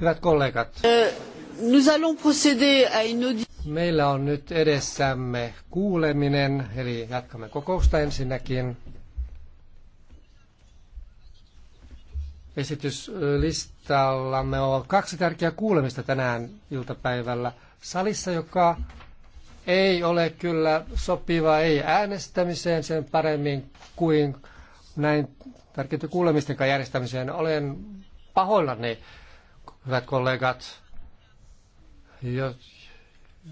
Hyvät kollegat, euh, meillä on nyt edessämme kuuleminen, eli jatkamme kokousta ensinnäkin. Esityslistallamme on kaksi tärkeää kuulemista tänään iltapäivällä salissa, joka ei ole kyllä sopiva ei äänestämiseen sen paremmin kuin näin tärkeitä kuulemisten järjestämiseen. Olen pahoillani, hyvät kollegat.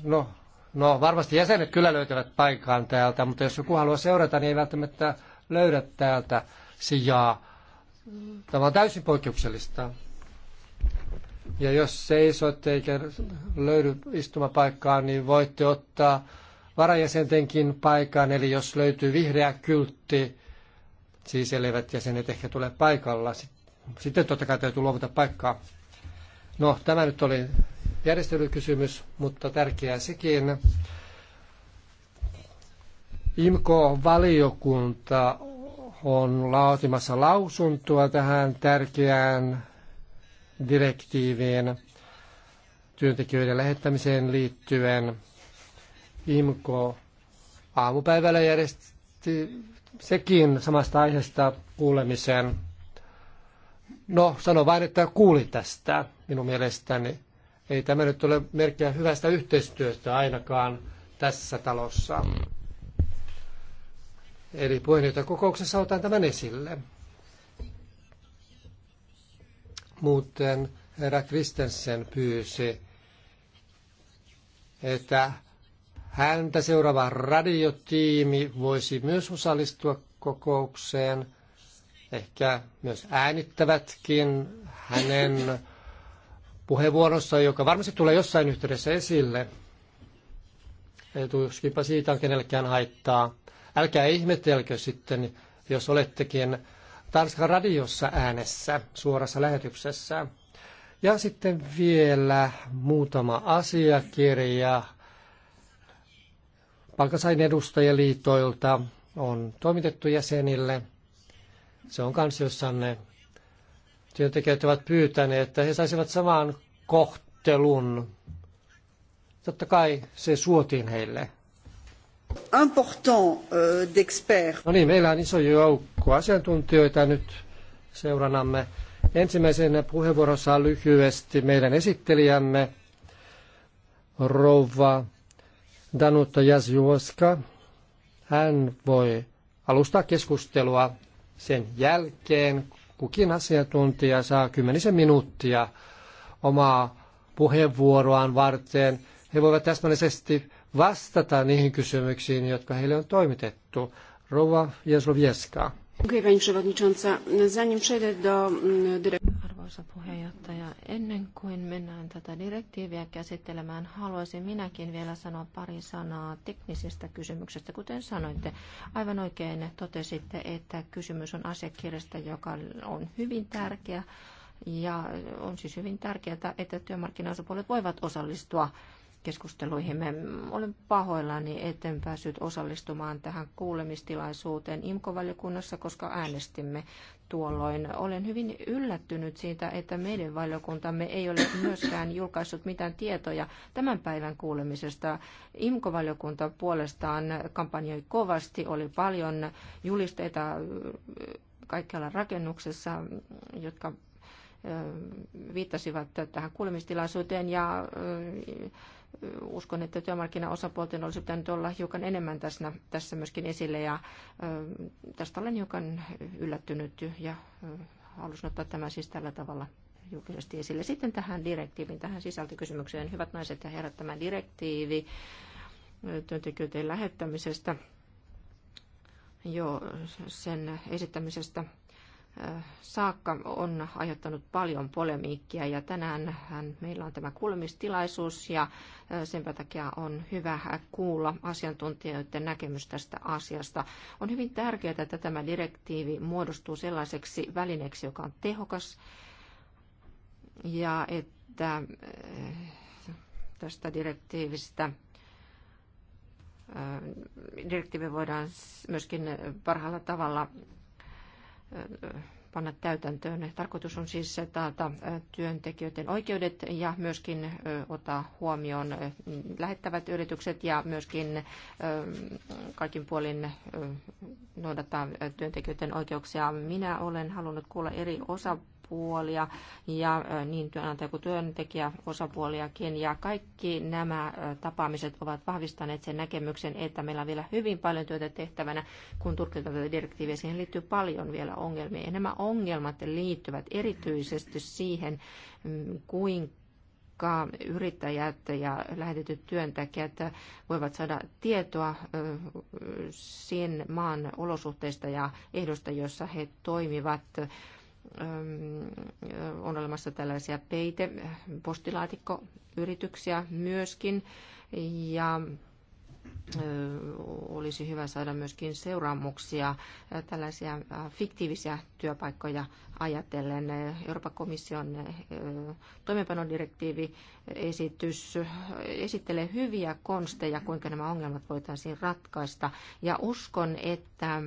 No, no, varmasti jäsenet kyllä löytävät paikkaan täältä, mutta jos joku haluaa seurata, niin ei välttämättä löydä täältä sijaa. Tämä on täysin poikkeuksellista. Ja jos seisot eikä löydy istumapaikkaa, niin voitte ottaa varajäsentenkin paikan. Eli jos löytyy vihreä kyltti, siis elevät jäsenet ehkä tulee paikalla, sitten totta kai täytyy luovuta paikkaa. No, tämä nyt oli järjestelykysymys, mutta tärkeää sekin. IMKO-valiokunta on laatimassa lausuntoa tähän tärkeään direktiiviin työntekijöiden lähettämiseen liittyen. IMKO aamupäivällä järjesti sekin samasta aiheesta kuulemisen No, sano vain, että kuulin tästä minun mielestäni. Ei tämä nyt ole merkkiä hyvästä yhteistyöstä ainakaan tässä talossa. Eli puheenjohtajakokouksessa otan tämän esille. Muuten herra Kristensen pyysi, että häntä seuraava radiotiimi voisi myös osallistua kokoukseen – ehkä myös äänittävätkin hänen puheenvuorossa, joka varmasti tulee jossain yhteydessä esille. Ei tuskinpa siitä on kenellekään haittaa. Älkää ihmetelkö sitten, jos olettekin Tanskan radiossa äänessä suorassa lähetyksessä. Ja sitten vielä muutama asiakirja palkansain edustajaliitoilta on toimitettu jäsenille – se on kansiossanne. Työntekijät ovat pyytäneet, että he saisivat saman kohtelun. Totta kai se suotiin heille. Important euh, d'experts. No niin, meillä on iso joukko asiantuntijoita nyt seurannamme. Ensimmäisenä puheenvuorossa lyhyesti meidän esittelijämme, rouva Danutta Jasjuoska. Hän voi alustaa keskustelua sen jälkeen kukin asiantuntija saa kymmenisen minuuttia omaa puheenvuoroaan varten. He voivat täsmällisesti vastata niihin kysymyksiin, jotka heille on toimitettu. Rova Jezlovieska arvoisa puheenjohtaja. Ennen kuin mennään tätä direktiiviä käsittelemään, haluaisin minäkin vielä sanoa pari sanaa teknisistä kysymyksistä. Kuten sanoitte, aivan oikein totesitte, että kysymys on asiakirjasta, joka on hyvin tärkeä. Ja on siis hyvin tärkeää, että työmarkkinaosapuolet voivat osallistua keskusteluihimme. Olen pahoillani, etten päässyt osallistumaan tähän kuulemistilaisuuteen IMKO-valiokunnassa, koska äänestimme tuolloin. Olen hyvin yllättynyt siitä, että meidän valiokuntamme ei ole myöskään julkaissut mitään tietoja tämän päivän kuulemisesta. IMKO-valiokunta puolestaan kampanjoi kovasti, oli paljon julisteita äh, kaikkialla rakennuksessa, jotka äh, viittasivat tähän kuulemistilaisuuteen ja äh, uskon, että työmarkkinaosapuolten olisi pitänyt olla hiukan enemmän tässä, tässä myöskin esille ja tästä olen hiukan yllättynyt ja halusin ottaa tämän siis tällä tavalla julkisesti esille. Sitten tähän direktiivin, tähän sisältökysymykseen. Hyvät naiset ja herrat, tämä direktiivi työntekijöiden lähettämisestä, jo sen esittämisestä saakka on aiheuttanut paljon polemiikkia ja tänään meillä on tämä kuulemistilaisuus ja sen takia on hyvä kuulla asiantuntijoiden näkemys tästä asiasta. On hyvin tärkeää, että tämä direktiivi muodostuu sellaiseksi välineeksi, joka on tehokas ja että tästä direktiivistä direktiivi voidaan myöskin parhaalla tavalla panna täytäntöön. Tarkoitus on siis taata työntekijöiden oikeudet ja myöskin ottaa huomioon lähettävät yritykset ja myöskin kaikin puolin noudattaa työntekijöiden oikeuksia. Minä olen halunnut kuulla eri osa osapuolia ja niin työnantaja kuin työntekijä osapuoliakin. Ja kaikki nämä tapaamiset ovat vahvistaneet sen näkemyksen, että meillä on vielä hyvin paljon työtä tehtävänä, kun tulkitaan tätä Siihen liittyy paljon vielä ongelmia. Ja nämä ongelmat liittyvät erityisesti siihen, mm, kuinka yrittäjät ja lähetetyt työntekijät voivat saada tietoa sen maan olosuhteista ja ehdosta, jossa he toimivat on olemassa tällaisia peite, postilaatikkoyrityksiä myöskin, ja olisi hyvä saada myöskin seuraamuksia tällaisia fiktiivisiä työpaikkoja ajatellen. Euroopan komission toimeenpanodirektiivi esitys esittelee hyviä konsteja, kuinka nämä ongelmat voitaisiin ratkaista. Ja uskon, että,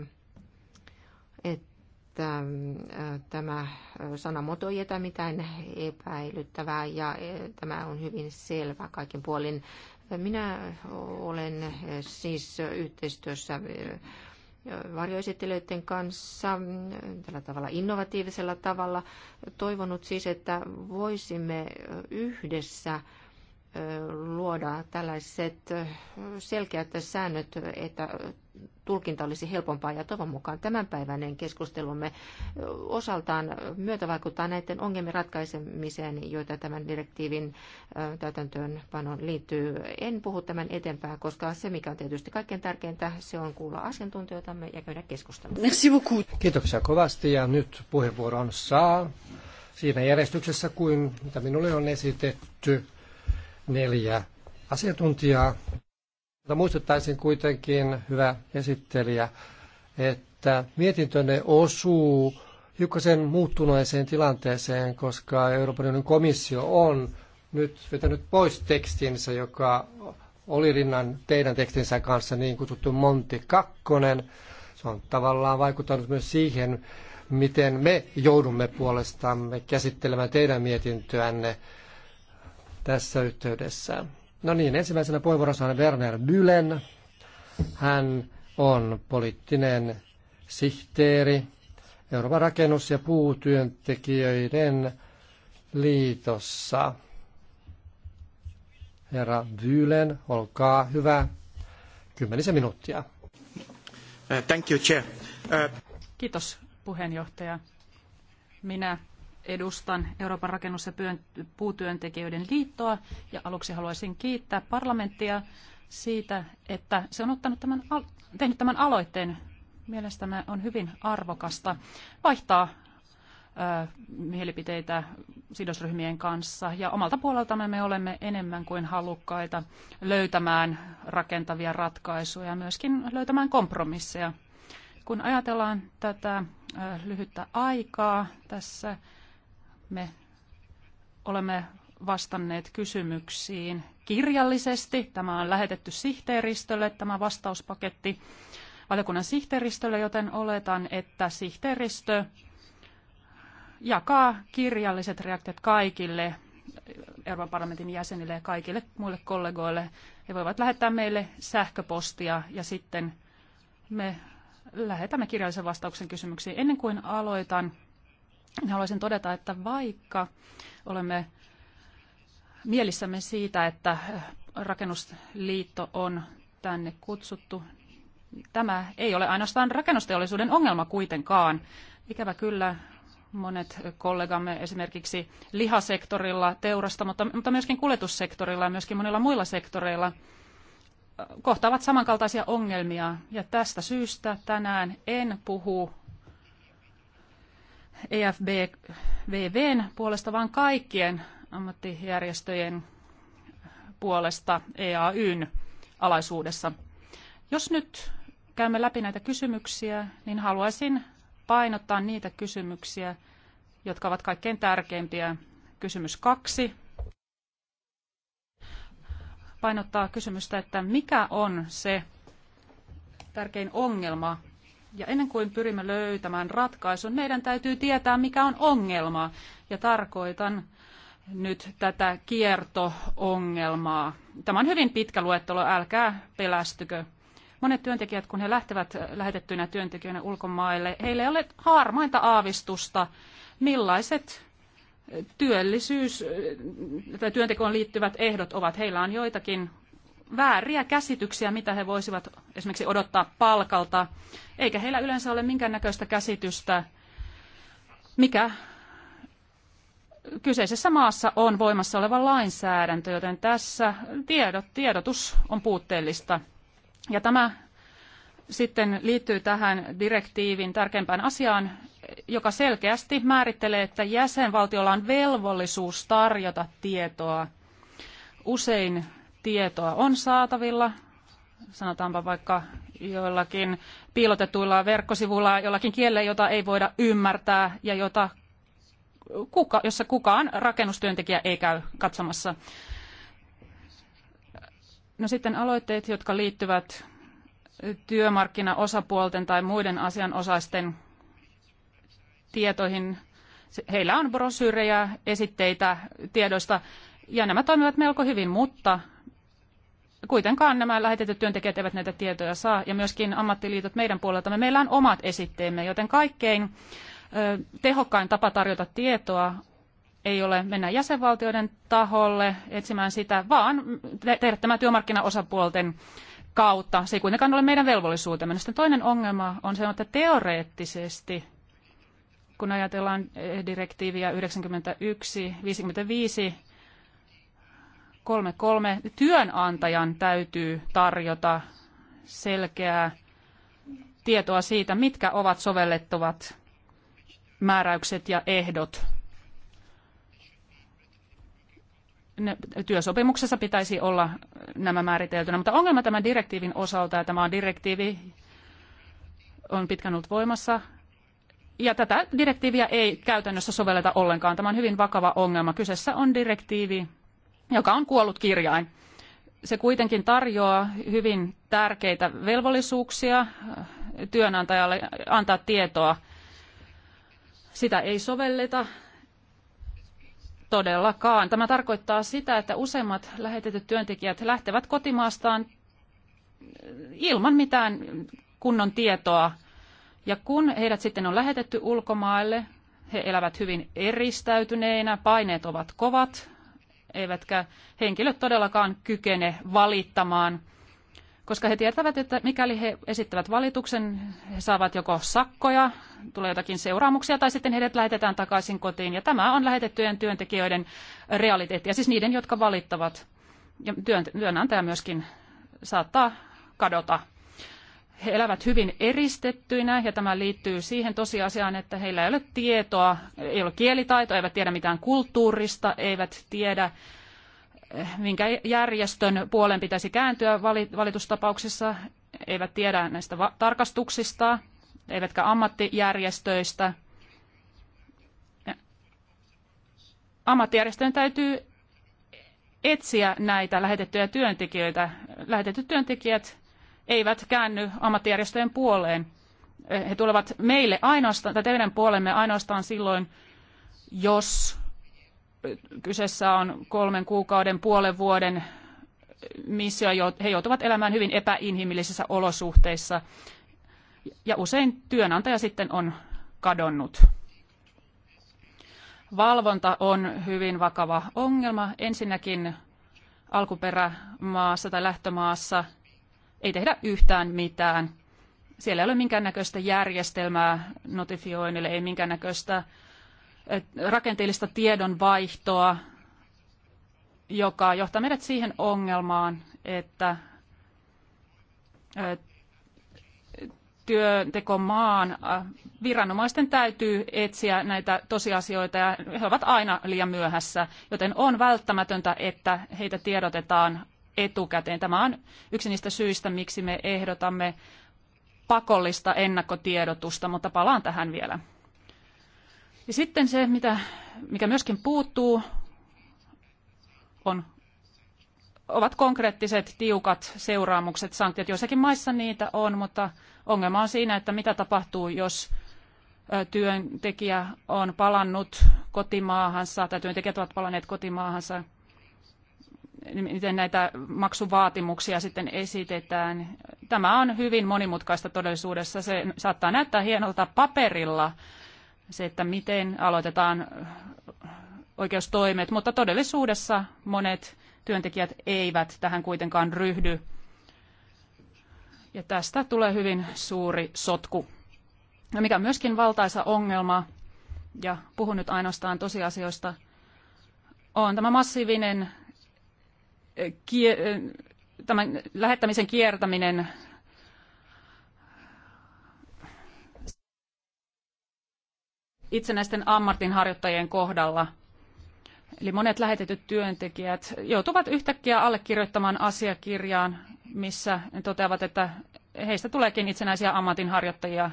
että että tämä moto ei mitään epäilyttävää ja e, tämä on hyvin selvä kaikin puolin. Minä olen siis yhteistyössä varjoesittelijöiden kanssa tällä tavalla innovatiivisella tavalla toivonut siis, että voisimme yhdessä luoda tällaiset selkeät säännöt, että tulkinta olisi helpompaa ja toivon mukaan tämänpäiväinen keskustelumme osaltaan myötävaikuttaa näiden ongelmien ratkaisemiseen, joita tämän direktiivin täytäntöönpanoon liittyy. En puhu tämän eteenpäin, koska se mikä on tietysti kaikkein tärkeintä, se on kuulla asiantuntijoitamme ja käydä keskustelua. Merci beaucoup. Kiitoksia kovasti ja nyt puheenvuoron saa siinä järjestyksessä kuin mitä minulle on esitetty neljä asiantuntijaa. Mutta muistuttaisin kuitenkin, hyvä esittelijä, että mietintönne osuu hiukkasen muuttuneeseen tilanteeseen, koska Euroopan unionin komissio on nyt vetänyt pois tekstinsä, joka oli rinnan teidän tekstinsä kanssa niin kutsuttu Monti Kakkonen. Se on tavallaan vaikuttanut myös siihen, miten me joudumme puolestamme käsittelemään teidän mietintöänne tässä yhteydessä. No niin, ensimmäisenä puheenvuorossa on Werner Bülen. Hän on poliittinen sihteeri Euroopan rakennus- ja puutyöntekijöiden liitossa. Herra Bülen, olkaa hyvä. Kymmenisen minuuttia. Thank you, chair. Kiitos puheenjohtaja. Minä edustan Euroopan rakennus- ja puutyöntekijöiden liittoa ja aluksi haluaisin kiittää parlamenttia siitä, että se on ottanut tämän, tehnyt tämän aloitteen. Mielestäni on hyvin arvokasta vaihtaa ö, mielipiteitä sidosryhmien kanssa ja omalta puoleltamme me olemme enemmän kuin halukkaita löytämään rakentavia ratkaisuja ja myöskin löytämään kompromisseja kun ajatellaan tätä lyhyttä aikaa tässä me olemme vastanneet kysymyksiin kirjallisesti. Tämä on lähetetty sihteeristölle, tämä vastauspaketti valiokunnan sihteeristölle, joten oletan, että sihteeristö jakaa kirjalliset reaktiot kaikille Euroopan parlamentin jäsenille ja kaikille muille kollegoille. He voivat lähettää meille sähköpostia ja sitten me lähetämme kirjallisen vastauksen kysymyksiin. Ennen kuin aloitan, haluaisin todeta, että vaikka olemme mielissämme siitä, että rakennusliitto on tänne kutsuttu, tämä ei ole ainoastaan rakennusteollisuuden ongelma kuitenkaan. Ikävä kyllä monet kollegamme esimerkiksi lihasektorilla, teurasta, mutta, mutta myöskin kuljetussektorilla ja myöskin monilla muilla sektoreilla kohtaavat samankaltaisia ongelmia. Ja tästä syystä tänään en puhu EFBVn puolesta, vaan kaikkien ammattijärjestöjen puolesta EAYn alaisuudessa. Jos nyt käymme läpi näitä kysymyksiä, niin haluaisin painottaa niitä kysymyksiä, jotka ovat kaikkein tärkeimpiä. Kysymys kaksi. Painottaa kysymystä, että mikä on se tärkein ongelma, ja ennen kuin pyrimme löytämään ratkaisun, meidän täytyy tietää, mikä on ongelma. Ja tarkoitan nyt tätä kiertoongelmaa. Tämä on hyvin pitkä luettelo, älkää pelästykö. Monet työntekijät, kun he lähtevät lähetettyinä työntekijöinä ulkomaille, heillä ei ole harmainta aavistusta, millaiset työllisyys- tai työntekoon liittyvät ehdot ovat. Heillä on joitakin vääriä käsityksiä, mitä he voisivat esimerkiksi odottaa palkalta, eikä heillä yleensä ole minkäännäköistä käsitystä, mikä kyseisessä maassa on voimassa oleva lainsäädäntö, joten tässä tiedot, tiedotus on puutteellista. Ja tämä sitten liittyy tähän direktiivin tärkeimpään asiaan, joka selkeästi määrittelee, että jäsenvaltiolla on velvollisuus tarjota tietoa. Usein tietoa on saatavilla, sanotaanpa vaikka joillakin piilotetuilla verkkosivuilla, jollakin kielellä, jota ei voida ymmärtää ja jota kuka, jossa kukaan rakennustyöntekijä ei käy katsomassa. No sitten aloitteet, jotka liittyvät työmarkkinaosapuolten tai muiden asianosaisten tietoihin. Heillä on brosyyrejä, esitteitä tiedoista ja nämä toimivat melko hyvin, mutta kuitenkaan nämä lähetetyt työntekijät eivät näitä tietoja saa, ja myöskin ammattiliitot meidän puoleltamme. Meillä on omat esitteemme, joten kaikkein tehokkain tapa tarjota tietoa ei ole mennä jäsenvaltioiden taholle etsimään sitä, vaan tehdä tämä työmarkkinaosapuolten kautta. Se ei kuitenkaan ole meidän velvollisuutemme. No sitten toinen ongelma on se, että teoreettisesti, kun ajatellaan eh, direktiiviä 91-55, 33 työnantajan täytyy tarjota selkeää tietoa siitä, mitkä ovat sovellettavat määräykset ja ehdot. Ne, työsopimuksessa pitäisi olla nämä määriteltynä, mutta ongelma tämän direktiivin osalta, ja tämä on direktiivi, on pitkän ollut voimassa, ja tätä direktiiviä ei käytännössä sovelleta ollenkaan. Tämä on hyvin vakava ongelma. Kyseessä on direktiivi, joka on kuollut kirjain. Se kuitenkin tarjoaa hyvin tärkeitä velvollisuuksia äh, työnantajalle antaa tietoa. Sitä ei sovelleta todellakaan. Tämä tarkoittaa sitä, että useimmat lähetetyt työntekijät lähtevät kotimaastaan äh, ilman mitään kunnon tietoa. Ja kun heidät sitten on lähetetty ulkomaille, he elävät hyvin eristäytyneinä, paineet ovat kovat, eivätkä henkilöt todellakaan kykene valittamaan, koska he tietävät, että mikäli he esittävät valituksen, he saavat joko sakkoja, tulee jotakin seuraamuksia, tai sitten heidät lähetetään takaisin kotiin. Ja tämä on lähetettyjen työntekijöiden realiteetti, ja siis niiden, jotka valittavat. Ja työnantaja myöskin saattaa kadota he elävät hyvin eristettyinä ja tämä liittyy siihen tosiasiaan, että heillä ei ole tietoa, ei ole kielitaitoa, eivät tiedä mitään kulttuurista, eivät tiedä eh, minkä järjestön puolen pitäisi kääntyä valitustapauksissa, eivät tiedä näistä tarkastuksista, eivätkä ammattijärjestöistä. Ammattijärjestöjen täytyy etsiä näitä lähetettyjä työntekijöitä. Lähetetyt työntekijät eivät käänny ammattijärjestöjen puoleen. He tulevat meille ainoastaan, tai teidän puolemme ainoastaan silloin, jos kyseessä on kolmen kuukauden, puolen vuoden missio, he joutuvat elämään hyvin epäinhimillisissä olosuhteissa. Ja usein työnantaja sitten on kadonnut. Valvonta on hyvin vakava ongelma. Ensinnäkin alkuperämaassa tai lähtömaassa ei tehdä yhtään mitään. Siellä ei ole minkäännäköistä järjestelmää notifioinnille, ei minkäännäköistä eh, rakenteellista tiedonvaihtoa, joka johtaa meidät siihen ongelmaan, että eh, työntekomaan eh, viranomaisten täytyy etsiä näitä tosiasioita ja he ovat aina liian myöhässä, joten on välttämätöntä, että heitä tiedotetaan etukäteen. Tämä on yksi niistä syistä, miksi me ehdotamme pakollista ennakkotiedotusta, mutta palaan tähän vielä. Ja sitten se, mitä, mikä myöskin puuttuu, on, ovat konkreettiset, tiukat seuraamukset, sanktiot. Joissakin maissa niitä on, mutta ongelma on siinä, että mitä tapahtuu, jos työntekijä on palannut kotimaahansa tai työntekijät ovat palanneet kotimaahansa miten näitä maksuvaatimuksia sitten esitetään. Tämä on hyvin monimutkaista todellisuudessa. Se saattaa näyttää hienolta paperilla, se, että miten aloitetaan oikeustoimet, mutta todellisuudessa monet työntekijät eivät tähän kuitenkaan ryhdy. Ja tästä tulee hyvin suuri sotku, ja no, mikä on myöskin valtaisa ongelma, ja puhun nyt ainoastaan tosiasioista, on tämä massiivinen tämän lähettämisen kiertäminen itsenäisten ammatinharjoittajien kohdalla. Eli monet lähetetyt työntekijät joutuvat yhtäkkiä allekirjoittamaan asiakirjaan, missä ne toteavat, että heistä tuleekin itsenäisiä ammatinharjoittajia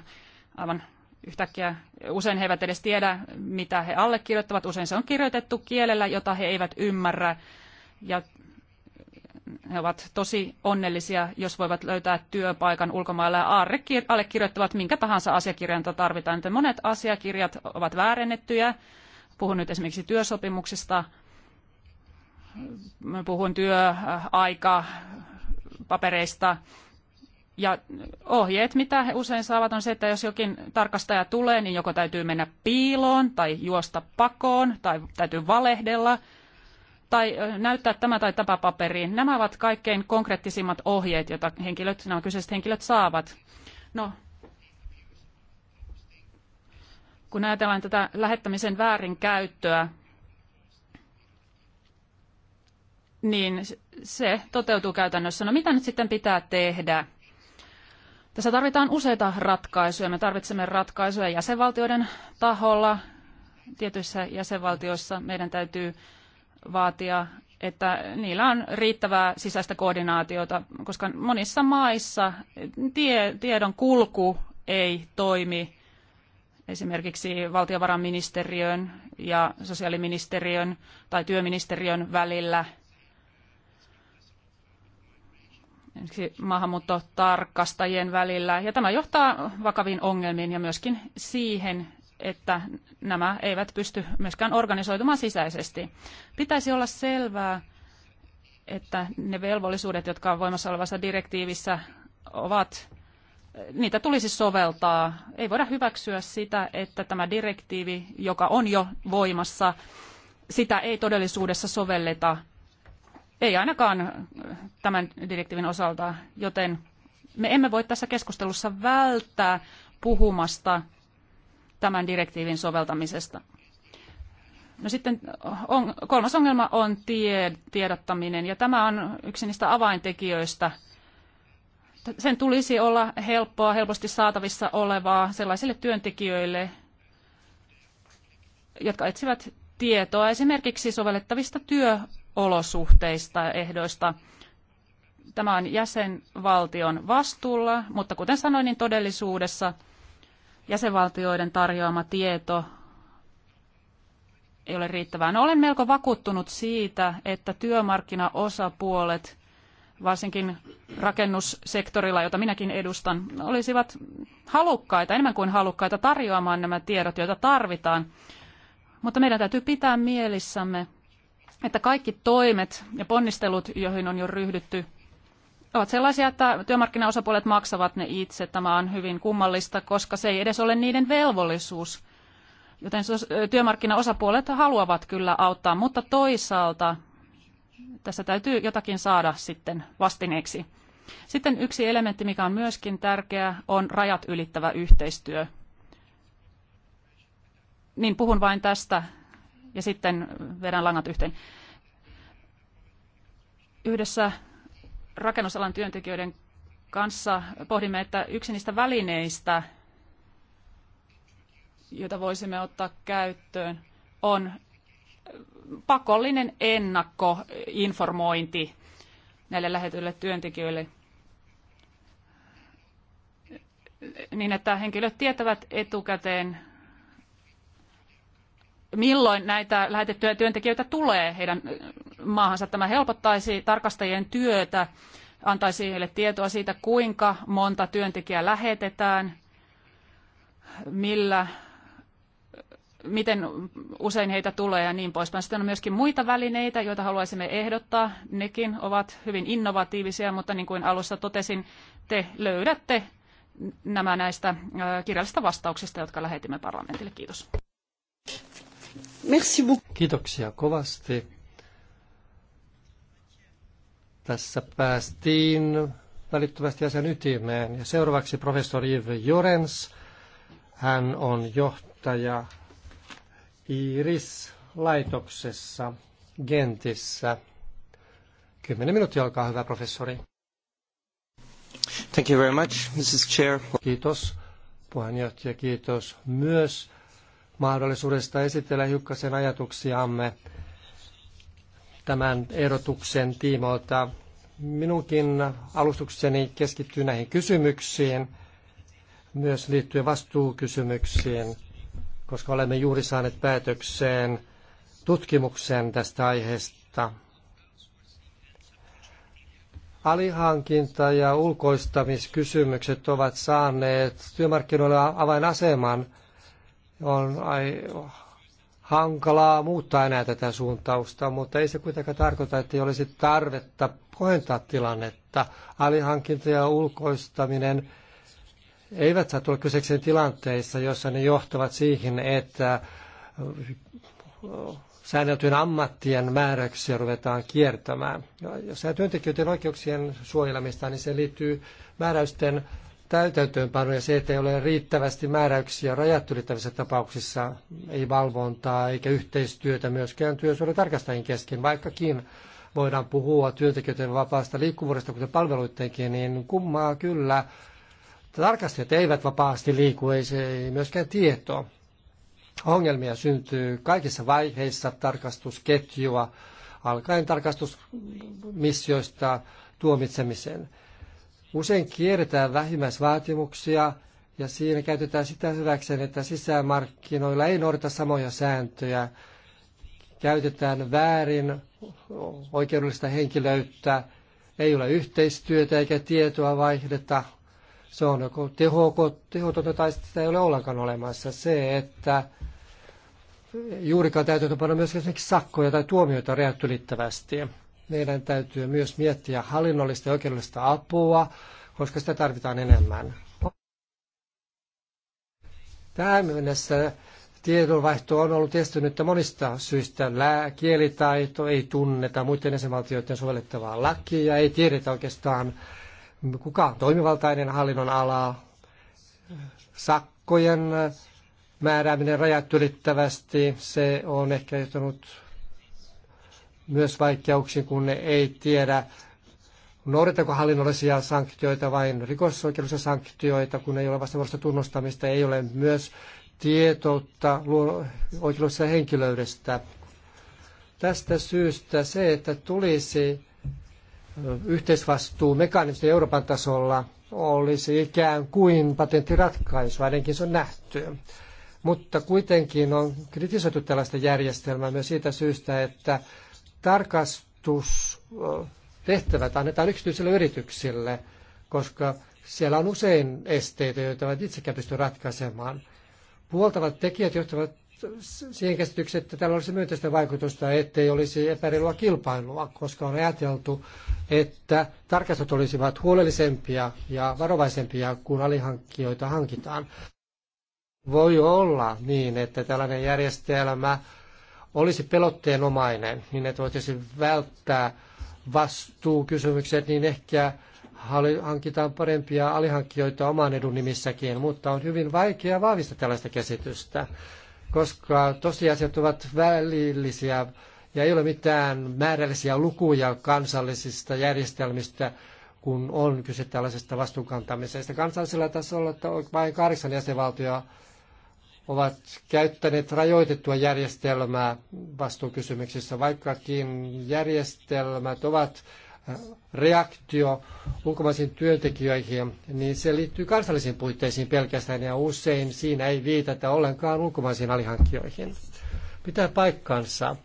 aivan yhtäkkiä. Usein he eivät edes tiedä, mitä he allekirjoittavat. Usein se on kirjoitettu kielellä, jota he eivät ymmärrä. Ja he ovat tosi onnellisia, jos voivat löytää työpaikan ulkomailla ja allekirjoittavat minkä tahansa asiakirjan, jota tarvitaan. Joten monet asiakirjat ovat väärennettyjä. Puhun nyt esimerkiksi työsopimuksista, puhun työaika, papereista, ja ohjeet, mitä he usein saavat, on se, että jos jokin tarkastaja tulee, niin joko täytyy mennä piiloon tai juosta pakoon tai täytyy valehdella – tai näyttää tämä tai tämä paperiin. Nämä ovat kaikkein konkreettisimmat ohjeet, joita henkilöt, nämä kyseiset henkilöt saavat. No, kun ajatellaan tätä lähettämisen väärinkäyttöä, niin se toteutuu käytännössä. No mitä nyt sitten pitää tehdä? Tässä tarvitaan useita ratkaisuja. Me tarvitsemme ratkaisuja jäsenvaltioiden taholla. Tietyissä jäsenvaltioissa meidän täytyy vaatia, että niillä on riittävää sisäistä koordinaatiota, koska monissa maissa tie, tiedon kulku ei toimi esimerkiksi valtiovarainministeriön ja sosiaaliministeriön tai työministeriön välillä. Esimerkiksi maahanmuuttotarkastajien välillä. Ja tämä johtaa vakaviin ongelmiin ja myöskin siihen, että nämä eivät pysty myöskään organisoitumaan sisäisesti. Pitäisi olla selvää, että ne velvollisuudet, jotka on voimassa olevassa direktiivissä ovat, niitä tulisi soveltaa. Ei voida hyväksyä sitä, että tämä direktiivi, joka on jo voimassa, sitä ei todellisuudessa sovelleta. Ei ainakaan tämän direktiivin osalta, joten me emme voi tässä keskustelussa välttää puhumasta tämän direktiivin soveltamisesta. No sitten on, kolmas ongelma on tie, tiedottaminen, ja tämä on yksi niistä avaintekijöistä. Sen tulisi olla helppoa, helposti saatavissa olevaa sellaisille työntekijöille, jotka etsivät tietoa esimerkiksi sovellettavista työolosuhteista ja ehdoista. Tämä on jäsenvaltion vastuulla, mutta kuten sanoin, niin todellisuudessa – jäsenvaltioiden tarjoama tieto ei ole riittävää. No, olen melko vakuuttunut siitä, että työmarkkinaosapuolet, varsinkin rakennussektorilla, jota minäkin edustan, olisivat halukkaita, enemmän kuin halukkaita tarjoamaan nämä tiedot, joita tarvitaan. Mutta meidän täytyy pitää mielissämme, että kaikki toimet ja ponnistelut, joihin on jo ryhdytty ovat sellaisia, että työmarkkinaosapuolet maksavat ne itse. Tämä on hyvin kummallista, koska se ei edes ole niiden velvollisuus. Joten työmarkkinaosapuolet haluavat kyllä auttaa, mutta toisaalta tässä täytyy jotakin saada sitten vastineeksi. Sitten yksi elementti, mikä on myöskin tärkeä, on rajat ylittävä yhteistyö. Niin puhun vain tästä ja sitten vedän langat yhteen. Yhdessä rakennusalan työntekijöiden kanssa pohdimme, että yksi niistä välineistä, joita voisimme ottaa käyttöön, on pakollinen ennakkoinformointi näille lähetyille työntekijöille niin, että henkilöt tietävät etukäteen, milloin näitä lähetettyjä työntekijöitä tulee heidän maahansa. Tämä helpottaisi tarkastajien työtä, antaisi heille tietoa siitä, kuinka monta työntekijää lähetetään, millä miten usein heitä tulee ja niin poispäin. Sitten on myöskin muita välineitä, joita haluaisimme ehdottaa. Nekin ovat hyvin innovatiivisia, mutta niin kuin alussa totesin, te löydätte nämä näistä äh, kirjallisista vastauksista, jotka lähetimme parlamentille. Kiitos. Kiitoksia kovasti. Tässä päästiin välittömästi asian ytimeen. Ja seuraavaksi professori Yves Jorens. Hän on johtaja IRIS-laitoksessa Gentissä. Kymmenen minuuttia, olkaa hyvä professori. Thank you very much, Mrs. Chair. Kiitos puheenjohtaja, kiitos myös mahdollisuudesta esitellä hiukkasen ajatuksiamme tämän ehdotuksen tiimoilta. Minunkin alustukseni keskittyy näihin kysymyksiin, myös liittyen vastuukysymyksiin, koska olemme juuri saaneet päätökseen tutkimuksen tästä aiheesta. Alihankinta- ja ulkoistamiskysymykset ovat saaneet työmarkkinoilla avainaseman. On hankalaa muuttaa enää tätä suuntausta, mutta ei se kuitenkaan tarkoita, että ei olisi tarvetta kohentaa tilannetta. Alihankinta ja ulkoistaminen eivät saa tulla kyseeksi tilanteissa, jossa ne johtavat siihen, että säänneltyjen ammattien määräyksiä ruvetaan kiertämään. Jos ja työntekijöiden oikeuksien suojelemista, niin se liittyy määräysten täytäntöönpano ja se, että ei ole riittävästi määräyksiä rajat ylittävissä tapauksissa, ei valvontaa eikä yhteistyötä myöskään työsuojelutarkastajien kesken, vaikkakin voidaan puhua työntekijöiden vapaasta liikkuvuudesta, kuten palveluidenkin, niin kummaa kyllä. Tarkastajat eivät vapaasti liiku, ei se ei myöskään tieto Ongelmia syntyy kaikissa vaiheissa tarkastusketjua, alkaen tarkastusmissioista tuomitsemiseen. Usein kierretään vähimmäisvaatimuksia ja siinä käytetään sitä hyväkseen, että sisämarkkinoilla ei noudata samoja sääntöjä. Käytetään väärin oikeudellista henkilöyttä, ei ole yhteistyötä eikä tietoa vaihdeta. Se on joko tehotonta tai sitä ei ole ollenkaan olemassa. Se, että juurikaan täytyy panna myös esimerkiksi sakkoja tai tuomioita rajat ylittävästi meidän täytyy myös miettiä hallinnollista ja oikeudellista apua, koska sitä tarvitaan enemmän. Tähän mennessä tiedonvaihto on ollut estynyt monista syistä. Lää, kielitaito ei tunneta muiden jäsenvaltioiden sovellettavaa lakia, ei tiedetä oikeastaan kuka on toimivaltainen hallinnon ala, sakkojen määrääminen rajat ylittävästi, se on ehkä johtanut myös vaikeuksiin, kun ne ei tiedä, noudatetaanko hallinnollisia sanktioita vai rikosoikeudellisia sanktioita, kun ei ole vastavuorosta tunnustamista, ei ole myös tietoutta oikeudellisesta henkilöydestä. Tästä syystä se, että tulisi yhteisvastuu yhteisvastuumekanismi Euroopan tasolla, olisi ikään kuin patenttiratkaisu, ainakin se on nähty. Mutta kuitenkin on kritisoitu tällaista järjestelmää myös siitä syystä, että tarkastustehtävät annetaan yksityisille yrityksille, koska siellä on usein esteitä, joita ovat itsekään pysty ratkaisemaan. Puoltavat tekijät johtavat siihen käsitykseen, että tällä olisi myönteistä vaikutusta, ettei olisi epäreilua kilpailua, koska on ajateltu, että tarkastot olisivat huolellisempia ja varovaisempia, kun alihankkijoita hankitaan. Voi olla niin, että tällainen järjestelmä olisi pelotteenomainen, niin että voitaisiin välttää vastuukysymykset, niin ehkä hankitaan parempia alihankkijoita oman edun nimissäkin, mutta on hyvin vaikea vahvistaa tällaista käsitystä, koska tosiasiat ovat välillisiä ja ei ole mitään määrällisiä lukuja kansallisista järjestelmistä, kun on kyse tällaisesta vastuunkantamisesta. Kansallisella tasolla että vain kahdeksan jäsenvaltioa ovat käyttäneet rajoitettua järjestelmää vastuukysymyksissä, vaikkakin järjestelmät ovat äh, reaktio ulkomaisiin työntekijöihin, niin se liittyy kansallisiin puitteisiin pelkästään ja usein siinä ei viitata ollenkaan ulkomaisiin alihankkijoihin. Pitää paikkansa,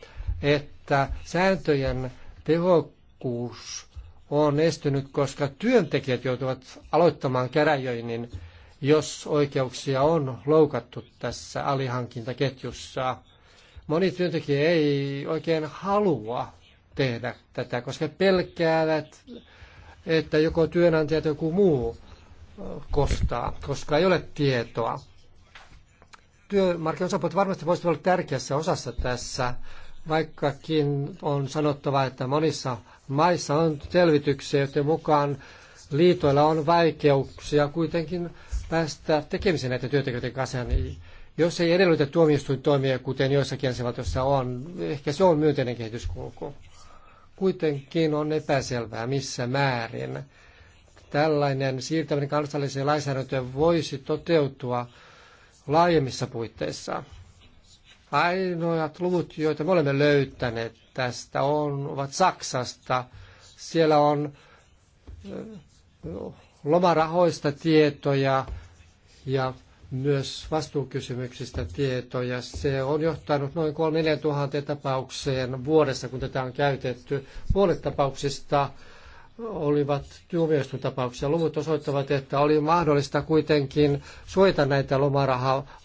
että sääntöjen tehokkuus on estynyt, koska työntekijät joutuvat aloittamaan käräjöinnin jos oikeuksia on loukattu tässä alihankintaketjussa. Moni työntekijä ei oikein halua tehdä tätä, koska pelkäävät, että joko työnantaja tai joku muu kostaa, koska ei ole tietoa. Työmarkkinosapuolet varmasti voisivat olla tärkeässä osassa tässä, vaikkakin on sanottava, että monissa maissa on selvityksiä, joten mukaan liitoilla on vaikeuksia kuitenkin päästä tekemiseen näiden työntekijöiden kanssa. Niin jos ei edellytä tuomioistuin toimia, kuten joissakin jäsenvaltioissa on, ehkä se on myönteinen kehityskulku. Kuitenkin on epäselvää, missä määrin tällainen siirtäminen kansalliseen lainsäädäntöön voisi toteutua laajemmissa puitteissa. Ainoat luvut, joita me olemme löytäneet tästä, on, ovat Saksasta. Siellä on lomarahoista tietoja ja myös vastuukysymyksistä tietoja. Se on johtanut noin 3 tuhanteen tapaukseen vuodessa, kun tätä on käytetty. Puolet tapauksista olivat tuomioistuntapauksia. Luvut osoittavat, että oli mahdollista kuitenkin suojata näitä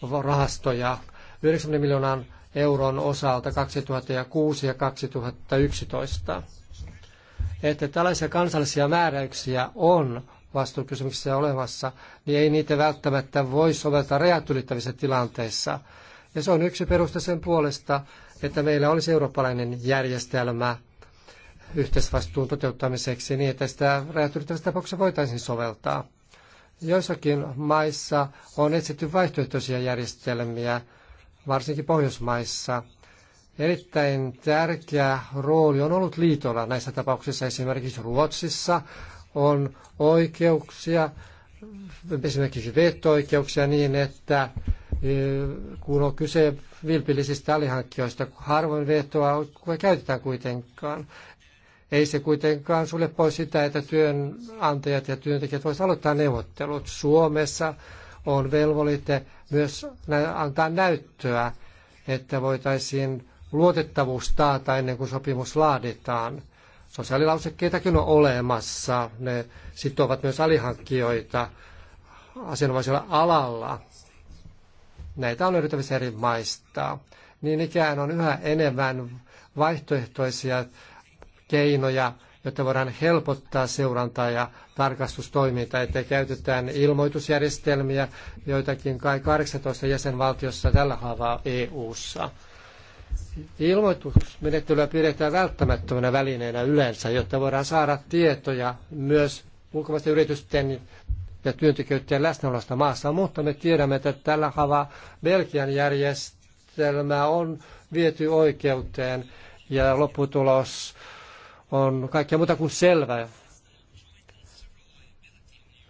lomarahastoja 90 miljoonan euron osalta 2006 ja 2011. Että tällaisia kansallisia määräyksiä on vastuukysymyksissä olemassa, niin ei niitä välttämättä voi soveltaa rajat ylittävissä tilanteissa. Ja se on yksi peruste sen puolesta, että meillä olisi eurooppalainen järjestelmä yhteisvastuun toteuttamiseksi niin, että sitä rajat ylittävissä tapauksissa voitaisiin soveltaa. Joissakin maissa on etsitty vaihtoehtoisia järjestelmiä, varsinkin Pohjoismaissa. Erittäin tärkeä rooli on ollut liitolla näissä tapauksissa esimerkiksi Ruotsissa on oikeuksia, esimerkiksi veto-oikeuksia niin, että e, kun on kyse vilpillisistä alihankkijoista, harvoin vetoa käytetään kuitenkaan. Ei se kuitenkaan sulle pois sitä, että työnantajat ja työntekijät voisivat aloittaa neuvottelut. Suomessa on velvollite myös antaa näyttöä, että voitaisiin luotettavuus taata ennen kuin sopimus laaditaan – Sosiaalilausekkeitakin on olemassa. Ne sitovat myös alihankkijoita asianomaisella alalla. Näitä on löydettävissä eri maista. Niin ikään on yhä enemmän vaihtoehtoisia keinoja, jotta voidaan helpottaa seurantaa ja tarkastustoimintaa, että käytetään ilmoitusjärjestelmiä, joitakin kai 18 jäsenvaltiossa tällä haavaa EU-ssa. Ilmoitusmenettelyä pidetään välttämättömänä välineenä yleensä, jotta voidaan saada tietoja myös ulkomaisten yritysten ja työntekijöiden läsnäolosta maassa, mutta me tiedämme, että tällä havaa Belgian järjestelmä on viety oikeuteen ja lopputulos on kaikkea muuta kuin selvä.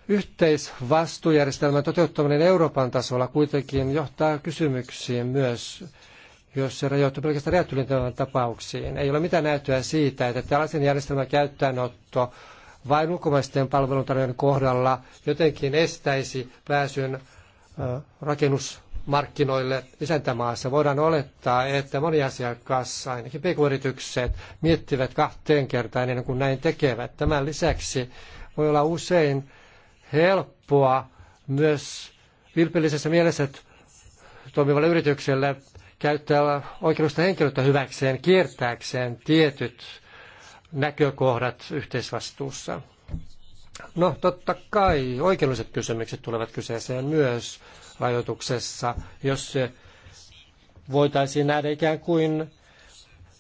Yhteisvastuujärjestelmän toteuttaminen Euroopan tasolla kuitenkin johtaa kysymyksiin myös jos se rajoittuu pelkästään räjähtylintävän tapauksiin. Ei ole mitään näyttöä siitä, että tällaisen järjestelmän käyttöönotto vain ulkomaisten palveluntarjoajien kohdalla jotenkin estäisi pääsyn rakennusmarkkinoille isäntämaassa. Voidaan olettaa, että moni asiakas, ainakin pk-yritykset, miettivät kahteen kertaan ennen kuin näin tekevät. Tämän lisäksi voi olla usein helppoa myös vilpillisessä mielessä toimivalle yritykselle käyttää oikeudellista henkilöitä hyväkseen, kiertääkseen tietyt näkökohdat yhteisvastuussa. No totta kai oikeudelliset kysymykset tulevat kyseeseen myös rajoituksessa, jos se voitaisiin nähdä ikään kuin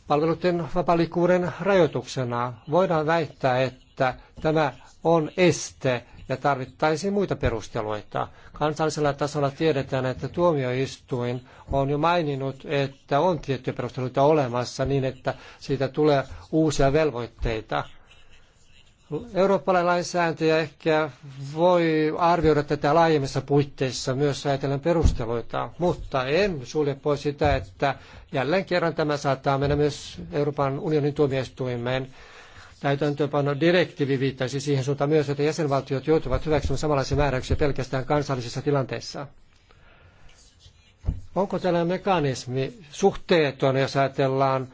palveluiden vapaaliikkuvuuden rajoituksena. Voidaan väittää, että tämä on este ja tarvittaisiin muita perusteluita. Kansallisella tasolla tiedetään, että tuomioistuin on jo maininnut, että on tiettyjä perusteluita olemassa niin, että siitä tulee uusia velvoitteita. Eurooppalainen lainsäätäjä ehkä voi arvioida tätä laajemmissa puitteissa myös ajatellen perusteluita, mutta en sulje pois sitä, että jälleen kerran tämä saattaa mennä myös Euroopan unionin tuomioistuimeen täytäntöönpano direktiivi viittaisi siihen suuntaan myös, että jäsenvaltiot joutuvat hyväksymään samanlaisia määräyksiä pelkästään kansallisissa tilanteessa. Onko tällainen mekanismi suhteeton, jos ajatellaan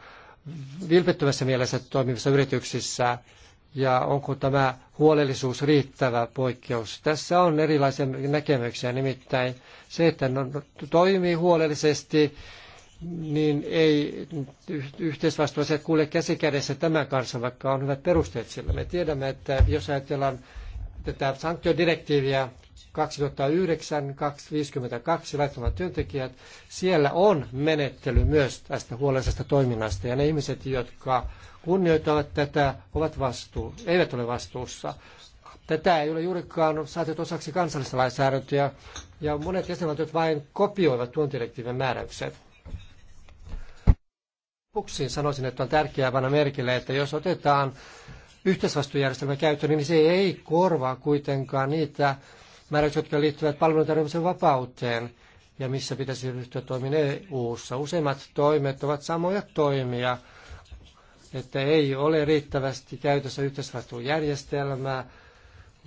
vilpittömässä mielessä toimivissa yrityksissä, ja onko tämä huolellisuus riittävä poikkeus? Tässä on erilaisia näkemyksiä, nimittäin se, että toimii huolellisesti niin ei yhteisvastuuasiat kuule kädessä tämän kanssa, vaikka on hyvät perusteet sillä. Me tiedämme, että jos ajatellaan tätä sanktiodirektiiviä 2009-252 laittomat työntekijät, siellä on menettely myös tästä huolellisesta toiminnasta. Ja ne ihmiset, jotka kunnioittavat tätä, ovat vastuu, eivät ole vastuussa. Tätä ei ole juurikaan saatu osaksi kansallista lainsäädäntöä, ja monet jäsenvaltiot vain kopioivat tuon direktiivin määräykset. Lopuksi sanoisin, että on tärkeää panna merkille, että jos otetaan yhteisvastuujärjestelmä käyttöön, niin se ei korvaa kuitenkaan niitä määräyksiä, jotka liittyvät palveluntarjoamisen vapauteen ja missä pitäisi ryhtyä toimin EU-ssa. Useimmat toimet ovat samoja toimia, että ei ole riittävästi käytössä yhteisvastuujärjestelmää,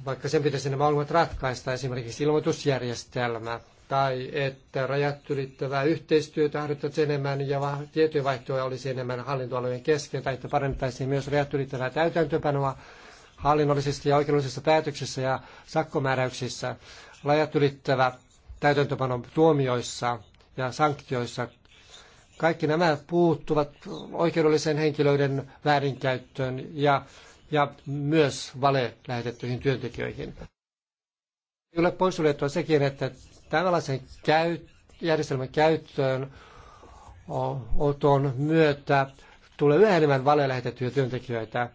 vaikka sen pitäisi nämä ongelmat ratkaista, esimerkiksi ilmoitusjärjestelmä tai että rajat ylittävää yhteistyötä harjoitettaisiin enemmän ja tietojenvaihtoa olisi enemmän hallintoalueen kesken, tai että parannettaisiin myös rajat ylittävää täytäntöpanoa hallinnollisissa ja oikeudellisissa päätöksissä ja sakkomääräyksissä, rajat ylittävä täytäntöpanon tuomioissa ja sanktioissa. Kaikki nämä puuttuvat oikeudellisen henkilöiden väärinkäyttöön ja, ja myös vale lähetettyihin työntekijöihin. Ei ole poissuljettua sekin, että Tällaisen käyt, järjestelmän käyttöön oton myötä tulee yhä enemmän valelähetettyjä työntekijöitä.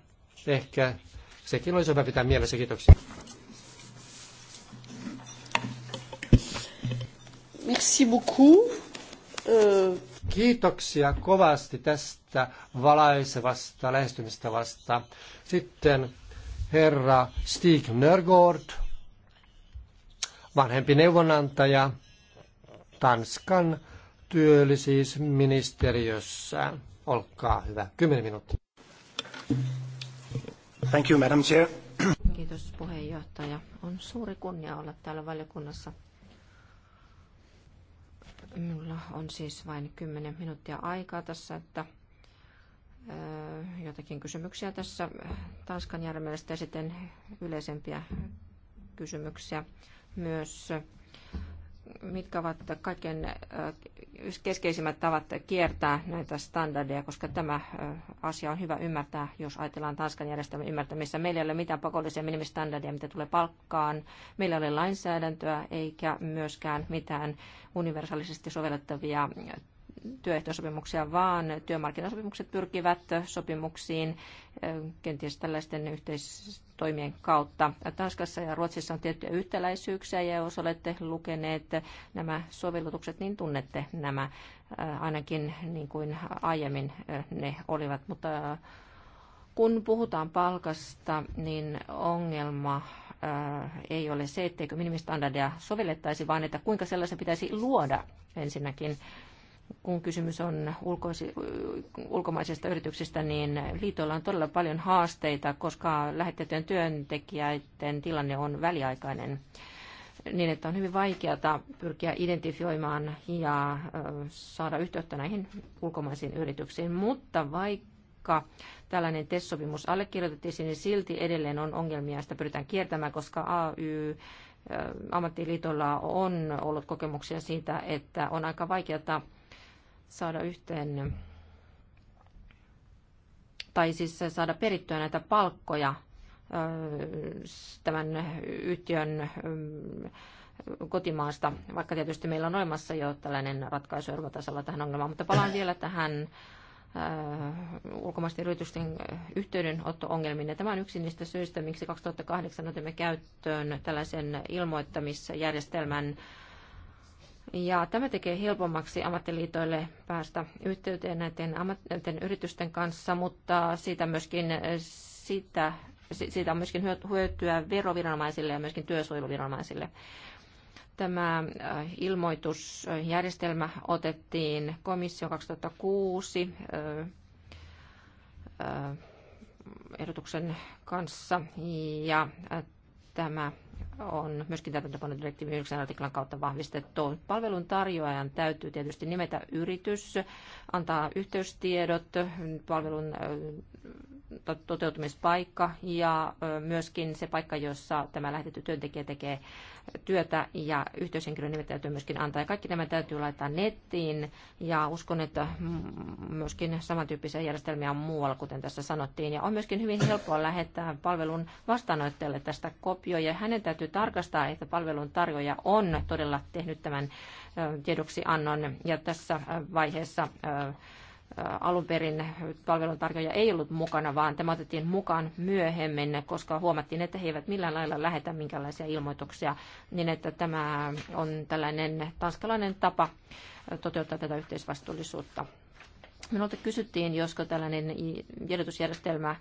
Ehkä sekin olisi hyvä pitää mielessä. Kiitoksia. Merci beaucoup. Euh, Kiitoksia kovasti tästä valaisevasta lähestymistavasta. Sitten herra Stig Nörgård vanhempi neuvonantaja Tanskan työllisyysministeriössä. Olkaa hyvä. Kymmenen minuuttia. Thank you, Madam Chair. Kiitos puheenjohtaja. On suuri kunnia olla täällä valiokunnassa. Minulla on siis vain 10 minuuttia aikaa tässä, että jotakin kysymyksiä tässä Tanskan järjestelmästä ja sitten yleisempiä kysymyksiä myös mitkä ovat kaiken keskeisimmät tavat kiertää näitä standardeja, koska tämä asia on hyvä ymmärtää, jos ajatellaan Tanskan järjestelmän ymmärtämistä. Meillä ei ole mitään pakollisia minimistandardeja, mitä tulee palkkaan. Meillä ei ole lainsäädäntöä eikä myöskään mitään universaalisesti sovellettavia työehtosopimuksia, vaan työmarkkinasopimukset pyrkivät sopimuksiin kenties tällaisten yhteistoimien kautta. Tanskassa ja Ruotsissa on tiettyjä yhtäläisyyksiä ja jos olette lukeneet nämä sovellutukset, niin tunnette nämä ainakin niin kuin aiemmin ne olivat, mutta kun puhutaan palkasta, niin ongelma ei ole se, etteikö minimistandardia sovellettaisi, vaan että kuinka sellaisen pitäisi luoda ensinnäkin kun kysymys on ulkoisi, ulkomaisista yrityksistä, niin liitoilla on todella paljon haasteita, koska lähetettyjen työntekijöiden tilanne on väliaikainen niin, että on hyvin vaikeata pyrkiä identifioimaan ja saada yhteyttä näihin ulkomaisiin yrityksiin. Mutta vaikka tällainen TES-sopimus allekirjoitettiin, niin silti edelleen on ongelmia sitä pyritään kiertämään, koska AY ammattiliitolla on ollut kokemuksia siitä, että on aika vaikeata saada yhteen tai siis saada perittyä näitä palkkoja tämän yhtiön kotimaasta, vaikka tietysti meillä on olemassa jo tällainen ratkaisu Euroopan tasolla tähän ongelmaan, mutta palaan vielä tähän ulkomaisten yritysten yhteydenotto-ongelmiin. Ja tämä on yksi niistä syistä, miksi 2008 otimme käyttöön tällaisen ilmoittamisjärjestelmän ja tämä tekee helpommaksi ammattiliitoille päästä yhteyteen näiden, ammat, näiden yritysten kanssa, mutta siitä, myöskin, eh, siitä, siitä on myöskin hyötyä veroviranomaisille ja myöskin työsuojeluviranomaisille. Tämä eh, ilmoitusjärjestelmä otettiin komissio 2006 eh, ehdotuksen kanssa ja tämä on myöskin täytäntöpanodirektiivin 9 artiklan kautta vahvistettu. Palvelun tarjoajan täytyy tietysti nimetä yritys, antaa yhteystiedot, palvelun toteutumispaikka ja myöskin se paikka, jossa tämä lähetetty työntekijä tekee työtä ja yhteyshenkilön nimet täytyy myöskin antaa. Ja kaikki nämä täytyy laittaa nettiin ja uskon, että myöskin samantyyppisiä järjestelmiä on muualla, kuten tässä sanottiin. Ja on myöskin hyvin helppoa lähettää palvelun vastaanottajalle tästä kopio ja hänen täytyy tarkastaa, että palvelun tarjoaja on todella tehnyt tämän tiedoksi annon ja tässä vaiheessa alun perin palveluntarjoaja ei ollut mukana, vaan tämä otettiin mukaan myöhemmin, koska huomattiin, että he eivät millään lailla lähetä minkälaisia ilmoituksia, niin että tämä on tällainen tanskalainen tapa toteuttaa tätä yhteisvastuullisuutta. Minulta kysyttiin, josko tällainen tiedotusjärjestelmä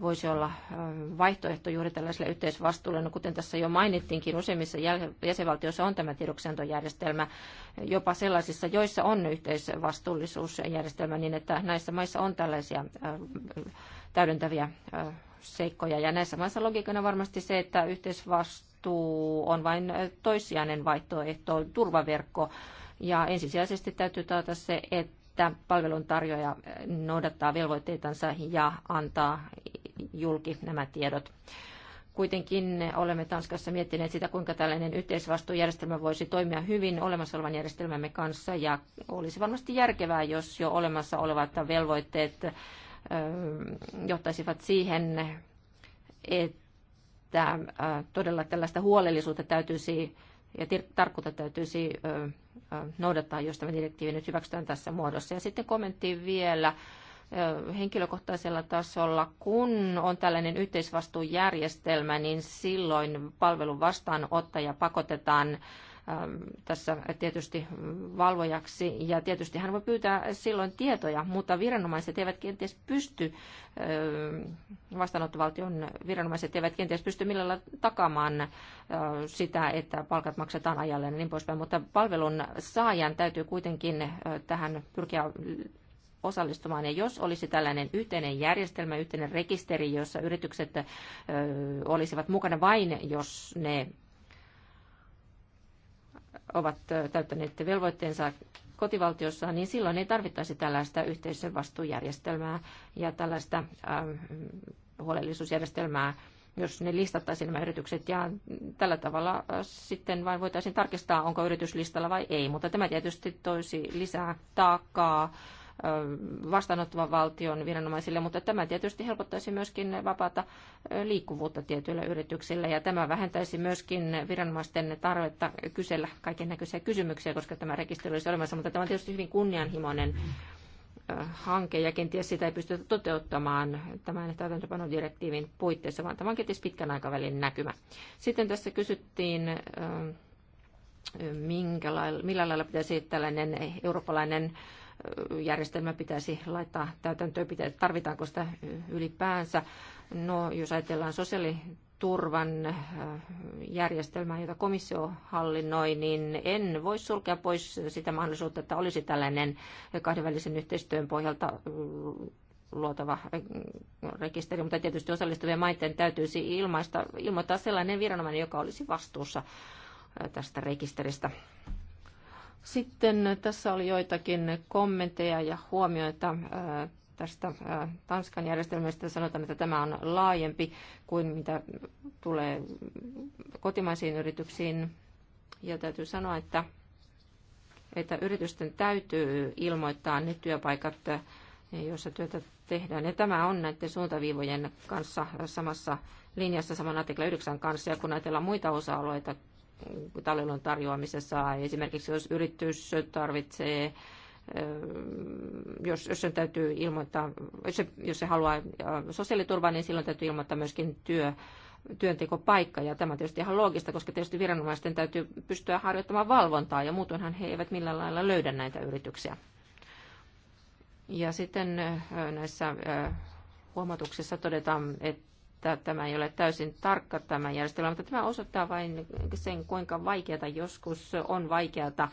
voisi olla äh, vaihtoehto juuri tällaiselle yhteisvastuulle. No, kuten tässä jo mainittiinkin, useimmissa jäsenvaltioissa on tämä tiedoksiantojärjestelmä, jopa sellaisissa, joissa on yhteisvastuullisuusjärjestelmä, niin että näissä maissa on tällaisia äh, täydentäviä äh, seikkoja. Ja näissä maissa logiikana varmasti se, että yhteisvastuu on vain toissijainen vaihtoehto, turvaverkko, ja ensisijaisesti täytyy taata se, että että palveluntarjoaja eh, noudattaa velvoitteitansa ja antaa julki nämä tiedot. Kuitenkin olemme Tanskassa miettineet sitä, kuinka tällainen yhteisvastuujärjestelmä voisi toimia hyvin olemassa olevan järjestelmämme kanssa ja olisi varmasti järkevää, jos jo olemassa olevat velvoitteet eh, johtaisivat siihen, että eh, todella tällaista huolellisuutta täytyisi ja tarkkuutta täytyisi noudattaa, jos tämä direktiivi nyt hyväksytään tässä muodossa. Ja sitten kommentti vielä henkilökohtaisella tasolla, kun on tällainen yhteisvastuujärjestelmä, niin silloin palvelun vastaanottaja pakotetaan Ähm, tässä tietysti valvojaksi. Ja tietysti hän voi pyytää silloin tietoja, mutta viranomaiset eivät kenties pysty, ähm, vastaanottovaltion viranomaiset eivät kenties pysty millään takamaan äh, sitä, että palkat maksetaan ajalleen ja niin poispäin. Mutta palvelun saajan täytyy kuitenkin äh, tähän pyrkiä osallistumaan. Ja jos olisi tällainen yhteinen järjestelmä, yhteinen rekisteri, jossa yritykset ö, äh, olisivat mukana vain, jos ne ovat täyttäneet velvoitteensa kotivaltiossa, niin silloin ei tarvittaisi tällaista yhteisön vastuujärjestelmää ja tällaista ähm, huolellisuusjärjestelmää, jos ne listattaisiin nämä yritykset. Ja tällä tavalla äh, sitten vain voitaisiin tarkistaa, onko yritys listalla vai ei. Mutta tämä tietysti toisi lisää taakkaa vastaanottavan valtion viranomaisille, mutta tämä tietysti helpottaisi myöskin vapaata liikkuvuutta tietyillä yrityksillä ja tämä vähentäisi myöskin viranomaisten tarvetta kysellä kaiken näköisiä kysymyksiä, koska tämä rekisteri olisi olemassa, mutta tämä on tietysti hyvin kunnianhimoinen hanke ja kenties sitä ei pystytä toteuttamaan tämän täytäntöpanodirektiivin puitteissa, vaan tämä on kenties pitkän aikavälin näkymä. Sitten tässä kysyttiin, minkä lailla, millä lailla pitäisi tällainen eurooppalainen järjestelmä pitäisi laittaa täytäntöön, tarvitaanko sitä ylipäänsä. No, jos ajatellaan sosiaaliturvan äh, järjestelmää, jota komissio hallinnoi, niin en voi sulkea pois sitä mahdollisuutta, että olisi tällainen kahdenvälisen yhteistyön pohjalta äh, luotava äh, rekisteri, mutta tietysti osallistuvien maiden täytyisi ilmaista, ilmoittaa sellainen viranomainen, joka olisi vastuussa tästä rekisteristä. Sitten tässä oli joitakin kommentteja ja huomioita äh, tästä äh, Tanskan järjestelmästä. Sanotaan, että tämä on laajempi kuin mitä tulee kotimaisiin yrityksiin. Ja täytyy sanoa, että, että yritysten täytyy ilmoittaa ne työpaikat, äh, joissa työtä tehdään. Ja tämä on näiden suuntaviivojen kanssa samassa linjassa saman artikla 9 kanssa. Ja kun ajatellaan muita osa-alueita, talvelun tarjoamisessa. Esimerkiksi jos yritys tarvitsee eh, jos, jos sen täytyy ilmoittaa, jos se, jos se haluaa sosiaaliturvaa, niin silloin täytyy ilmoittaa myöskin työ, työntekopaikka. Ja tämä on tietysti ihan loogista, koska tietysti viranomaisten täytyy pystyä harjoittamaan valvontaa, ja muutoinhan he eivät millään lailla löydä näitä yrityksiä. Ja sitten eh, näissä eh, huomautuksissa todetaan, että että tämä ei ole täysin tarkka tämä järjestelmä, mutta tämä osoittaa vain sen, kuinka vaikeata joskus on vaikeata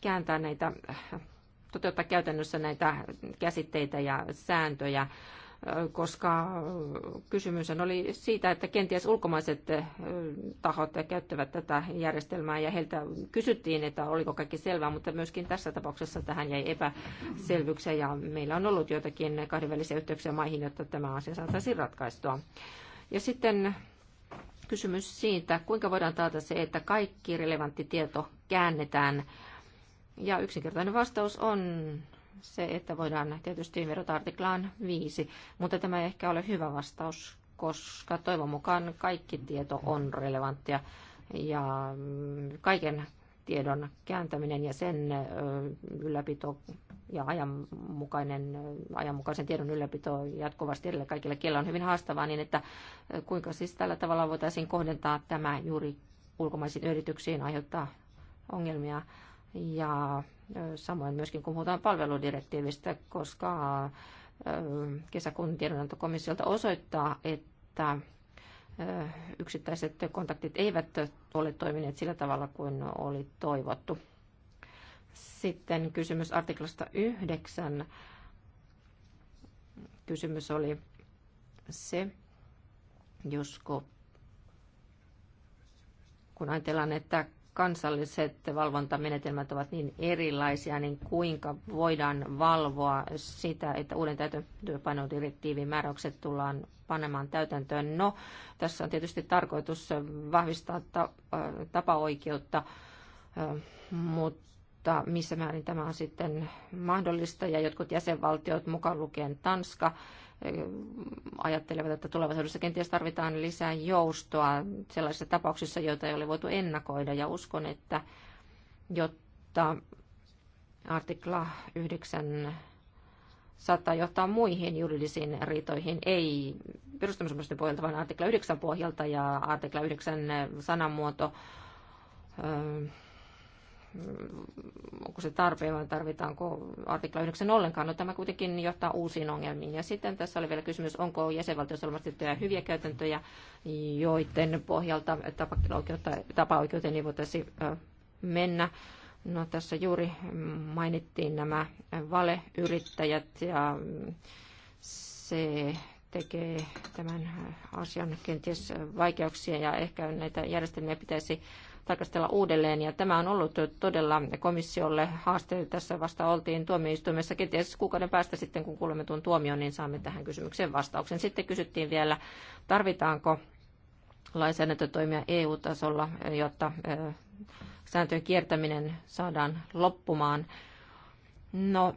kääntää näitä, toteuttaa käytännössä näitä käsitteitä ja sääntöjä koska kysymys oli siitä, että kenties ulkomaiset eh, tahot käyttävät tätä järjestelmää ja heiltä kysyttiin, että oliko kaikki selvää, mutta myöskin tässä tapauksessa tähän jäi epäselvyyksiä ja meillä on ollut joitakin kahdenvälisiä yhteyksiä maihin, jotta tämä asia saataisiin ratkaistua. Ja sitten kysymys siitä, kuinka voidaan taata se, että kaikki relevantti tieto käännetään ja yksinkertainen vastaus on se, että voidaan tietysti verrata artiklaan 5, mutta tämä ei ehkä ole hyvä vastaus, koska toivon mukaan kaikki tieto on relevanttia ja kaiken tiedon kääntäminen ja sen ylläpito ja ajanmukainen, ajanmukaisen tiedon ylläpito jatkuvasti edelleen kaikille kielillä on hyvin haastavaa, niin että kuinka siis tällä tavalla voitaisiin kohdentaa tämä juuri ulkomaisiin yrityksiin aiheuttaa ongelmia ja samoin myöskin kun puhutaan palveludirektiivistä, koska kesäkuun tiedonantokomissiolta osoittaa, että yksittäiset kontaktit eivät ole toimineet sillä tavalla kuin oli toivottu. Sitten kysymys artiklasta 9. Kysymys oli se, josko kun ajatellaan, että kansalliset valvontamenetelmät ovat niin erilaisia, niin kuinka voidaan valvoa sitä, että uuden täytäntöönpanodirektiivin määräykset tullaan panemaan täytäntöön. No, tässä on tietysti tarkoitus vahvistaa ta- tapaoikeutta, mutta mutta missä määrin tämä on sitten mahdollista. Ja jotkut jäsenvaltiot, mukaan lukien Tanska, ajattelevat, että tulevaisuudessa kenties tarvitaan lisää joustoa sellaisissa tapauksissa, joita ei ole voitu ennakoida. Ja uskon, että jotta artikla 9 saattaa johtaa muihin juridisiin riitoihin, ei perustamisomaisten pohjalta, vaan artikla 9 pohjalta ja artikla 9 sanamuoto Mm, onko se tarpeen vai tarvitaanko artikla 9 ollenkaan. No tämä kuitenkin johtaa uusiin ongelmiin. Ja sitten tässä oli vielä kysymys, onko jäsenvaltiossa olemassa hyviä käytäntöjä, joiden pohjalta tapaoikeuteen ei voitaisiin mennä. No tässä juuri mainittiin nämä valeyrittäjät ja se tekee tämän asian kenties vaikeuksia ja ehkä näitä järjestelmiä pitäisi tarkastella uudelleen. Ja tämä on ollut todella komissiolle haaste. Tässä vasta oltiin tuomioistuimessa. Kenties kuukauden päästä sitten, kun kuulemme tuon tuomion, niin saamme tähän kysymykseen vastauksen. Sitten kysyttiin vielä, tarvitaanko lainsäädäntötoimia EU-tasolla, jotta sääntöjen kiertäminen saadaan loppumaan. No,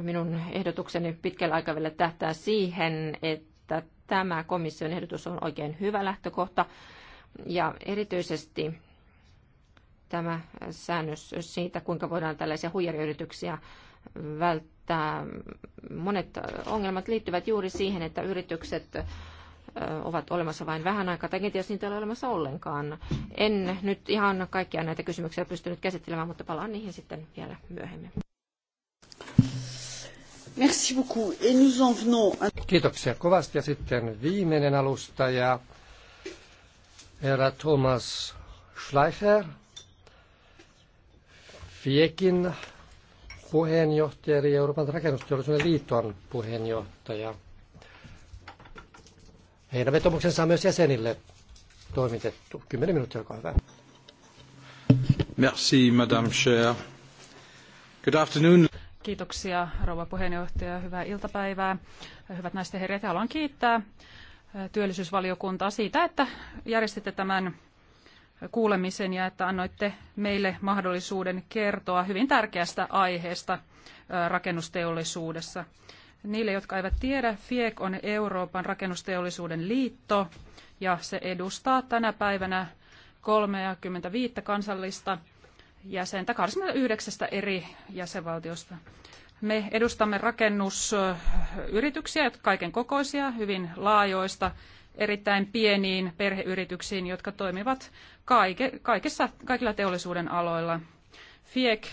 minun ehdotukseni pitkällä aikavälillä tähtää siihen, että Tämä komission ehdotus on oikein hyvä lähtökohta ja erityisesti tämä säännös siitä, kuinka voidaan tällaisia huijariyrityksiä välttää. Monet ongelmat liittyvät juuri siihen, että yritykset ovat olemassa vain vähän aikaa, tai kenties niitä ei ole olemassa ollenkaan. En nyt ihan kaikkia näitä kysymyksiä pystynyt käsittelemään, mutta palaan niihin sitten vielä myöhemmin. Merci beaucoup. Et nous en venons... Kiitoksia kovasti. Ja sitten viimeinen alustaja, herra Thomas Schleicher, Fiekin puheenjohtaja ja Euroopan rakennusteollisuuden liiton puheenjohtaja. Heidän vetomuksensa on myös jäsenille toimitettu. Kymmenen minuuttia, olkaa hyvä. Merci, Madame Cher. Good afternoon. Kiitoksia rouva puheenjohtaja. Hyvää iltapäivää. Hyvät naisten herrat, haluan kiittää työllisyysvaliokuntaa siitä, että järjestitte tämän kuulemisen ja että annoitte meille mahdollisuuden kertoa hyvin tärkeästä aiheesta rakennusteollisuudessa. Niille, jotka eivät tiedä, FIEK on Euroopan rakennusteollisuuden liitto ja se edustaa tänä päivänä 35 kansallista jäsentä 29 eri jäsenvaltiosta. Me edustamme rakennusyrityksiä, kaiken kokoisia, hyvin laajoista, erittäin pieniin perheyrityksiin, jotka toimivat kaike, kaikissa, kaikilla teollisuuden aloilla. FIEK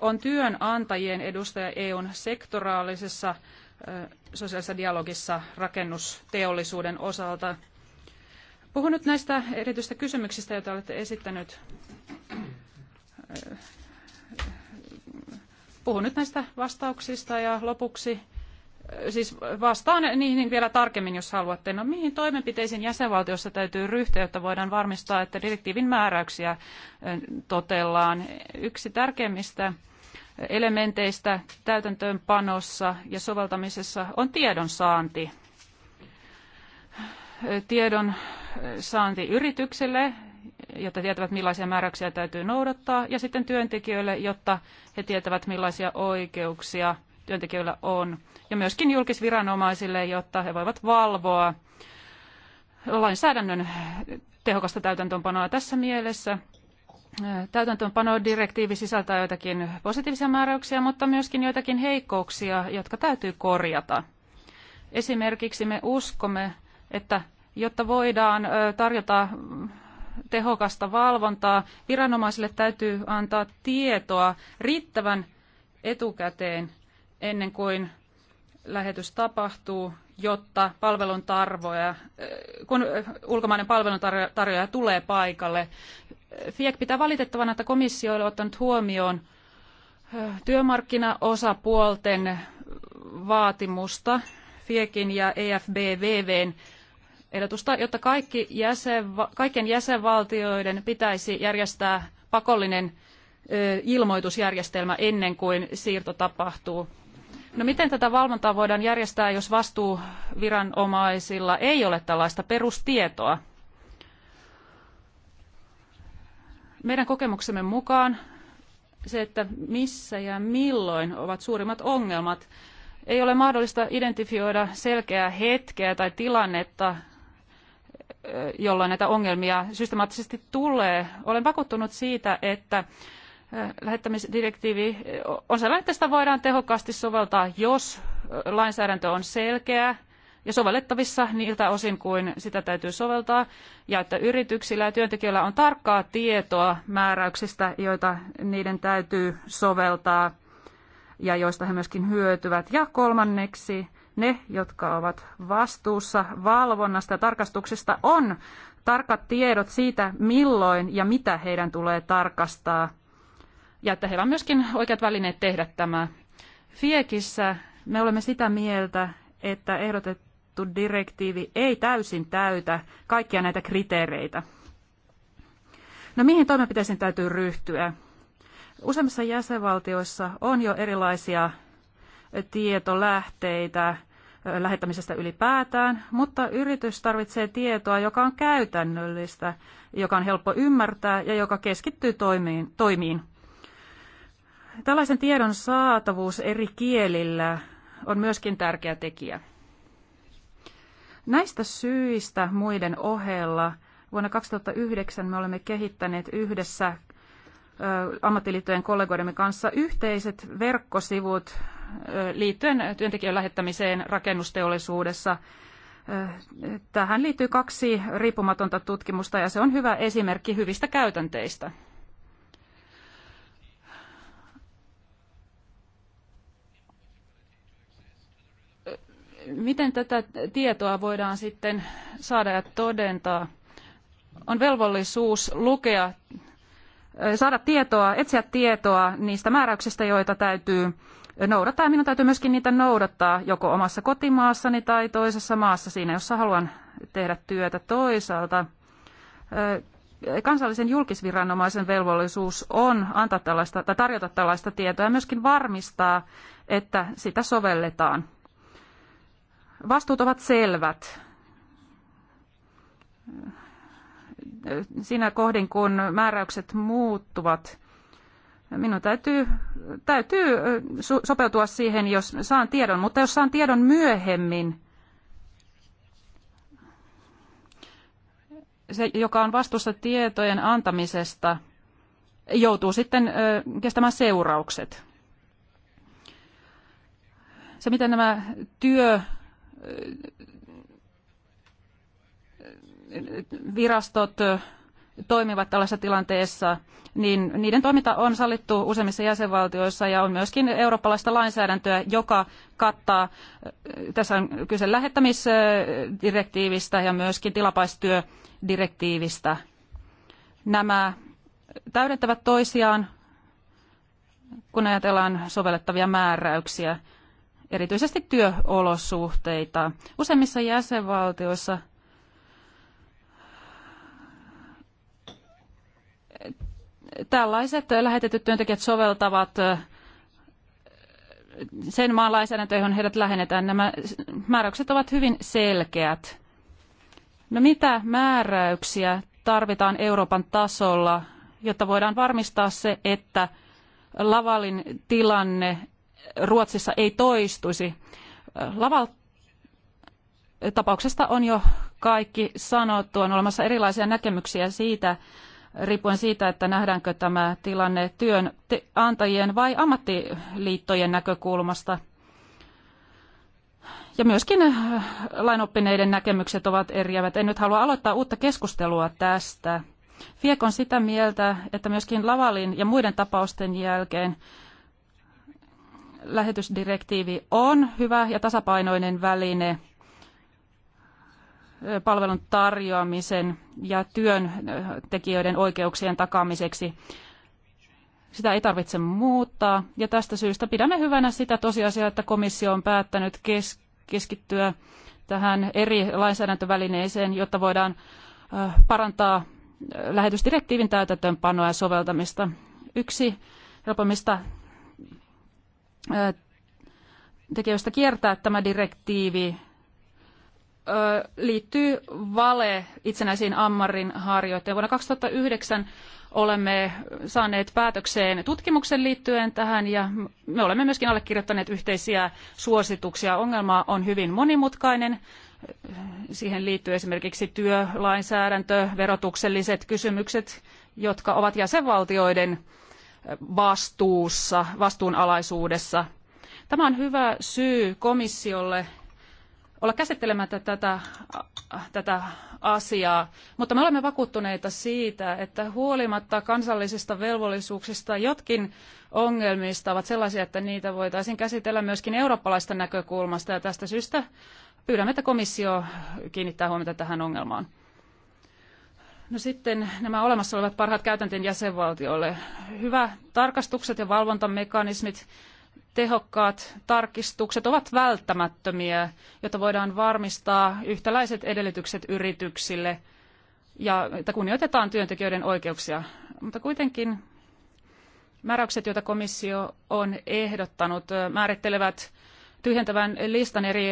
on työnantajien edustaja EUn sektoraalisessa sosiaalisessa dialogissa rakennusteollisuuden osalta. Puhun nyt näistä erityistä kysymyksistä, joita olette esittänyt. Puhun nyt näistä vastauksista ja lopuksi siis vastaan niihin vielä tarkemmin, jos haluatte. No mihin toimenpiteisiin jäsenvaltiossa täytyy ryhtyä, jotta voidaan varmistaa, että direktiivin määräyksiä totellaan? Yksi tärkeimmistä elementeistä täytäntöönpanossa ja soveltamisessa on tiedonsaanti. Tiedon saanti yrityksille, jotta tietävät millaisia määräyksiä täytyy noudattaa, ja sitten työntekijöille, jotta he tietävät millaisia oikeuksia työntekijöillä on, ja myöskin julkisviranomaisille, jotta he voivat valvoa lainsäädännön tehokasta täytäntöönpanoa tässä mielessä. Täytäntöönpanodirektiivi sisältää joitakin positiivisia määräyksiä, mutta myöskin joitakin heikkouksia, jotka täytyy korjata. Esimerkiksi me uskomme, että jotta voidaan tarjota tehokasta valvontaa. Viranomaisille täytyy antaa tietoa riittävän etukäteen ennen kuin lähetys tapahtuu, jotta tarvoja eh, kun eh, ulkomainen palveluntarjoaja tulee paikalle. Eh, FIEC pitää valitettavana, että komissio on ottanut huomioon työmarkkinaosapuolten vaatimusta FIEKin ja EFBVVn ehdotusta, jotta kaikki jäsenva- kaikkien jäsenvaltioiden pitäisi järjestää pakollinen ö, ilmoitusjärjestelmä ennen kuin siirto tapahtuu. No miten tätä valvontaa voidaan järjestää, jos vastuuviranomaisilla ei ole tällaista perustietoa? Meidän kokemuksemme mukaan se, että missä ja milloin ovat suurimmat ongelmat, ei ole mahdollista identifioida selkeää hetkeä tai tilannetta, jolloin näitä ongelmia systemaattisesti tulee. Olen vakuuttunut siitä, että äh, lähettämisdirektiivi äh, on sellainen, että sitä voidaan tehokkaasti soveltaa, jos äh, lainsäädäntö on selkeä ja sovellettavissa niiltä osin kuin sitä täytyy soveltaa, ja että yrityksillä ja työntekijöillä on tarkkaa tietoa määräyksistä, joita niiden täytyy soveltaa ja joista he myöskin hyötyvät. Ja kolmanneksi, ne, jotka ovat vastuussa valvonnasta ja tarkastuksesta, on tarkat tiedot siitä, milloin ja mitä heidän tulee tarkastaa. Ja että heillä on myöskin oikeat välineet tehdä tämä. Fiekissä me olemme sitä mieltä, että ehdotettu direktiivi ei täysin täytä kaikkia näitä kriteereitä. No mihin toimenpiteisiin täytyy ryhtyä? Useimmissa jäsenvaltioissa on jo erilaisia tietolähteitä lähettämisestä ylipäätään, mutta yritys tarvitsee tietoa, joka on käytännöllistä, joka on helppo ymmärtää ja joka keskittyy toimiin. toimiin. Tällaisen tiedon saatavuus eri kielillä on myöskin tärkeä tekijä. Näistä syistä muiden ohella vuonna 2009 me olemme kehittäneet yhdessä ammattiliittojen kollegoidemme kanssa yhteiset verkkosivut liittyen työntekijöiden lähettämiseen rakennusteollisuudessa. Tähän liittyy kaksi riippumatonta tutkimusta ja se on hyvä esimerkki hyvistä käytänteistä. Miten tätä tietoa voidaan sitten saada ja todentaa? On velvollisuus lukea saada tietoa, etsiä tietoa niistä määräyksistä, joita täytyy noudattaa. Ja minun täytyy myöskin niitä noudattaa joko omassa kotimaassani tai toisessa maassa siinä, jossa haluan tehdä työtä toisaalta. Kansallisen julkisviranomaisen velvollisuus on antaa tällaista, tai tarjota tällaista tietoa ja myöskin varmistaa, että sitä sovelletaan. Vastuut ovat selvät siinä kohdin, kun määräykset muuttuvat. Minun täytyy, täytyy sopeutua siihen, jos saan tiedon, mutta jos saan tiedon myöhemmin, se, joka on vastuussa tietojen antamisesta, joutuu sitten kestämään seuraukset. Se, miten nämä työ, virastot toimivat tällaisessa tilanteessa, niin niiden toiminta on sallittu useimmissa jäsenvaltioissa ja on myöskin eurooppalaista lainsäädäntöä, joka kattaa, tässä on kyse lähettämisdirektiivistä ja myöskin tilapäistyödirektiivistä. Nämä täydentävät toisiaan, kun ajatellaan sovellettavia määräyksiä, erityisesti työolosuhteita. Useimmissa jäsenvaltioissa – tällaiset lähetetyt työntekijät soveltavat sen maan lainsäädäntö, johon heidät lähennetään. Nämä määräykset ovat hyvin selkeät. No mitä määräyksiä tarvitaan Euroopan tasolla, jotta voidaan varmistaa se, että Lavalin tilanne Ruotsissa ei toistuisi? Laval tapauksesta on jo kaikki sanottu. On olemassa erilaisia näkemyksiä siitä, riippuen siitä, että nähdäänkö tämä tilanne työnantajien vai ammattiliittojen näkökulmasta. Ja myöskin äh, lainoppineiden näkemykset ovat eriävät. En nyt halua aloittaa uutta keskustelua tästä. Fiek on sitä mieltä, että myöskin Lavalin ja muiden tapausten jälkeen lähetysdirektiivi on hyvä ja tasapainoinen väline – palvelun tarjoamisen ja työntekijöiden äh, oikeuksien takaamiseksi. Sitä ei tarvitse muuttaa ja tästä syystä pidämme hyvänä sitä tosiasiaa, että komissio on päättänyt kes- keskittyä tähän eri lainsäädäntövälineeseen, jotta voidaan äh, parantaa äh, lähetysdirektiivin täytäntöönpanoa ja soveltamista. Yksi helpommista tekijöistä kiertää tämä direktiivi liittyy vale itsenäisiin ammarin harjoitteen Vuonna 2009 olemme saaneet päätökseen tutkimuksen liittyen tähän ja me olemme myöskin allekirjoittaneet yhteisiä suosituksia. Ongelma on hyvin monimutkainen. Siihen liittyy esimerkiksi työlainsäädäntö, verotukselliset kysymykset, jotka ovat jäsenvaltioiden vastuussa, vastuunalaisuudessa. Tämä on hyvä syy komissiolle olla käsittelemättä tätä, tätä asiaa, mutta me olemme vakuuttuneita siitä, että huolimatta kansallisista velvollisuuksista jotkin ongelmista ovat sellaisia, että niitä voitaisiin käsitellä myöskin eurooppalaista näkökulmasta, ja tästä syystä pyydämme, että komissio kiinnittää huomiota tähän ongelmaan. No sitten nämä olemassa olevat parhaat käytäntöjen jäsenvaltioille. Hyvä tarkastukset ja valvontamekanismit tehokkaat tarkistukset ovat välttämättömiä, jotta voidaan varmistaa yhtäläiset edellytykset yrityksille ja että kunnioitetaan työntekijöiden oikeuksia. Mutta kuitenkin määräykset, joita komissio on ehdottanut, määrittelevät tyhjentävän listan eri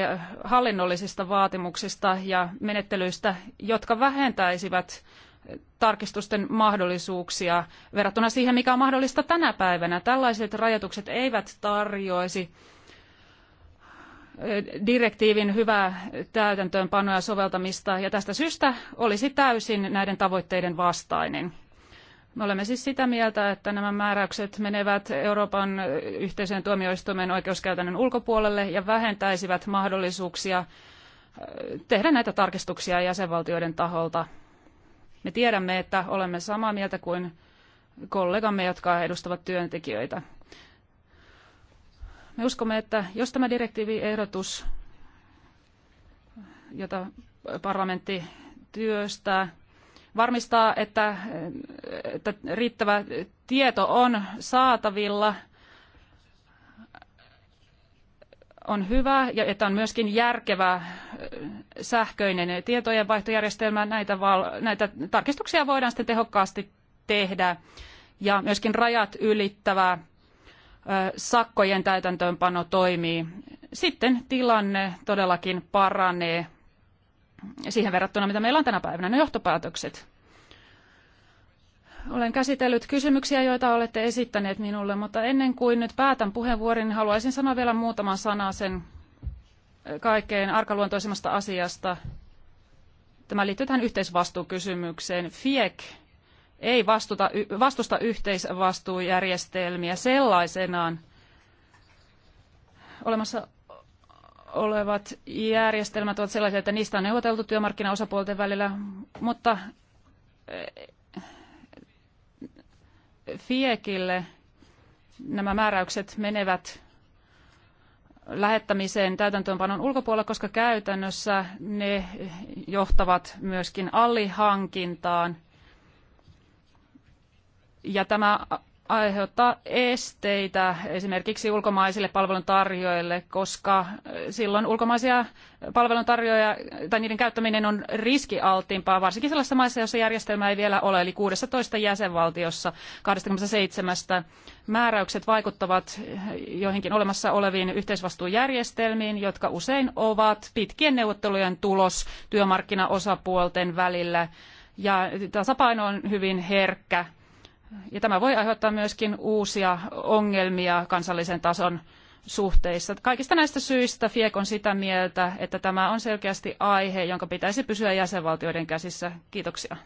hallinnollisista vaatimuksista ja menettelyistä, jotka vähentäisivät tarkistusten mahdollisuuksia verrattuna siihen, mikä on mahdollista tänä päivänä. Tällaiset rajoitukset eivät tarjoisi direktiivin hyvää täytäntöönpanoa ja soveltamista, ja tästä syystä olisi täysin näiden tavoitteiden vastainen. Me olemme siis sitä mieltä, että nämä määräykset menevät Euroopan yhteisön tuomioistuimen oikeuskäytännön ulkopuolelle ja vähentäisivät mahdollisuuksia tehdä näitä tarkistuksia jäsenvaltioiden taholta me tiedämme, että olemme samaa mieltä kuin kollegamme, jotka edustavat työntekijöitä. Me uskomme, että jos tämä direktiiviehdotus, jota parlamentti työstää, varmistaa, että, että riittävä tieto on saatavilla – on hyvä ja että on myöskin järkevä sähköinen tietojenvaihtojärjestelmä. Näitä, val, näitä tarkistuksia voidaan sitten tehokkaasti tehdä ja myöskin rajat ylittävä sakkojen täytäntöönpano toimii. Sitten tilanne todellakin paranee siihen verrattuna, mitä meillä on tänä päivänä, ne johtopäätökset. Olen käsitellyt kysymyksiä, joita olette esittäneet minulle, mutta ennen kuin nyt päätän puheenvuorin, haluaisin sanoa vielä muutaman sanan sen kaikkein arkaluontoisimmasta asiasta. Tämä liittyy tähän yhteisvastuukysymykseen. FIEC ei vastuta, vastusta yhteisvastuujärjestelmiä sellaisenaan. Olemassa olevat järjestelmät ovat sellaisia, että niistä on neuvoteltu työmarkkinaosapuolten välillä, mutta FIEKille nämä määräykset menevät lähettämiseen täytäntöönpanon ulkopuolella, koska käytännössä ne johtavat myöskin alihankintaan. Ja tämä aiheuttaa esteitä esimerkiksi ulkomaisille palveluntarjoajille, koska silloin ulkomaisia palveluntarjoajia tai niiden käyttäminen on riskialtiimpaa, varsinkin sellaisissa maissa, joissa järjestelmä ei vielä ole, eli 16 jäsenvaltiossa 27 määräykset vaikuttavat joihinkin olemassa oleviin yhteisvastuujärjestelmiin, jotka usein ovat pitkien neuvottelujen tulos työmarkkinaosapuolten välillä ja tasapaino on hyvin herkkä ja tämä voi aiheuttaa myöskin uusia ongelmia kansallisen tason suhteissa. Kaikista näistä syistä FIEK on sitä mieltä, että tämä on selkeästi aihe, jonka pitäisi pysyä jäsenvaltioiden käsissä. Kiitoksia.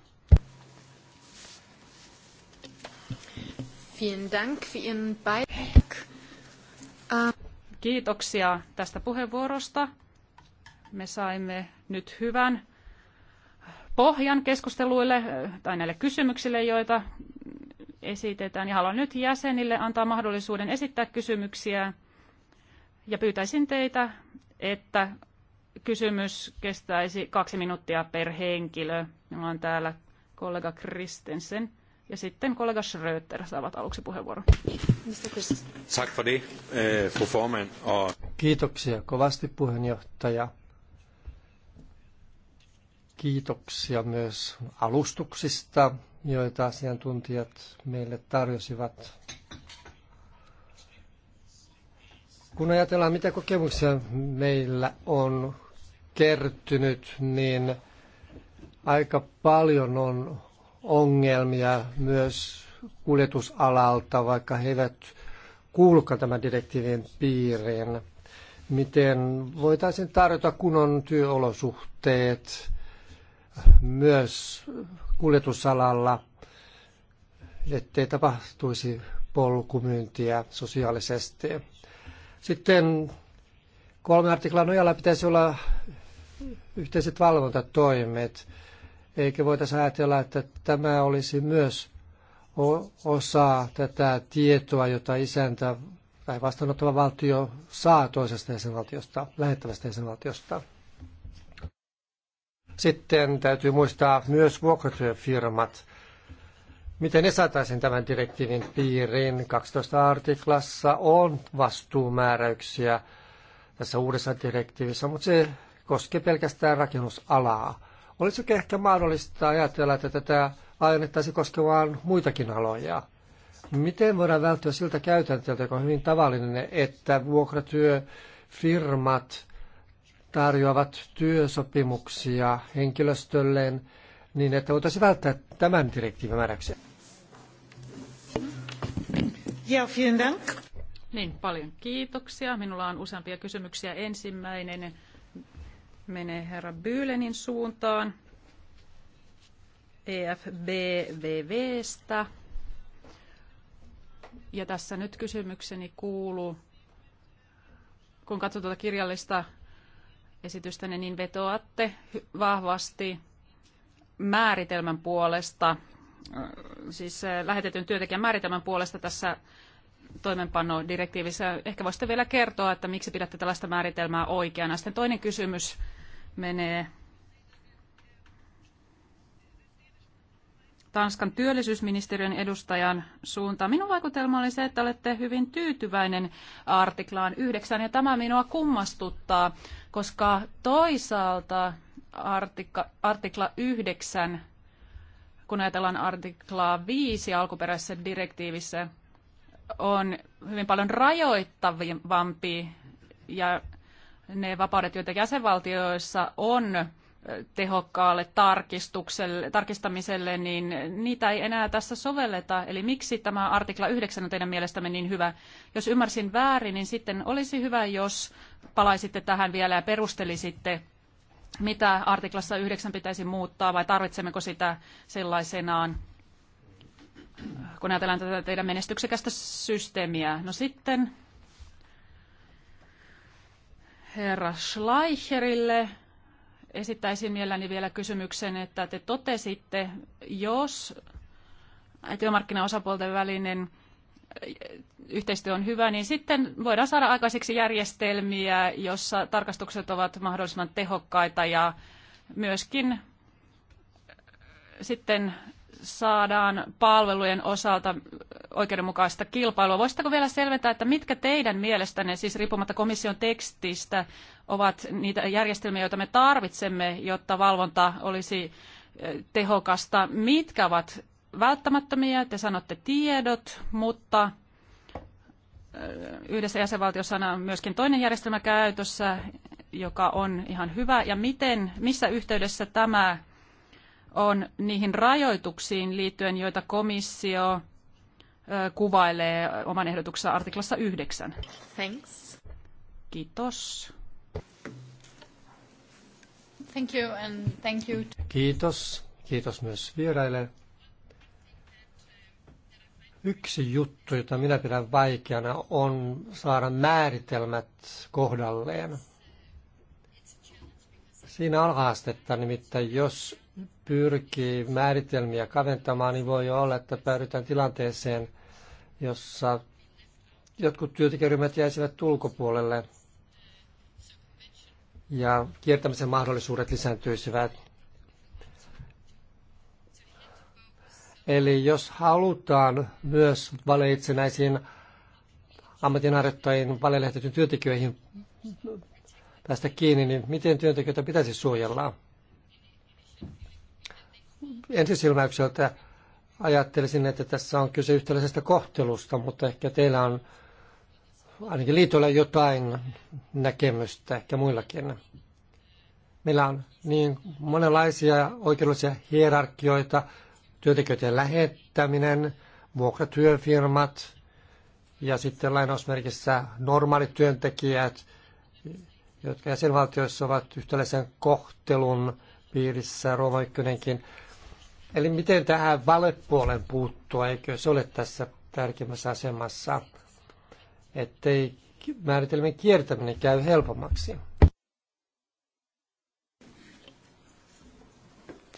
Ah. Kiitoksia tästä puheenvuorosta. Me saimme nyt hyvän pohjan keskusteluille tai näille kysymyksille, joita esitetään. Ja haluan nyt jäsenille antaa mahdollisuuden esittää kysymyksiä. Ja pyytäisin teitä, että kysymys kestäisi kaksi minuuttia per henkilö. Minulla on täällä kollega Kristensen ja sitten kollega Schröter saavat aluksi puheenvuoron. Tack øh, Kiitoksia kovasti puheenjohtaja. Kiitoksia myös alustuksista joita asiantuntijat meille tarjosivat. Kun ajatellaan, mitä kokemuksia meillä on kertynyt, niin aika paljon on ongelmia myös kuljetusalalta, vaikka he eivät kuuluka tämän direktiivin piiriin. Miten voitaisiin tarjota kunnon työolosuhteet myös kuljetusalalla, ettei tapahtuisi polkumyyntiä sosiaalisesti. Sitten kolme artiklan nojalla pitäisi olla yhteiset valvontatoimet, eikä voitaisiin ajatella, että tämä olisi myös osa tätä tietoa, jota isäntä tai vastaanottava valtio saa toisesta jäsenvaltiosta, lähettävästä jäsenvaltiosta. Sitten täytyy muistaa myös vuokratyöfirmat. Miten ne saataisiin tämän direktiivin piiriin? 12 artiklassa on vastuumääräyksiä tässä uudessa direktiivissä, mutta se koskee pelkästään rakennusalaa. Olisiko ehkä mahdollista ajatella, että tätä laajennettaisiin koskemaan muitakin aloja? Miten voidaan välttyä siltä käytäntöltä, joka on hyvin tavallinen, että vuokratyöfirmat tarjoavat työsopimuksia henkilöstölleen niin, että voitaisiin välttää tämän direktiivin määräksi. Ja, vielen dank. Niin, paljon kiitoksia. Minulla on useampia kysymyksiä. Ensimmäinen menee herra Bylenin suuntaan EFBVVstä. Ja tässä nyt kysymykseni kuuluu, kun katsoo tuota kirjallista esitystänne, niin, niin vetoatte vahvasti määritelmän puolesta, äh, siis äh, lähetetyn työntekijän määritelmän puolesta tässä toimenpanodirektiivissä. Ehkä voisitte vielä kertoa, että miksi pidätte tällaista määritelmää oikeana. Sitten toinen kysymys menee Tanskan työllisyysministeriön edustajan suuntaan. Minun vaikutelma oli se, että olette hyvin tyytyväinen artiklaan yhdeksän ja tämä minua kummastuttaa koska toisaalta artikla, artikla 9, kun ajatellaan artiklaa 5 alkuperäisessä direktiivissä, on hyvin paljon rajoittavampi ja ne vapaudet, joita jäsenvaltioissa on tehokkaalle tarkistukselle, tarkistamiselle, niin niitä ei enää tässä sovelleta. Eli miksi tämä artikla 9 on teidän mielestämme niin hyvä? Jos ymmärsin väärin, niin sitten olisi hyvä, jos palaisitte tähän vielä ja perustelisitte, mitä artiklassa 9 pitäisi muuttaa vai tarvitsemmeko sitä sellaisenaan, kun ajatellaan tätä teidän menestyksekästä systeemiä. No sitten herra Schleicherille esittäisin mielelläni vielä kysymyksen, että te totesitte, jos työmarkkinaosapuolten välinen eh, yhteistyö on hyvä, niin sitten voidaan saada aikaiseksi järjestelmiä, jossa tarkastukset ovat mahdollisimman tehokkaita ja myöskin eh, sitten saadaan palvelujen osalta oikeudenmukaista kilpailua. Voisitteko vielä selventää, että mitkä teidän mielestänne, siis riippumatta komission tekstistä, ovat niitä järjestelmiä, joita me tarvitsemme, jotta valvonta olisi eh, tehokasta? Mitkä ovat välttämättömiä? Te sanotte tiedot, mutta eh, yhdessä jäsenvaltiossa on myöskin toinen järjestelmä käytössä, joka on ihan hyvä. Ja miten, missä yhteydessä tämä on niihin rajoituksiin liittyen, joita komissio kuvailee oman ehdotuksensa artiklassa 9. Thanks. Kiitos. Thank you and thank you. Kiitos. Kiitos myös vieraille. Yksi juttu, jota minä pidän vaikeana, on saada määritelmät kohdalleen. Siinä on haastetta, nimittäin jos pyrkii määritelmiä kaventamaan, niin voi olla, että päädytään tilanteeseen, jossa jotkut työntekijäryhmät jäisivät ulkopuolelle ja kiertämisen mahdollisuudet lisääntyisivät. Eli jos halutaan myös valitsenäisiin ammatinharjoittajien valelehtetyn työntekijöihin päästä kiinni, niin miten työntekijöitä pitäisi suojella? ensisilmäykseltä ajattelisin, että tässä on kyse yhtäläisestä kohtelusta, mutta ehkä teillä on ainakin liitolla jotain näkemystä, ehkä muillakin. Meillä on niin monenlaisia oikeudellisia hierarkioita, työntekijöiden lähettäminen, vuokratyöfirmat ja sitten lainausmerkissä normaalit työntekijät, jotka jäsenvaltioissa ovat yhtäläisen kohtelun piirissä, Rooma Eli miten tähän valepuolen puuttua, eikö se ole tässä tärkeimmässä asemassa, ettei määritelmien kiertäminen käy helpommaksi?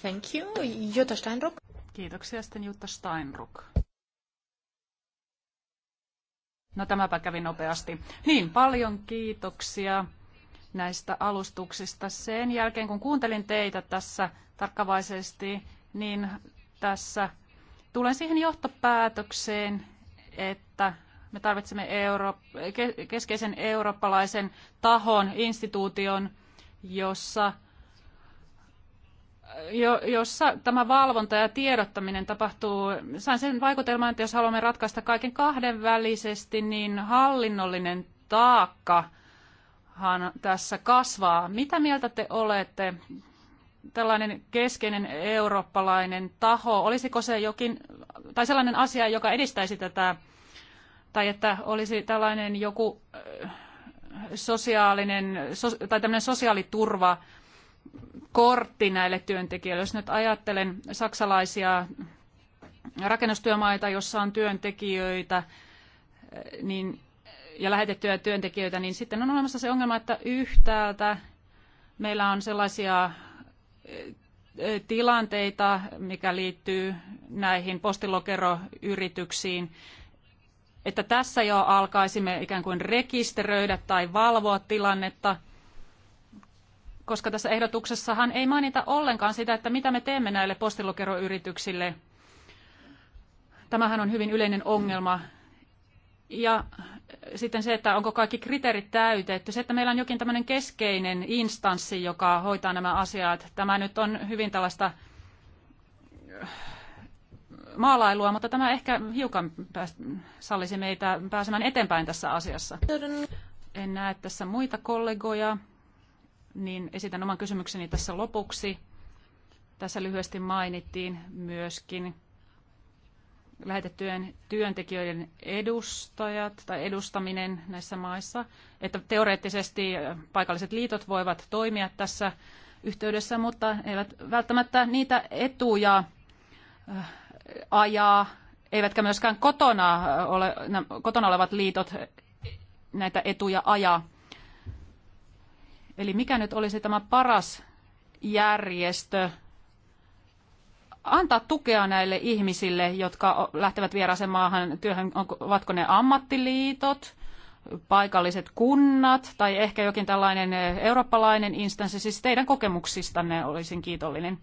Thank you. Jutta Steinruck. Kiitoksia sitten Jutta Steinruck. No tämäpä kävi nopeasti. Niin, paljon kiitoksia näistä alustuksista. Sen jälkeen kun kuuntelin teitä tässä tarkkavaisesti, niin tässä tulen siihen johtopäätökseen, että me tarvitsemme euro- keskeisen eurooppalaisen tahon, instituution, jossa, jo, jossa tämä valvonta ja tiedottaminen tapahtuu. Sain sen vaikutelman, että jos haluamme ratkaista kaiken kahdenvälisesti, niin hallinnollinen taakka tässä kasvaa. Mitä mieltä te olette tällainen keskeinen eurooppalainen taho, olisiko se jokin, tai sellainen asia, joka edistäisi tätä, tai että olisi tällainen joku äh, sosiaalinen, tai tämmöinen sosiaaliturva, kortti näille työntekijöille. Jos nyt ajattelen saksalaisia rakennustyömaita, jossa on työntekijöitä äh, niin, ja lähetettyjä työntekijöitä, niin sitten on olemassa se ongelma, että yhtäältä meillä on sellaisia tilanteita, mikä liittyy näihin postilokeroyrityksiin, että tässä jo alkaisimme ikään kuin rekisteröidä tai valvoa tilannetta, koska tässä ehdotuksessahan ei mainita ollenkaan sitä, että mitä me teemme näille postilokeroyrityksille. Tämähän on hyvin yleinen ongelma ja sitten se, että onko kaikki kriteerit täytetty. Se, että meillä on jokin tämmöinen keskeinen instanssi, joka hoitaa nämä asiat. Tämä nyt on hyvin tällaista äh, maalailua, mutta tämä ehkä hiukan sallisi meitä pääsemään eteenpäin tässä asiassa. En näe tässä muita kollegoja, niin esitän oman kysymykseni tässä lopuksi. Tässä lyhyesti mainittiin myöskin lähetettyjen työntekijöiden edustajat tai edustaminen näissä maissa, että teoreettisesti paikalliset liitot voivat toimia tässä yhteydessä, mutta eivät välttämättä niitä etuja ajaa, eivätkä myöskään kotona, ole, kotona olevat liitot näitä etuja ajaa. Eli mikä nyt olisi tämä paras järjestö antaa tukea näille ihmisille, jotka lähtevät vieraaseen maahan työhön, ovatko ne ammattiliitot, paikalliset kunnat tai ehkä jokin tällainen eh, eurooppalainen instanssi, siis teidän kokemuksistanne olisin kiitollinen.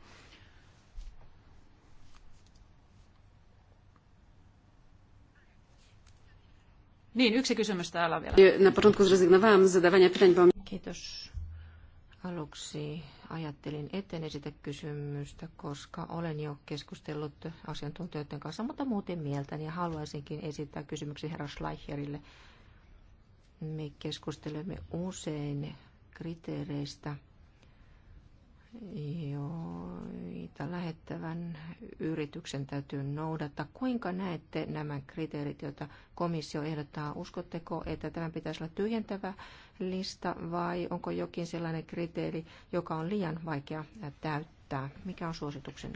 Niin, yksi kysymys täällä vielä. Kiitos. Aluksi ajattelin etten esitä kysymystä, koska olen jo keskustellut asiantuntijoiden kanssa, mutta muuten mieltäni ja haluaisinkin esittää kysymyksen herra Schleicherille. Me keskustelemme usein kriteereistä – niitä lähettävän yrityksen täytyy noudata. Kuinka näette nämä kriteerit, joita komissio ehdottaa? Uskotteko, että tämä pitäisi olla tyhjentävä lista vai onko jokin sellainen kriteeri, joka on liian vaikea täyttää? Mikä on suosituksen?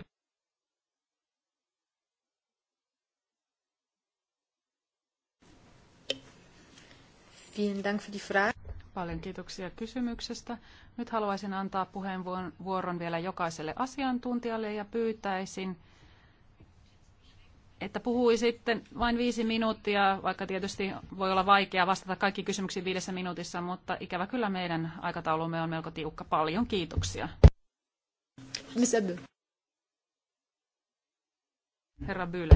Vielen Dank für die Frage. Paljon kiitoksia kysymyksestä. Nyt haluaisin antaa puheenvuoron vielä jokaiselle asiantuntijalle ja pyytäisin, että puhui sitten vain viisi minuuttia, vaikka tietysti voi olla vaikea vastata kaikki kysymyksiin viidessä minuutissa, mutta ikävä kyllä meidän aikataulumme on melko tiukka. Paljon kiitoksia. Herra Byle.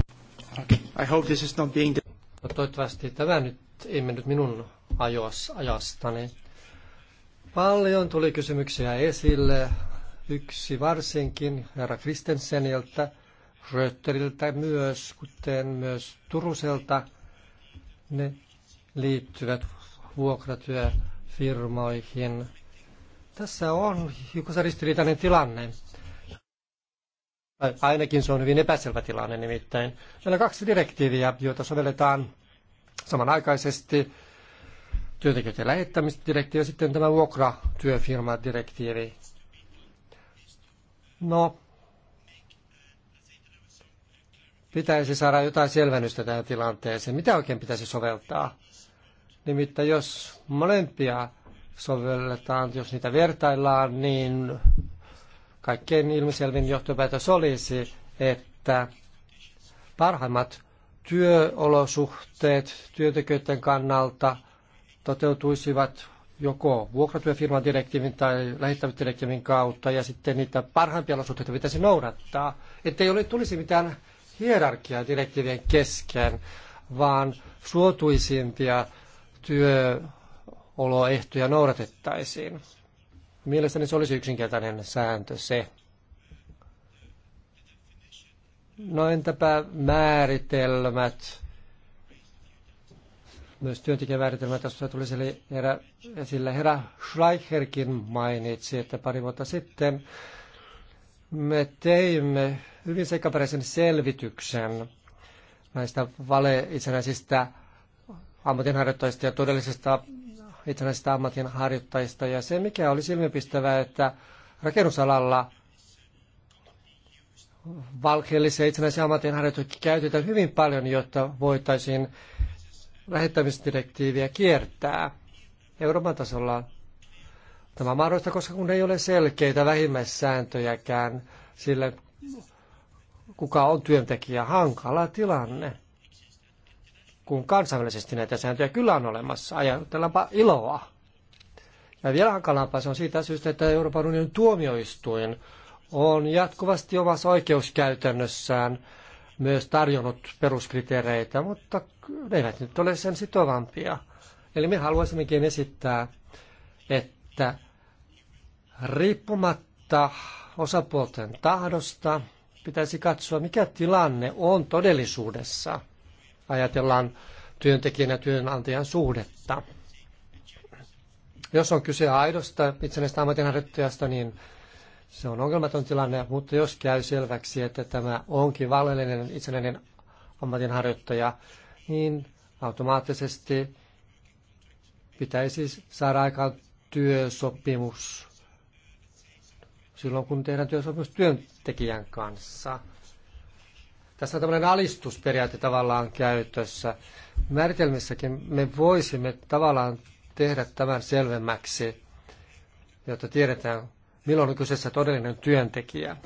Okay. I hope this is not being no, toivottavasti tämä nyt emme nyt minun ajastani. Paljon tuli kysymyksiä esille, yksi varsinkin herra Kristensenilta, Rötteriltä myös, kuten myös Turuselta. Ne liittyvät vuokratyöfirmoihin. Tässä on hiukan ristiriitainen tilanne. Ainakin se on hyvin epäselvä tilanne nimittäin. Meillä on kaksi direktiiviä, joita sovelletaan samanaikaisesti työntekijöiden lähettämisdirektiivi ja sitten tämä vuokratyöfirmadirektiivi. No, pitäisi saada jotain selvennystä tähän tilanteeseen. Mitä oikein pitäisi soveltaa? Nimittäin jos molempia sovelletaan, jos niitä vertaillaan, niin kaikkein ilmiselvin johtopäätös olisi, että parhaimmat työolosuhteet työntekijöiden kannalta toteutuisivat joko vuokratyöfirman direktiivin tai lähettämisdirektiivin kautta, ja sitten niitä parhaimpia olosuhteita pitäisi noudattaa, ettei ole, tulisi mitään hierarkiaa direktiivien kesken, vaan suotuisimpia työoloehtoja noudatettaisiin. Mielestäni se olisi yksinkertainen sääntö se. No entäpä määritelmät? Myös työntekijämääritelmät, jos tuli esille, herä, esille. Herra Schleicherkin mainitsi, että pari vuotta sitten me teimme hyvin sekaperäisen selvityksen näistä vale-itsenäisistä ammatinharjoittajista ja todellisista itsenäisistä ammatinharjoittajista. Ja se, mikä oli silmipistävää, että rakennusalalla valkeellisia itsenäisiä ammatinharjoittajia käytetään hyvin paljon, jotta voitaisiin lähettämisdirektiiviä kiertää. Euroopan tasolla tämä on mahdollista, koska kun ei ole selkeitä vähimmäissääntöjäkään sille, kuka on työntekijä, hankala tilanne. Kun kansainvälisesti näitä sääntöjä kyllä on olemassa, ajatellaanpa iloa. Ja vielä hankalampaa se on siitä syystä, että Euroopan unionin tuomioistuin on jatkuvasti omassa oikeuskäytännössään myös tarjonnut peruskriteereitä, mutta ne eivät nyt ole sen sitovampia. Eli me haluaisimmekin esittää, että riippumatta osapuolten tahdosta pitäisi katsoa, mikä tilanne on todellisuudessa. Ajatellaan työntekijän ja työnantajan suhdetta. Jos on kyse aidosta itsenäistä ammatinharjoittajasta, niin se on ongelmaton tilanne, mutta jos käy selväksi, että tämä onkin valheellinen itsenäinen ammatinharjoittaja, niin automaattisesti pitäisi saada aikaan työsopimus silloin, kun tehdään työsopimus työntekijän kanssa. Tässä on tämmöinen alistusperiaate tavallaan käytössä. Määritelmissäkin me voisimme tavallaan tehdä tämän selvemmäksi, jotta tiedetään, milloin on kyseessä todellinen työntekijä.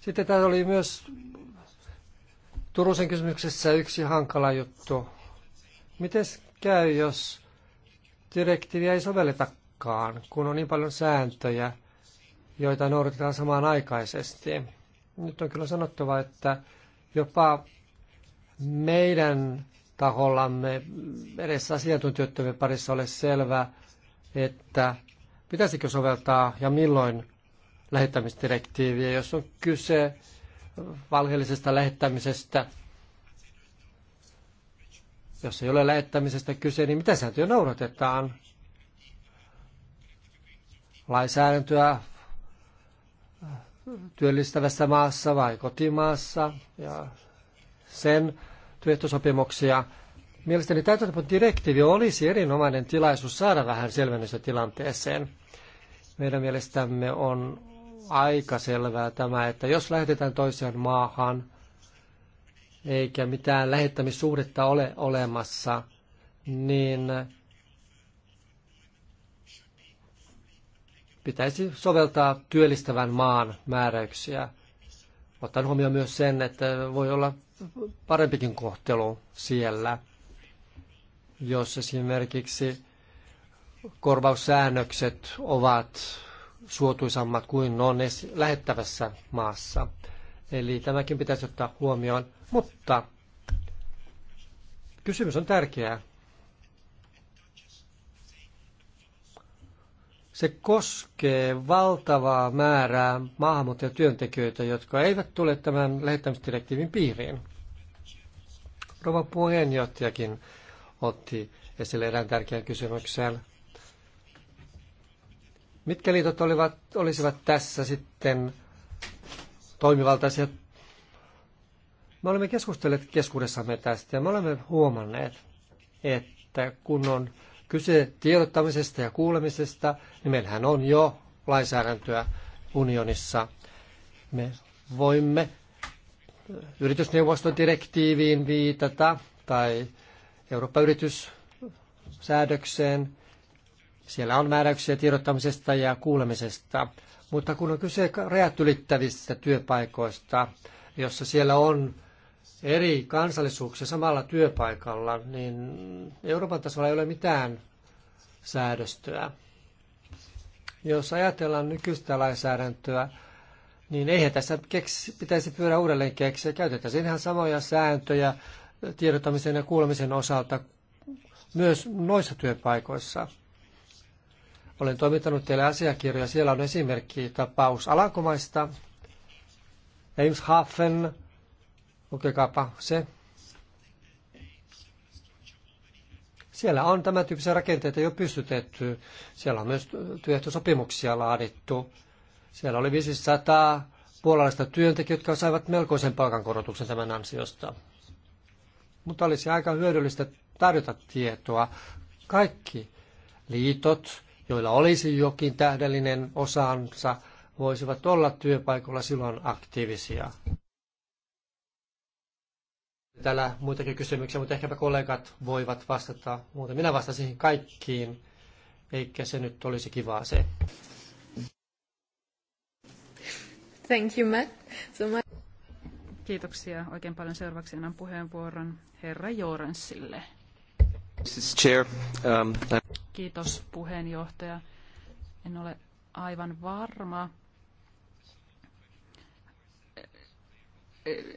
Sitten täällä oli myös Turusen kysymyksessä yksi hankala juttu. Miten käy, jos direktiiviä ei sovelletakaan, kun on niin paljon sääntöjä, joita noudatetaan samaan aikaisesti? Nyt on kyllä sanottava, että jopa meidän tahollamme edes asiantuntijoiden parissa ole selvä, että Pitäisikö soveltaa ja milloin lähettämisdirektiiviä, jos on kyse valheellisesta lähettämisestä? Jos ei ole lähettämisestä kyse, niin mitä sääntöjä noudatetaan? Lainsäädäntöä työllistävässä maassa vai kotimaassa ja sen työehtosopimuksia. Mielestäni täytäntöpon direktiivi olisi erinomainen tilaisuus saada vähän selvennystä tilanteeseen. Meidän mielestämme on aika selvää tämä, että jos lähetetään toiseen maahan, eikä mitään lähettämissuhdetta ole olemassa, niin pitäisi soveltaa työllistävän maan määräyksiä. Otan huomioon myös sen, että voi olla parempikin kohtelu siellä. Jos esimerkiksi korvaussäännökset ovat suotuisammat kuin ne on lähettävässä maassa. Eli tämäkin pitäisi ottaa huomioon, mutta kysymys on tärkeä. Se koskee valtavaa määrää maahanmuuttajatyöntekijöitä, jotka eivät tule tämän lähettämisdirektiivin piiriin. Rova puheenjohtajakin otti esille erään tärkeän kysymyksen. Mitkä liitot olivat, olisivat tässä sitten toimivaltaisia? Me olemme keskustelleet keskuudessamme tästä ja me olemme huomanneet, että kun on kyse tiedottamisesta ja kuulemisesta, niin meillähän on jo lainsäädäntöä unionissa. Me voimme yritysneuvoston direktiiviin viitata tai Eurooppa-yrityssäädökseen – siellä on määräyksiä tiedottamisesta ja kuulemisesta, mutta kun on kyse rajat ylittävistä työpaikoista, jossa siellä on eri kansallisuuksia samalla työpaikalla, niin Euroopan tasolla ei ole mitään säädöstöä. Jos ajatellaan nykyistä lainsäädäntöä, niin eihän tässä keksi, pitäisi pyörä uudelleen keksiä. Käytetään ihan samoja sääntöjä tiedottamisen ja kuulemisen osalta myös noissa työpaikoissa. Olen toimittanut teille asiakirjoja. Siellä on esimerkki tapaus Alankomaista. Eimshafen, lukekaapa se. Siellä on tämän tyyppisiä rakenteita jo pystytetty. Siellä on myös työehtosopimuksia laadittu. Siellä oli 500 puolalaista työntekijä, jotka saivat melkoisen palkankorotuksen tämän ansiosta. Mutta olisi aika hyödyllistä tarjota tietoa. Kaikki liitot, joilla olisi jokin tähdellinen osansa, voisivat olla työpaikalla silloin aktiivisia. Täällä muitakin kysymyksiä, mutta ehkäpä kollegat voivat vastata. Muuten minä vastasin kaikkiin, eikä se nyt olisi kivaa se. Thank you, Matt. So my... Kiitoksia oikein paljon. Seuraavaksi annan puheenvuoron herra Joransille. Mrs. Chair, um, Kiitos puheenjohtaja. En ole aivan varma,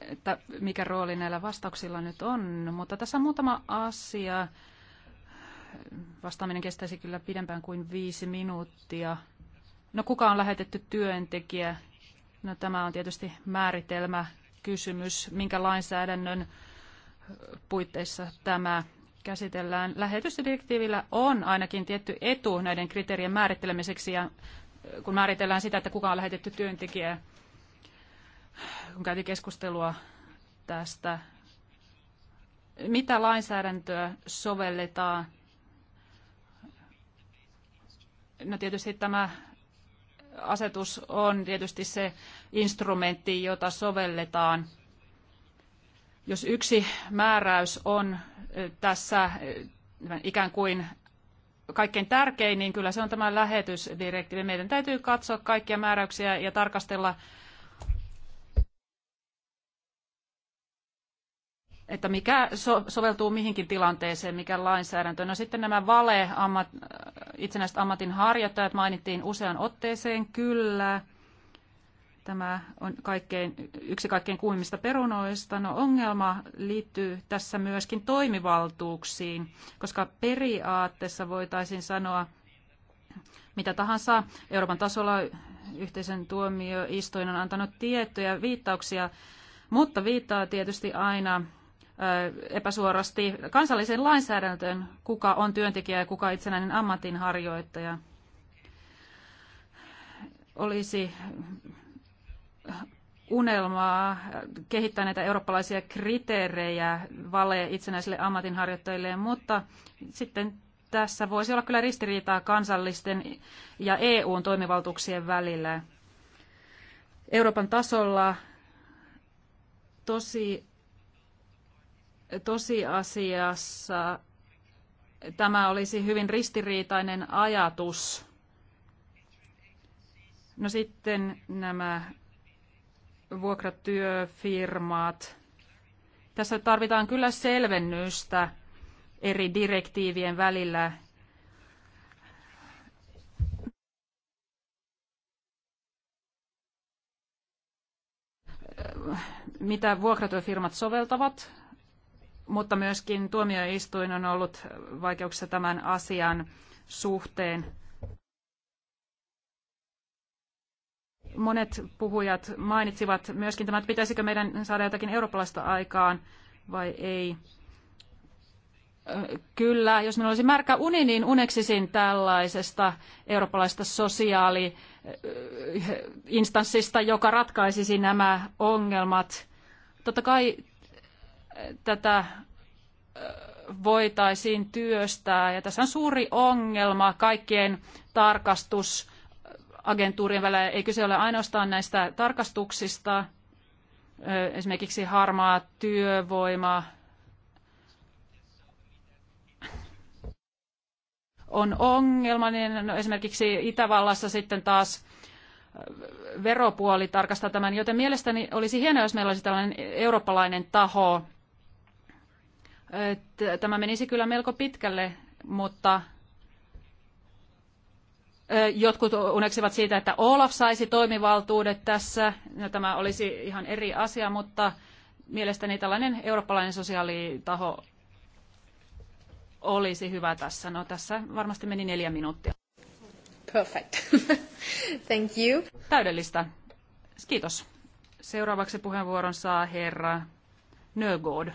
että mikä rooli näillä vastauksilla nyt on, mutta tässä on muutama asia. Vastaaminen kestäisi kyllä pidempään kuin viisi minuuttia. No kuka on lähetetty työntekijä? No tämä on tietysti määritelmä kysymys, minkä lainsäädännön puitteissa tämä käsitellään lähetysdirektiivillä, on ainakin tietty etu näiden kriteerien määrittelemiseksi ja kun määritellään sitä, että kuka on lähetetty työntekijä, kun käytiin keskustelua tästä, mitä lainsäädäntöä sovelletaan. No tietysti tämä asetus on tietysti se instrumentti, jota sovelletaan – jos yksi määräys on tässä ikään kuin kaikkein tärkein, niin kyllä se on tämä lähetysdirektiivi. Meidän täytyy katsoa kaikkia määräyksiä ja tarkastella, että mikä so- soveltuu mihinkin tilanteeseen, mikä lainsäädäntö. No sitten nämä vale, ammat, itsenäiset harjoittajat mainittiin usean otteeseen, kyllä. Tämä on kaikkein, yksi kaikkein kuumimmista perunoista. No ongelma liittyy tässä myöskin toimivaltuuksiin, koska periaatteessa voitaisiin sanoa mitä tahansa Euroopan tasolla yhteisen tuomioistuin on antanut tiettyjä viittauksia, mutta viittaa tietysti aina epäsuorasti kansalliseen lainsäädäntöön, kuka on työntekijä ja kuka itsenäinen ammatinharjoittaja. Olisi unelmaa kehittää näitä eurooppalaisia kriteerejä vale itsenäisille ammatinharjoittajille, mutta sitten tässä voisi olla kyllä ristiriitaa kansallisten ja EUn toimivaltuuksien välillä. Euroopan tasolla tosi, tosiasiassa tämä olisi hyvin ristiriitainen ajatus. No sitten nämä vuokratyöfirmat. Tässä tarvitaan kyllä selvennystä eri direktiivien välillä. Mitä vuokratyöfirmat soveltavat, mutta myöskin tuomioistuin on ollut vaikeuksissa tämän asian suhteen. Monet puhujat mainitsivat myöskin tämän, että pitäisikö meidän saada jotakin eurooppalaista aikaan vai ei. Kyllä, jos minulla olisi märkä uni, niin uneksisin tällaisesta eurooppalaista sosiaaliinstanssista, joka ratkaisisi nämä ongelmat. Totta kai tätä voitaisiin työstää, ja tässä on suuri ongelma kaikkien tarkastus agentuurien välillä. Ei kyse ole ainoastaan näistä tarkastuksista, esimerkiksi harmaa työvoima on niin No, esimerkiksi Itävallassa sitten taas veropuoli tarkastaa tämän, joten mielestäni olisi hienoa, jos meillä olisi tällainen eurooppalainen taho. Tämä menisi kyllä melko pitkälle, mutta Jotkut uneksivat siitä, että Olaf saisi toimivaltuudet tässä. No, tämä olisi ihan eri asia, mutta mielestäni tällainen eurooppalainen sosiaalitaho olisi hyvä tässä. No tässä varmasti meni neljä minuuttia. Perfect. Thank you. Täydellistä. Kiitos. Seuraavaksi puheenvuoron saa herra Nögod.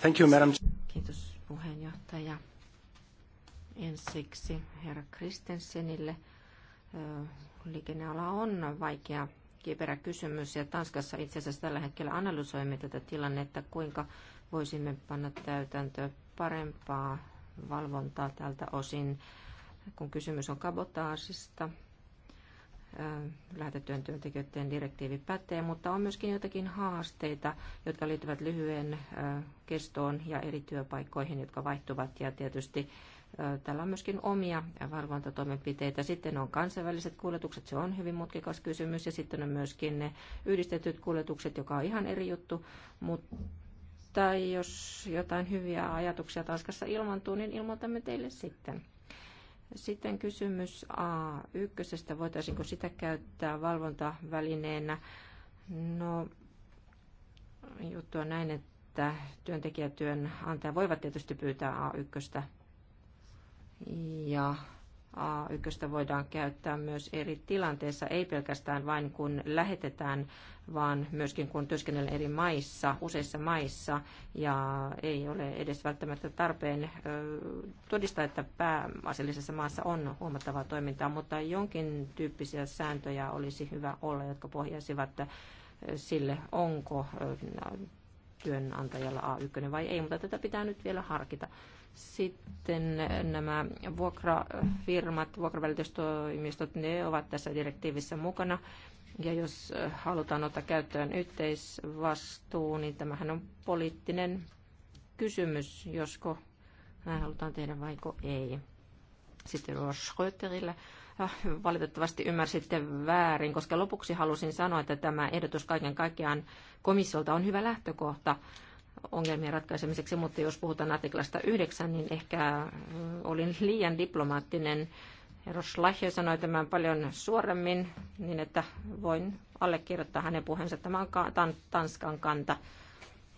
Thank you, madam. Kiitos puheenjohtaja. Ensiksi herra Kristensenille. Liikenneala on vaikea kiperä kysymys ja Tanskassa itse asiassa tällä hetkellä analysoimme tätä tilannetta, kuinka voisimme panna täytäntöön parempaa valvontaa tältä osin, kun kysymys on kabotaasista. Lähetettyjen työntekijöiden direktiivi pätee, mutta on myöskin jotakin haasteita, jotka liittyvät lyhyen kestoon ja eri työpaikkoihin, jotka vaihtuvat. Ja tietysti Tällä on myöskin omia valvontatoimenpiteitä. Sitten on kansainväliset kuljetukset, se on hyvin mutkikas kysymys. Ja sitten on myöskin ne yhdistetyt kuljetukset, joka on ihan eri juttu. Mutta jos jotain hyviä ajatuksia Tanskassa ilmantuu, niin ilmoitamme teille sitten. Sitten kysymys A1, voitaisiinko sitä käyttää valvontavälineenä? No, juttu on näin, että työntekijätyönantaja voivat tietysti pyytää A1 ja A1 voidaan käyttää myös eri tilanteissa, ei pelkästään vain kun lähetetään, vaan myöskin kun työskennellään eri maissa, useissa maissa, ja ei ole edes välttämättä tarpeen todistaa, että pääasiallisessa maassa on huomattavaa toimintaa, mutta jonkin tyyppisiä sääntöjä olisi hyvä olla, jotka pohjaisivat sille, onko työnantajalla A1 vai ei, mutta tätä pitää nyt vielä harkita. Sitten nämä vuokrafirmat, vuokravälitystoimistot, ne ovat tässä direktiivissä mukana. Ja jos halutaan ottaa käyttöön yhteisvastuu, niin tämähän on poliittinen kysymys, josko näin halutaan tehdä vaiko ei. Sitten Schröterillä ah, valitettavasti ymmärsitte väärin, koska lopuksi halusin sanoa, että tämä ehdotus kaiken kaikkiaan komissiolta on hyvä lähtökohta ongelmien ratkaisemiseksi, mutta jos puhutaan artiklasta 9, niin ehkä olin liian diplomaattinen. Herra Schleicher sanoi tämän paljon suoremmin, niin että voin allekirjoittaa hänen puheensa. Tämä on Tanskan kanta.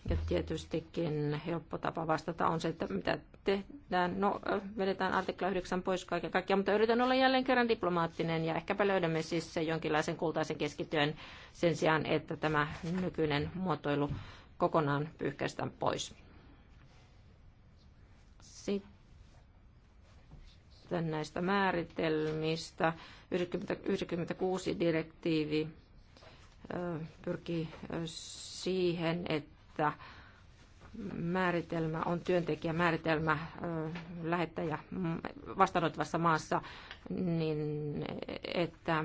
Ja tietystikin helppo tapa vastata on se, että mitä tehdään. No, vedetään artikla 9 pois kaiken kaikkiaan, mutta yritän olla jälleen kerran diplomaattinen ja ehkäpä löydämme siis jonkinlaisen kultaisen keskityön sen sijaan, että tämä nykyinen muotoilu kokonaan pyyhkäistä pois. Sitten näistä määritelmistä 96 direktiivi pyrkii siihen, että määritelmä on työntekijämääritelmä lähettäjä vastaanottavassa maassa, niin että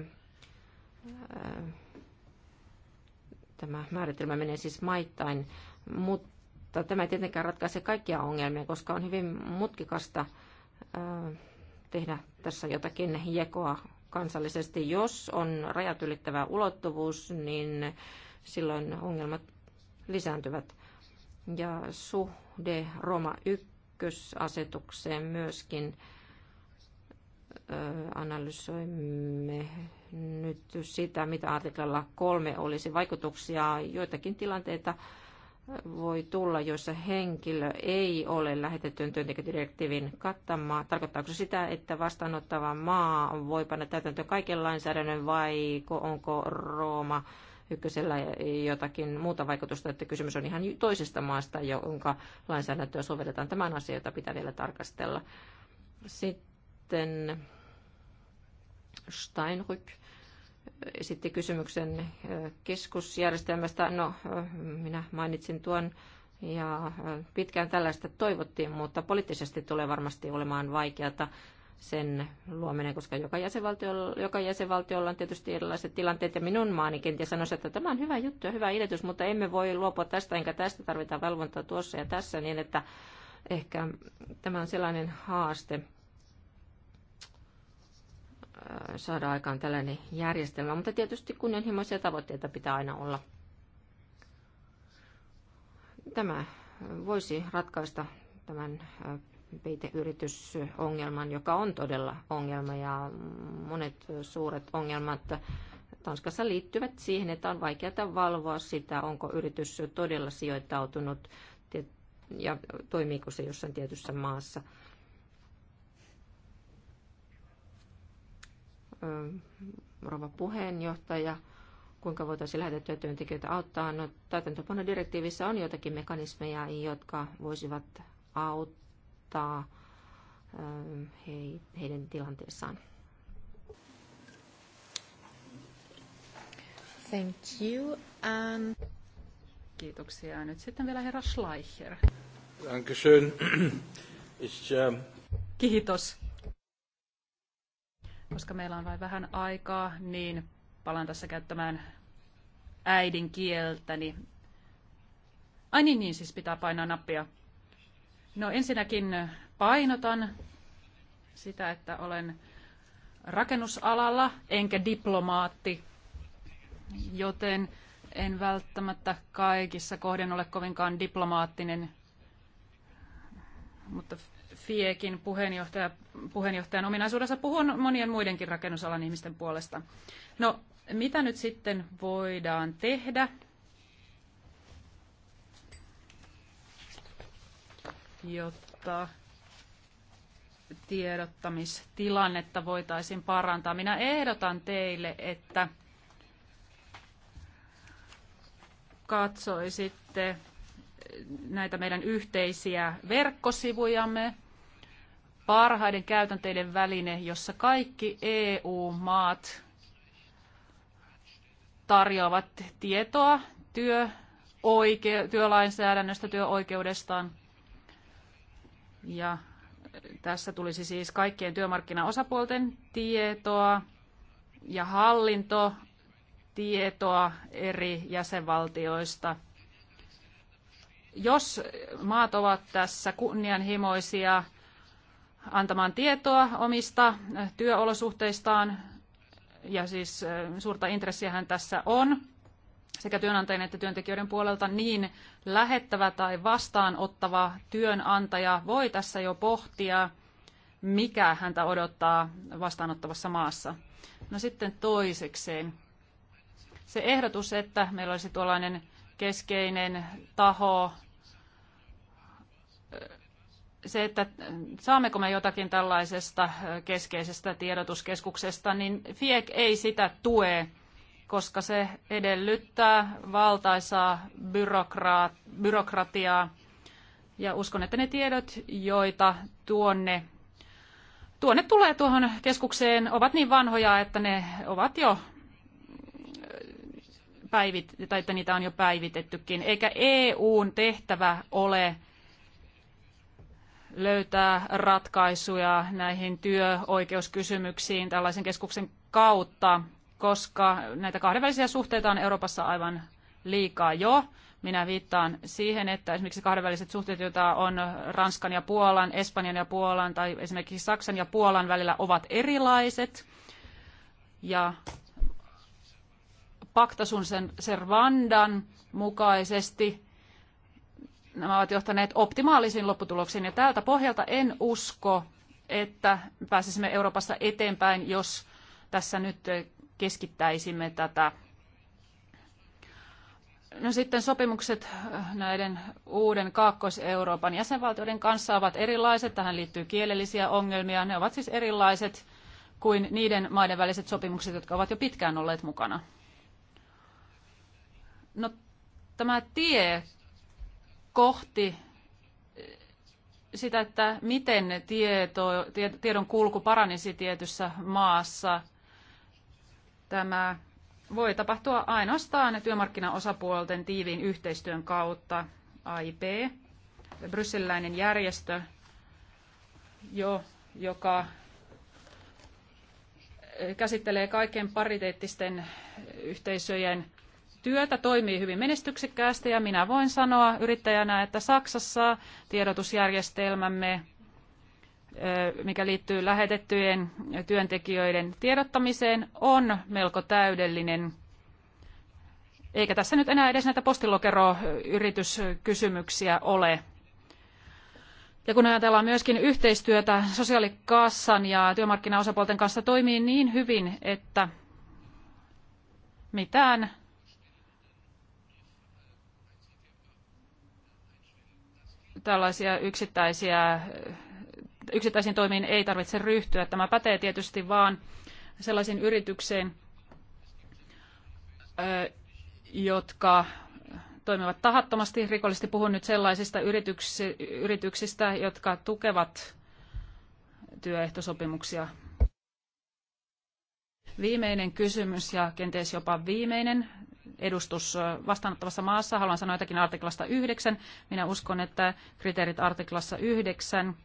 Tämä määritelmä menee siis maittain, mutta tämä ei tietenkään ratkaise kaikkia ongelmia, koska on hyvin mutkikasta tehdä tässä jotakin jekoa kansallisesti. Jos on rajat ylittävä ulottuvuus, niin silloin ongelmat lisääntyvät. Ja suhde Roma 1 asetukseen myöskin analysoimme nyt sitä, mitä artiklalla kolme olisi vaikutuksia. Joitakin tilanteita voi tulla, joissa henkilö ei ole lähetetyn työntekijädirektiivin kattamaa. Tarkoittaako se sitä, että vastaanottava maa voi panna täytäntöön kaiken lainsäädännön vai onko Rooma ykkösellä jotakin muuta vaikutusta, että kysymys on ihan toisesta maasta, jonka lainsäädäntöä sovelletaan. Tämän asian, jota pitää vielä tarkastella. Sitten Steinrück esitti kysymyksen eh, keskusjärjestelmästä. No, eh, minä mainitsin tuon ja eh, pitkään tällaista toivottiin, mutta poliittisesti tulee varmasti olemaan vaikeata sen luominen, koska joka jäsenvaltiolla, joka jäsenvaltiolla on tietysti erilaiset tilanteet, ja minun maani kenties sanoisi, että tämä on hyvä juttu ja hyvä idetys, mutta emme voi luopua tästä, enkä tästä tarvitaan valvontaa tuossa ja tässä, niin että ehkä tämä on sellainen haaste, saada aikaan tällainen järjestelmä, mutta tietysti kunnianhimoisia tavoitteita pitää aina olla. Tämä voisi ratkaista tämän peiteyritysongelman, joka on todella ongelma ja monet suuret ongelmat Tanskassa liittyvät siihen, että on vaikeaa valvoa sitä, onko yritys todella sijoittautunut ja toimiiko se jossain tietyssä maassa – rova puheenjohtaja, kuinka voitaisiin lähetettyä työntekijöitä auttaa. No, täytäntöpanodirektiivissä on joitakin mekanismeja, jotka voisivat auttaa heidän tilanteessaan. Thank you. And... Kiitoksia. Nyt sitten vielä herra Schleicher. Dankeschön. Ich, ähm... Kiitos. Koska meillä on vain vähän aikaa, niin palaan tässä käyttämään äidinkieltäni. Ai niin, niin siis pitää painaa nappia. No ensinnäkin painotan sitä, että olen rakennusalalla enkä diplomaatti, joten en välttämättä kaikissa kohden ole kovinkaan diplomaattinen, mutta FIEkin puheenjohtaja, puheenjohtajan ominaisuudessa puhun monien muidenkin rakennusalan ihmisten puolesta. No, mitä nyt sitten voidaan tehdä? jotta tiedottamistilannetta voitaisiin parantaa. Minä ehdotan teille, että katsoisitte näitä meidän yhteisiä verkkosivujamme, parhaiden käytänteiden väline, jossa kaikki EU-maat tarjoavat tietoa työ, oike, työlainsäädännöstä, työoikeudestaan. Ja tässä tulisi siis kaikkien työmarkkinaosapuolten tietoa ja hallintotietoa eri jäsenvaltioista. Jos maat ovat tässä kunnianhimoisia, antamaan tietoa omista työolosuhteistaan, ja siis suurta intressiähän tässä on sekä työnantajien että työntekijöiden puolelta, niin lähettävä tai vastaanottava työnantaja voi tässä jo pohtia, mikä häntä odottaa vastaanottavassa maassa. No sitten toisekseen se ehdotus, että meillä olisi tuollainen keskeinen taho, se, että saammeko me jotakin tällaisesta keskeisestä tiedotuskeskuksesta, niin FIEC ei sitä tue, koska se edellyttää valtaisaa byrokratiaa. Ja uskon, että ne tiedot, joita tuonne, tuonne tulee tuohon keskukseen, ovat niin vanhoja, että ne ovat jo päivit, tai että niitä on jo päivitettykin. Eikä EUn tehtävä ole – löytää ratkaisuja näihin työoikeuskysymyksiin tällaisen keskuksen kautta, koska näitä kahdenvälisiä suhteita on Euroopassa aivan liikaa jo. Minä viittaan siihen, että esimerkiksi kahdenväliset suhteet, joita on Ranskan ja Puolan, Espanjan ja Puolan tai esimerkiksi Saksan ja Puolan välillä ovat erilaiset. Ja Paktasun sen Servandan mukaisesti nämä ovat johtaneet optimaalisiin lopputuloksiin. Ja tältä pohjalta en usko, että pääsisimme Euroopassa eteenpäin, jos tässä nyt keskittäisimme tätä. No sitten sopimukset näiden uuden Kaakkois-Euroopan jäsenvaltioiden kanssa ovat erilaiset. Tähän liittyy kielellisiä ongelmia. Ne ovat siis erilaiset kuin niiden maiden väliset sopimukset, jotka ovat jo pitkään olleet mukana. No, tämä tie kohti eh, sitä, että miten tieto, tiedon kulku paranisi tietyssä maassa. Tämä voi tapahtua ainoastaan työmarkkinaosapuolten tiiviin yhteistyön kautta. AIP, brysseliläinen järjestö, jo, joka eh, käsittelee kaiken pariteettisten yhteisöjen työtä toimii hyvin menestyksekkäästi ja minä voin sanoa yrittäjänä, että Saksassa tiedotusjärjestelmämme, mikä liittyy lähetettyjen työntekijöiden tiedottamiseen, on melko täydellinen. Eikä tässä nyt enää edes näitä postilokero postilokero-yrityskysymyksiä ole. Ja kun ajatellaan myöskin yhteistyötä sosiaalikassan ja työmarkkinaosapuolten kanssa toimii niin hyvin, että mitään tällaisia yksittäisiä, yksittäisiin toimiin ei tarvitse ryhtyä. Tämä pätee tietysti vaan sellaisiin yrityksiin, jotka toimivat tahattomasti. Rikollisesti puhun nyt sellaisista yrityksistä, jotka tukevat työehtosopimuksia. Viimeinen kysymys ja kenties jopa viimeinen edustus vastaanottavassa maassa. Haluan sanoa jotakin artiklasta 9. Minä uskon, että kriteerit artiklassa 9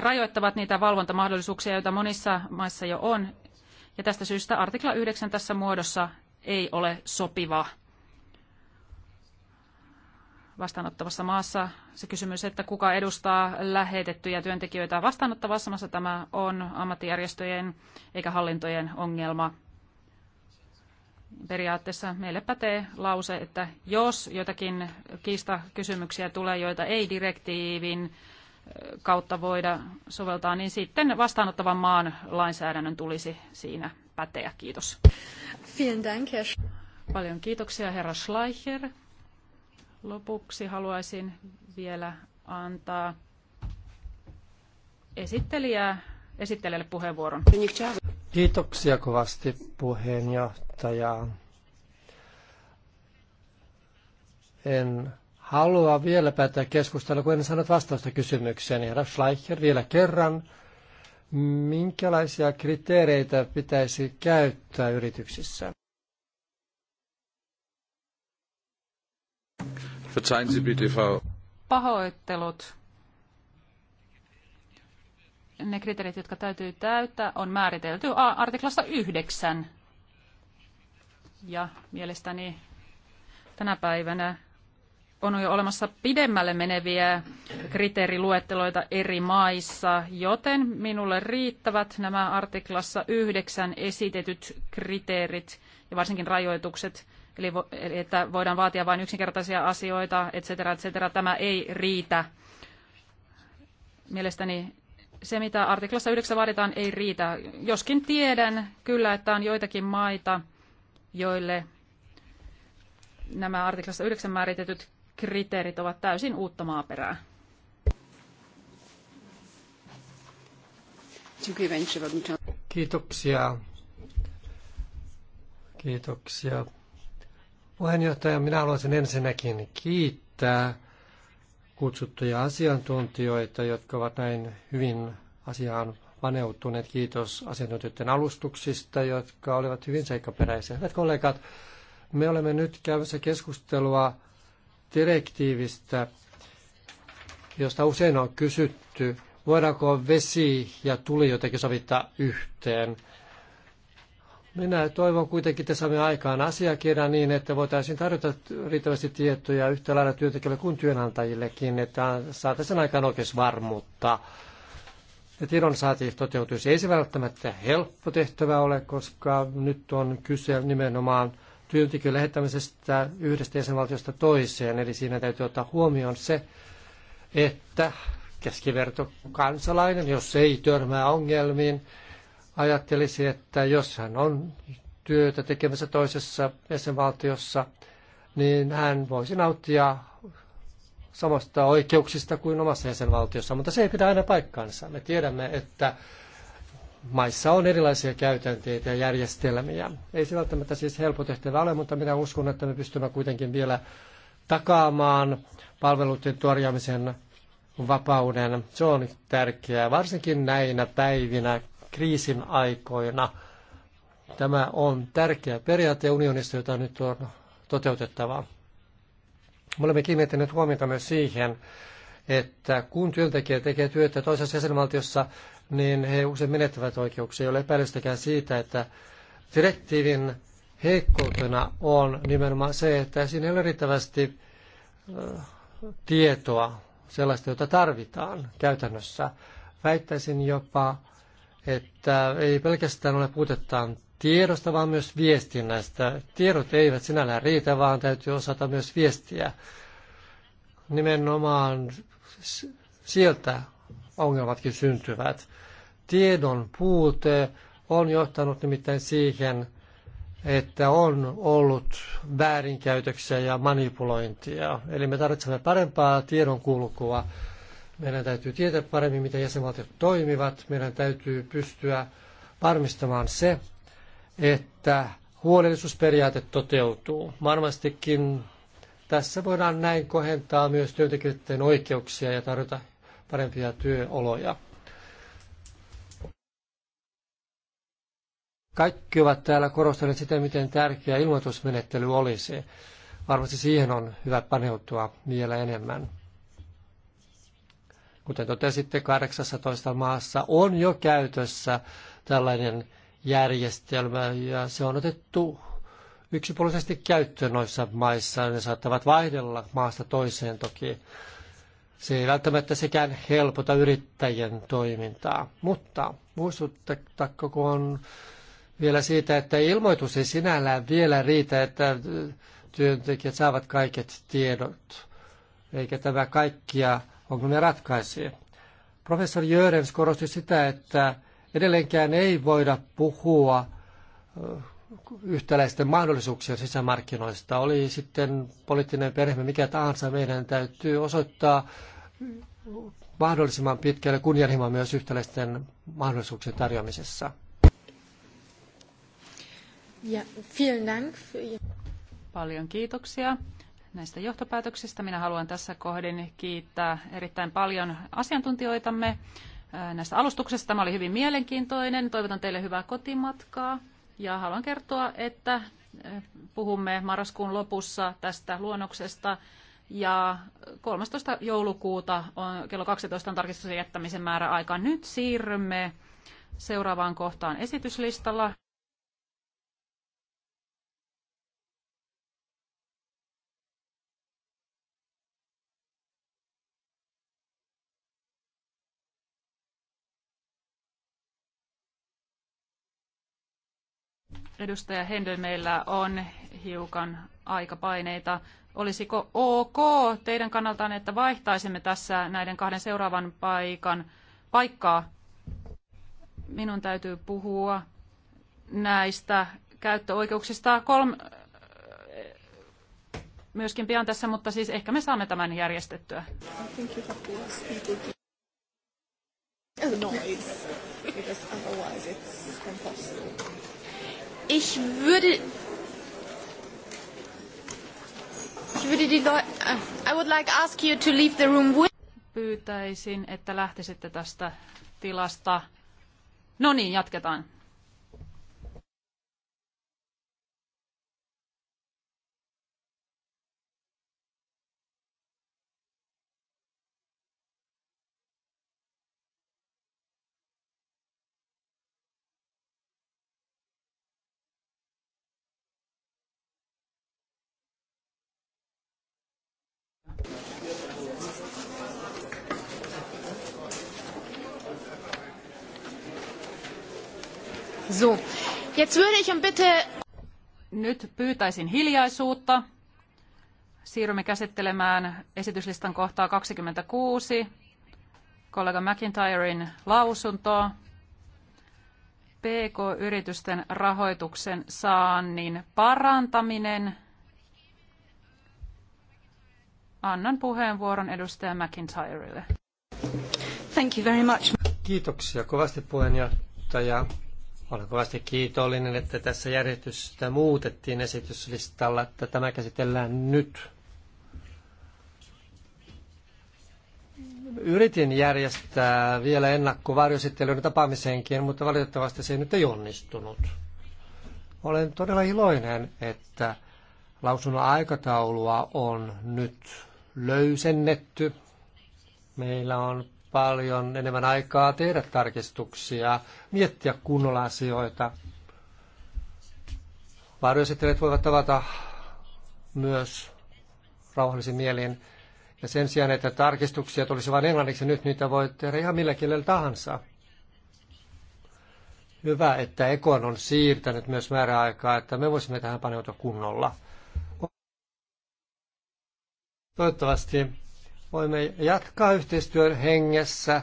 rajoittavat niitä valvontamahdollisuuksia, joita monissa maissa jo on. Ja tästä syystä artikla 9 tässä muodossa ei ole sopiva vastaanottavassa maassa. Se kysymys, että kuka edustaa lähetettyjä työntekijöitä vastaanottavassa maassa, tämä on ammattijärjestöjen eikä hallintojen ongelma. Periaatteessa meille pätee lause, että jos jotakin kiistakysymyksiä tulee, joita ei direktiivin kautta voida soveltaa, niin sitten vastaanottavan maan lainsäädännön tulisi siinä päteä. Kiitos. Vielen Dank, Herr Paljon kiitoksia, herra Schleicher. Lopuksi haluaisin vielä antaa esittelijää, esittelijälle puheenvuoron. Kiitoksia kovasti puheenjohtaja. En halua vielä päättää keskustelua, kun en saanut vastausta kysymykseen. Herra Schleicher vielä kerran. Minkälaisia kriteereitä pitäisi käyttää yrityksissä? Verzeihen Sie bitte, Frau. Pahoittelut. Ne kriteerit, jotka täytyy täyttää, on määritelty artiklassa 9. Ja mielestäni tänä päivänä on jo olemassa pidemmälle meneviä kriteeriluetteloita eri maissa, joten minulle riittävät nämä artiklassa 9 esitetyt kriteerit ja varsinkin rajoitukset eli, vo, eli että voidaan vaatia vain yksinkertaisia asioita, et cetera, et cetera. Tämä ei riitä. Mielestäni se, mitä artiklassa 9 vaaditaan, ei riitä. Joskin tiedän kyllä, että on joitakin maita, joille nämä artiklassa 9 määritetyt kriteerit ovat täysin uutta maaperää. Kiitoksia. Kiitoksia Puheenjohtaja, minä haluaisin ensinnäkin kiittää kutsuttuja asiantuntijoita, jotka ovat näin hyvin asiaan paneutuneet. Kiitos asiantuntijoiden alustuksista, jotka olivat hyvin seikkaperäisiä. Hyvät kollegat, me olemme nyt käymässä keskustelua direktiivistä, josta usein on kysytty, voidaanko vesi ja tuli jotenkin sovittaa yhteen. Minä toivon kuitenkin, että saamme aikaan asiakirjan niin, että voitaisiin tarjota riittävästi tietoja yhtä lailla työntekijöille kuin työnantajillekin, että saataisiin aikaan oikeusvarmuutta. Ja tiedon saati toteutuisi. Ei se välttämättä helppo tehtävä ole, koska nyt on kyse nimenomaan työntekijöiden lähettämisestä yhdestä jäsenvaltiosta toiseen. Eli siinä täytyy ottaa huomioon se, että keskiverto kansalainen, jos ei törmää ongelmiin, ajattelisi, että jos hän on työtä tekemässä toisessa jäsenvaltiossa, niin hän voisi nauttia samasta oikeuksista kuin omassa jäsenvaltiossa, mutta se ei pidä aina paikkaansa. Me tiedämme, että maissa on erilaisia käytänteitä ja järjestelmiä. Ei se välttämättä siis helppo tehtävä ole, mutta minä uskon, että me pystymme kuitenkin vielä takaamaan palveluiden tuorjaamisen vapauden. Se on tärkeää, varsinkin näinä päivinä, kriisin aikoina. Tämä on tärkeä periaate unionista, jota nyt on toteutettava. Me olemme kiinnittäneet huomiota myös siihen, että kun työntekijä tekee työtä toisessa jäsenvaltiossa, niin he usein menettävät oikeuksia. Ei ole epäilystäkään siitä, että direktiivin heikkoutena on nimenomaan se, että siinä ei ole riittävästi tietoa, sellaista, jota tarvitaan käytännössä. Väittäisin jopa, että ei pelkästään ole puutettaan tiedosta, vaan myös viestinnästä. Tiedot eivät sinällään riitä, vaan täytyy osata myös viestiä. Nimenomaan sieltä ongelmatkin syntyvät. Tiedon puute on johtanut nimittäin siihen, että on ollut väärinkäytöksiä ja manipulointia. Eli me tarvitsemme parempaa tiedonkulkua meidän täytyy tietää paremmin, miten jäsenvaltiot toimivat. Meidän täytyy pystyä varmistamaan se, että huolellisuusperiaate toteutuu. Varmastikin tässä voidaan näin kohentaa myös työntekijöiden oikeuksia ja tarjota parempia työoloja. Kaikki ovat täällä korostaneet sitä, miten tärkeä ilmoitusmenettely olisi. Varmasti siihen on hyvä paneutua vielä enemmän. Kuten totesitte, 18 maassa on jo käytössä tällainen järjestelmä ja se on otettu yksipuolisesti käyttöön noissa maissa. Ne saattavat vaihdella maasta toiseen toki. Se ei välttämättä sekään helpota yrittäjien toimintaa, mutta muistuttakoon vielä siitä, että ilmoitus ei sinällään vielä riitä, että työntekijät saavat kaiket tiedot, eikä tämä kaikkia ongelmia ratkaisee. Professori Jörens korosti sitä, että edelleenkään ei voida puhua äh, yhtäläisten mahdollisuuksien sisämarkkinoista. Oli sitten poliittinen perhe mikä tahansa, meidän täytyy osoittaa mahdollisimman pitkälle kunnianhimoa myös yhtäläisten mahdollisuuksien tarjoamisessa. Ja, vielen Dank. Paljon kiitoksia näistä johtopäätöksistä. Minä haluan tässä kohdin kiittää erittäin paljon asiantuntijoitamme näistä alustuksista. Tämä oli hyvin mielenkiintoinen. Toivotan teille hyvää kotimatkaa ja haluan kertoa, että puhumme marraskuun lopussa tästä luonnoksesta ja 13. joulukuuta on, kello 12 on tarkistuksen jättämisen määrä aika. Nyt siirrymme seuraavaan kohtaan esityslistalla. Edustaja Hendel, meillä on hiukan aikapaineita. Olisiko ok teidän kannaltaan, että vaihtaisimme tässä näiden kahden seuraavan paikan paikkaa? Minun täytyy puhua näistä käyttöoikeuksista kolm, myöskin pian tässä, mutta siis ehkä me saamme tämän järjestettyä. because otherwise it's impossible. Ich würde. Ich würde die Leute. Äh, I would like ask you to leave the room with. Pyytäisin, että lähtisitte tästä tilasta. No niin, jatketaan. Jetzt würde ich um bitte... Nyt pyytäisin hiljaisuutta. Siirrymme käsittelemään esityslistan kohtaa 26, kollega McIntyren lausuntoa. PK-yritysten rahoituksen saannin parantaminen. Annan puheenvuoron edustaja McIntyrelle. Thank you very much. Kiitoksia kovasti puheenjohtaja. Olen kovasti kiitollinen, että tässä järjestystä muutettiin esityslistalla, että tämä käsitellään nyt. Yritin järjestää vielä ennakkovarjosittelyn tapaamiseenkin, mutta valitettavasti se ei nyt ei onnistunut. Olen todella iloinen, että lausunnon aikataulua on nyt löysennetty. Meillä on paljon enemmän aikaa tehdä tarkistuksia, miettiä kunnolla asioita. Varjoesittelijät voivat tavata myös rauhallisin mielin. Ja sen sijaan, että tarkistuksia tulisi vain englanniksi, nyt niitä voi tehdä ihan millä kielellä tahansa. Hyvä, että Ekon on siirtänyt myös määräaikaa, että me voisimme tähän paneutua kunnolla. Toivottavasti voimme jatkaa yhteistyön hengessä,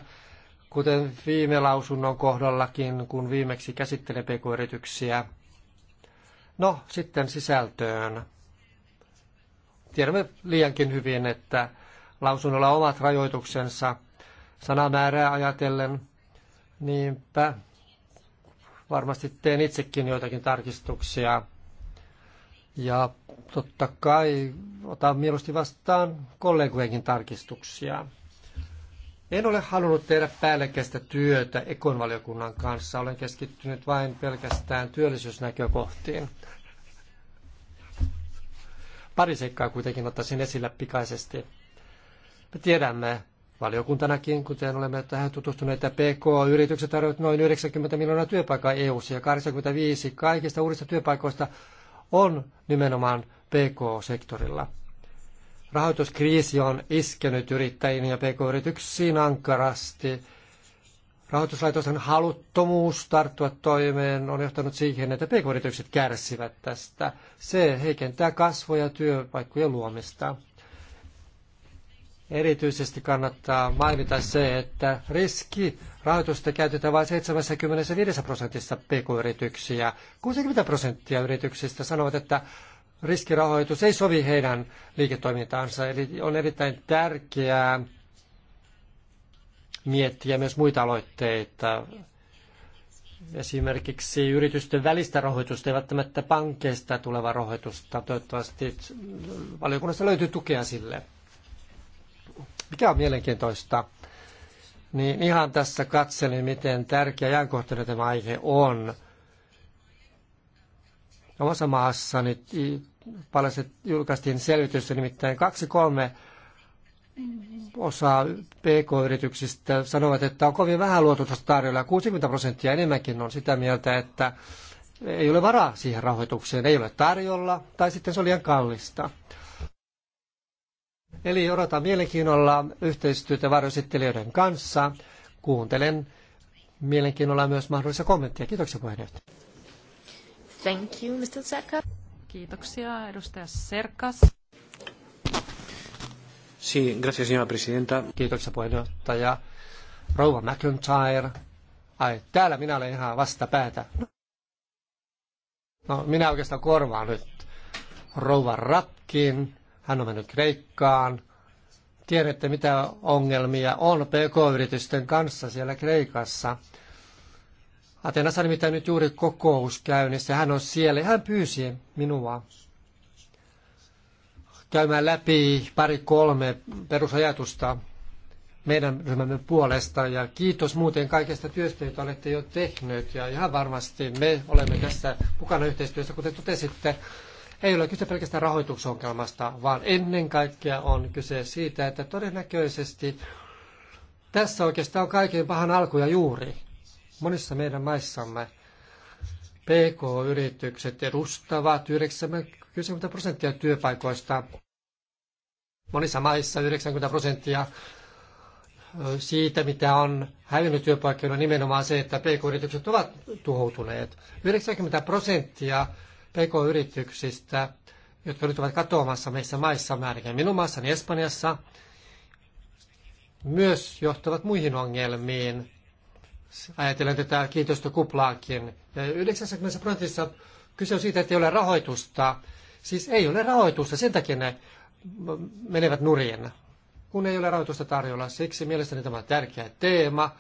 kuten viime lausunnon kohdallakin, kun viimeksi käsittelen pk-yrityksiä. No, sitten sisältöön. Tiedämme liiankin hyvin, että lausunnolla omat rajoituksensa sanamäärää ajatellen. Niinpä varmasti teen itsekin joitakin tarkistuksia ja totta kai otan mieluusti vastaan kollegojenkin tarkistuksia. En ole halunnut tehdä päällekkäistä työtä ekonvaliokunnan kanssa. Olen keskittynyt vain pelkästään työllisyysnäkökohtiin. Pari seikkaa kuitenkin ottaisin esille pikaisesti. Me tiedämme valiokuntanakin, kuten olemme tähän tutustuneet, että PK-yritykset tarjoavat noin 90 miljoonaa työpaikkaa eu ja 85 kaikista uudista työpaikoista on nimenomaan PK-sektorilla. Rahoituskriisi on iskenyt yrittäjiin ja PK-yrityksiin ankarasti. Rahoituslaitosten haluttomuus tarttua toimeen on johtanut siihen, että pk-yritykset kärsivät tästä. Se heikentää kasvoja ja työpaikkojen luomista. Erityisesti kannattaa mainita se, että riski rahoitusta käytetään vain 75 prosentissa pk-yrityksiä. 60 prosenttia yrityksistä sanovat, että riskirahoitus ei sovi heidän liiketoimintaansa. Eli on erittäin tärkeää miettiä myös muita aloitteita. Esimerkiksi yritysten välistä rahoitusta, ei välttämättä pankeista tulevaa rahoitusta. Toivottavasti valiokunnassa löytyy tukea sille. Mikä on mielenkiintoista, niin ihan tässä katselin, miten tärkeä ja ajankohtainen tämä aihe on. Omassa maassani paljaset julkaistiin selvitys, nimittäin kaksi kolme osaa PK-yrityksistä sanovat, että on kovin vähän luototusta tarjolla. 60 prosenttia enemmänkin on sitä mieltä, että ei ole varaa siihen rahoitukseen, ei ole tarjolla, tai sitten se on liian kallista. Eli odotan mielenkiinnolla yhteistyötä varjoesittelijöiden kanssa. Kuuntelen mielenkiinnolla myös mahdollisia kommentteja. Kiitoksia puheenjohtaja. Thank you, Mr. Zaka. Kiitoksia, edustaja Serkas. Sí, gracias, señora presidenta. Kiitoksia puheenjohtaja. Rouva McIntyre. Ai, täällä minä olen ihan vastapäätä. No, minä oikeastaan korvaan nyt rouva Ratkin. Hän on mennyt Kreikkaan. Tiedätte, mitä ongelmia on PK-yritysten kanssa siellä Kreikassa. Atenassa nimittäin nyt juuri kokous käynnissä. Hän on siellä. Hän pyysi minua käymään läpi pari kolme perusajatusta meidän ryhmämme puolesta ja kiitos muuten kaikesta työstä, jota olette jo tehneet ja ihan varmasti me olemme tässä mukana yhteistyössä, kuten totesitte. Ei ole kyse pelkästään rahoituksongelmasta, vaan ennen kaikkea on kyse siitä, että todennäköisesti tässä oikeastaan on kaiken pahan alku ja juuri. Monissa meidän maissamme PK-yritykset edustavat 90 prosenttia työpaikoista. Monissa maissa 90 prosenttia siitä, mitä on hävinnyt työpaikkoina, on nimenomaan se, että pk-yritykset ovat tuhoutuneet. 90 prosenttia pk-yrityksistä, jotka nyt ovat katoamassa meissä maissa määrin. Minun maassani Espanjassa myös johtavat muihin ongelmiin. Ajatellen tätä kiinteistökuplaakin. Ja 90 prosentissa kyse on siitä, että ei ole rahoitusta. Siis ei ole rahoitusta, sen takia ne menevät nurin, kun ei ole rahoitusta tarjolla. Siksi mielestäni tämä on tärkeä teema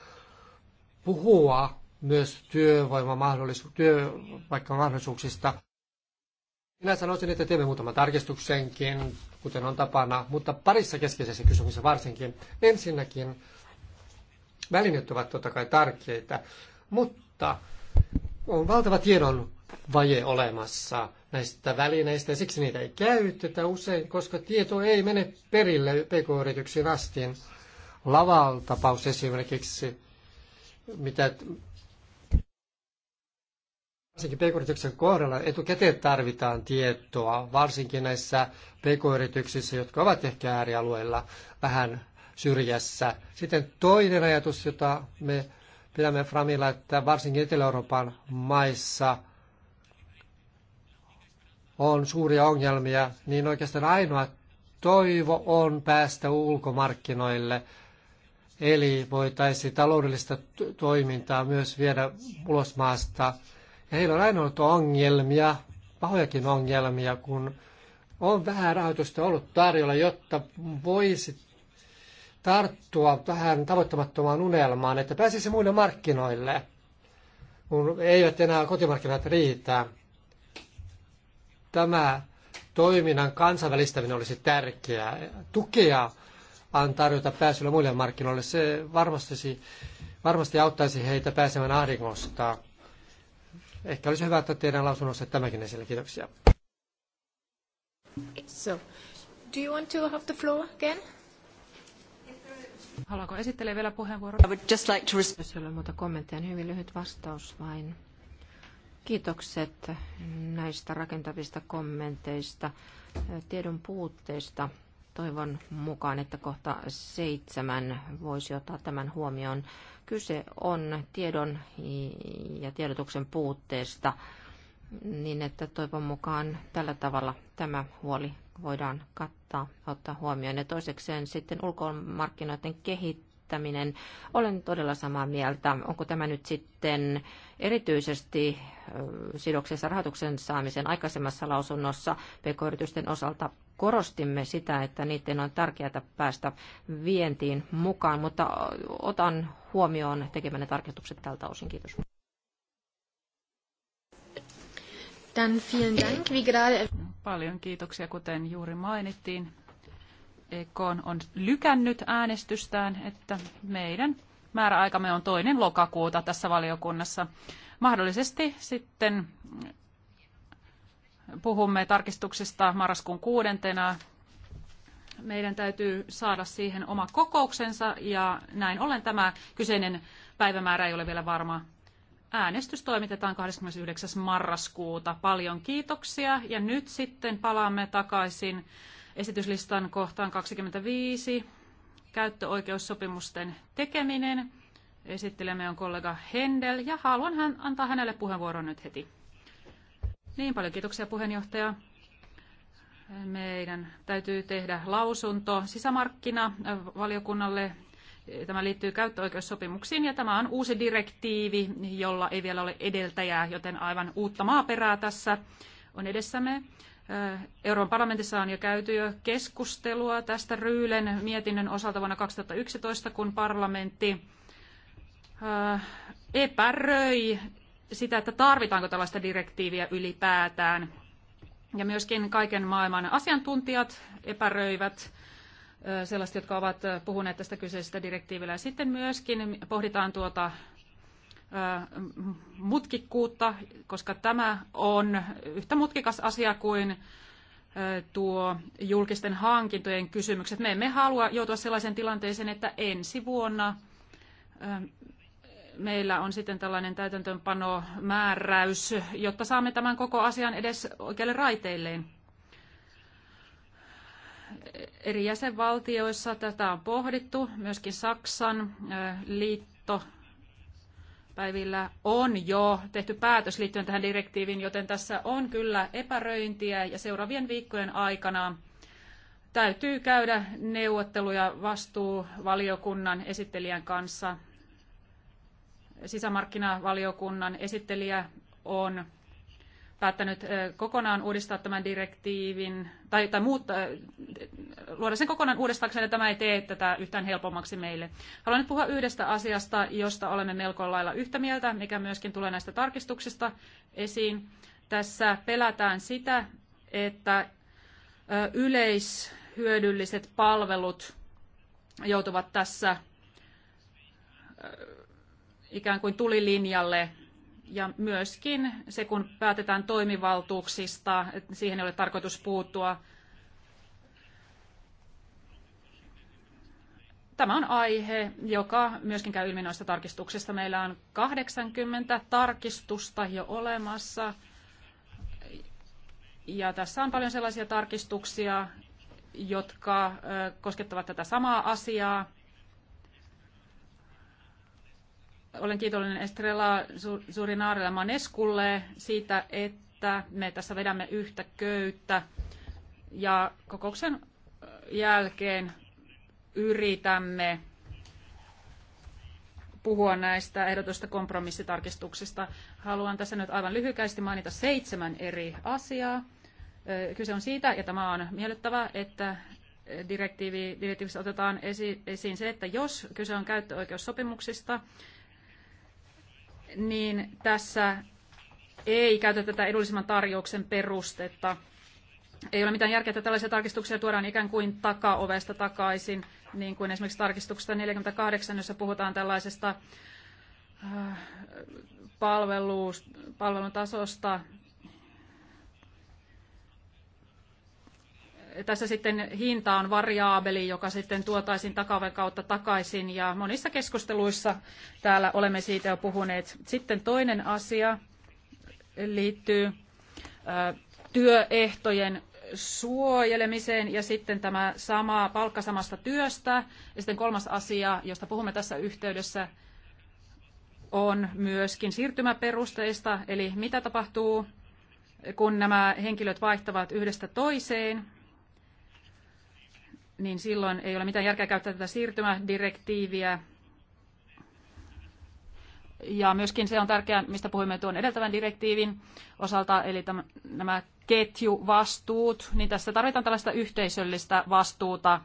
puhua myös työvoimamahdollisuuksista, minä sanoisin, että teemme muutaman tarkistuksenkin, kuten on tapana, mutta parissa keskeisessä kysymyksessä varsinkin. Ensinnäkin välineet ovat totta kai tärkeitä, mutta on valtava tiedon vaje olemassa näistä välineistä ja siksi niitä ei käytetä usein, koska tieto ei mene perille pk-yrityksiin asti. Laval-tapaus esimerkiksi, mitä varsinkin pk-yrityksen kohdalla etukäteen tarvitaan tietoa, varsinkin näissä pk-yrityksissä, jotka ovat ehkä äärialueilla vähän syrjässä. Sitten toinen ajatus, jota me pidämme Framilla, että varsinkin Etelä-Euroopan maissa on suuria ongelmia, niin oikeastaan ainoa toivo on päästä ulkomarkkinoille. Eli voitaisiin taloudellista toimintaa myös viedä ulos maasta Heillä on ainoa ollut ongelmia, pahojakin ongelmia, kun on vähän rahoitusta ollut tarjolla, jotta voisi tarttua tähän tavoittamattomaan unelmaan, että pääsisi muille markkinoille, kun eivät enää kotimarkkinat riitä. Tämä toiminnan kansainvälistäminen olisi tärkeää. Tukea on tarjota pääsyllä muille markkinoille. Se varmasti, varmasti auttaisi heitä pääsemään ahdingosta. Ehkä olisi hyvä, että teidän lausunnossa tämäkin esille. Kiitoksia. So, do you want to have the floor again? Haluaako esittelee vielä puheenvuoron? I would just like to... Jos ei ole muuta kommentteja, niin hyvin lyhyt vastaus vain. Kiitokset näistä rakentavista kommenteista, tiedon puutteista toivon mukaan, että kohta seitsemän voisi ottaa tämän huomioon. Kyse on tiedon ja tiedotuksen puutteesta, niin että toivon mukaan tällä tavalla tämä huoli voidaan kattaa, ottaa huomioon. Ja toisekseen sitten ulkomarkkinoiden kehittäminen. Olen todella samaa mieltä. Onko tämä nyt sitten erityisesti sidoksessa rahoituksen saamisen aikaisemmassa lausunnossa pk-yritysten osalta korostimme sitä, että niiden on tärkeää päästä vientiin mukaan, mutta otan huomioon tekemänne tarkistukset tältä osin. Kiitos. Dann vielen Dank, wie gerade... Er- Paljon kiitoksia, kuten juuri mainittiin. EK on lykännyt äänestystään, että meidän määräaikamme on toinen lokakuuta tässä valiokunnassa. Mahdollisesti sitten puhumme tarkistuksista marraskuun kuudentena. Meidän täytyy saada siihen oma kokouksensa ja näin ollen tämä kyseinen päivämäärä ei ole vielä varma. Äänestys toimitetaan 29. marraskuuta. Paljon kiitoksia ja nyt sitten palaamme takaisin esityslistan kohtaan 25. Käyttöoikeussopimusten tekeminen. Esittelemme on kollega Hendel ja haluan hän antaa hänelle puheenvuoron nyt heti. Niin paljon kiitoksia puheenjohtaja. Meidän täytyy tehdä lausunto sisämarkkinavaliokunnalle. Tämä liittyy käyttöoikeussopimuksiin ja tämä on uusi direktiivi, jolla ei vielä ole edeltäjää, joten aivan uutta maaperää tässä on edessämme. Euroopan parlamentissa on jo käyty jo keskustelua tästä Ryylen mietinnön osalta vuonna 2011, kun parlamentti epäröi sitä, että tarvitaanko tällaista direktiiviä ylipäätään. Ja myöskin kaiken maailman asiantuntijat epäröivät sellaiset, jotka ovat puhuneet tästä kyseisestä direktiivillä. Sitten myöskin pohditaan tuota mutkikkuutta, koska tämä on yhtä mutkikas asia kuin tuo julkisten hankintojen kysymykset. Me emme halua joutua sellaiseen tilanteeseen, että ensi vuonna meillä on sitten tällainen täytäntöönpanomääräys, jotta saamme tämän koko asian edes oikealle raiteilleen. Eri jäsenvaltioissa tätä on pohdittu, myöskin Saksan liitto päivillä on jo tehty päätös liittyen tähän direktiiviin, joten tässä on kyllä epäröintiä ja seuraavien viikkojen aikana täytyy käydä neuvotteluja vastuuvaliokunnan esittelijän kanssa sisämarkkinavaliokunnan esittelijä on päättänyt kokonaan uudistaa tämän direktiivin, tai, tai muuttaa, luoda sen kokonaan uudestaan, että tämä ei tee tätä yhtään helpommaksi meille. Haluan nyt puhua yhdestä asiasta, josta olemme melko lailla yhtä mieltä, mikä myöskin tulee näistä tarkistuksista esiin. Tässä pelätään sitä, että yleishyödylliset palvelut joutuvat tässä ikään kuin tulilinjalle ja myöskin se, kun päätetään toimivaltuuksista, että siihen ei ole tarkoitus puuttua. Tämä on aihe, joka myöskin käy ilmi noista tarkistuksista. Meillä on 80 tarkistusta jo olemassa. Ja tässä on paljon sellaisia tarkistuksia, jotka koskettavat tätä samaa asiaa. Olen kiitollinen Estrella Surinaarille Maneskulle siitä, että me tässä vedämme yhtä köyttä. Ja kokouksen jälkeen yritämme puhua näistä ehdotusta kompromissitarkistuksista. Haluan tässä nyt aivan lyhykäisesti mainita seitsemän eri asiaa. Kyse on siitä, ja tämä on miellyttävää, että direktiivi, direktiivissä otetaan esiin se, että jos kyse on käyttöoikeussopimuksista, niin tässä ei käytetä tätä edullisemman tarjouksen perustetta. Ei ole mitään järkeä, että tällaisia tarkistuksia tuodaan ikään kuin takaovesta takaisin, niin kuin esimerkiksi tarkistuksesta 48, jossa puhutaan tällaisesta äh, palvelun tasosta, tässä sitten hinta on variaabeli, joka sitten tuotaisiin takaven kautta takaisin ja monissa keskusteluissa täällä olemme siitä jo puhuneet. Sitten toinen asia liittyy työehtojen suojelemiseen ja sitten tämä sama palkka samasta työstä. Ja sitten kolmas asia, josta puhumme tässä yhteydessä, on myöskin siirtymäperusteista, eli mitä tapahtuu, kun nämä henkilöt vaihtavat yhdestä toiseen niin silloin ei ole mitään järkeä käyttää tätä siirtymädirektiiviä. Ja myöskin se on tärkeää, mistä puhuimme tuon edeltävän direktiivin osalta, eli tämän, nämä ketjuvastuut, niin tässä tarvitaan tällaista yhteisöllistä vastuuta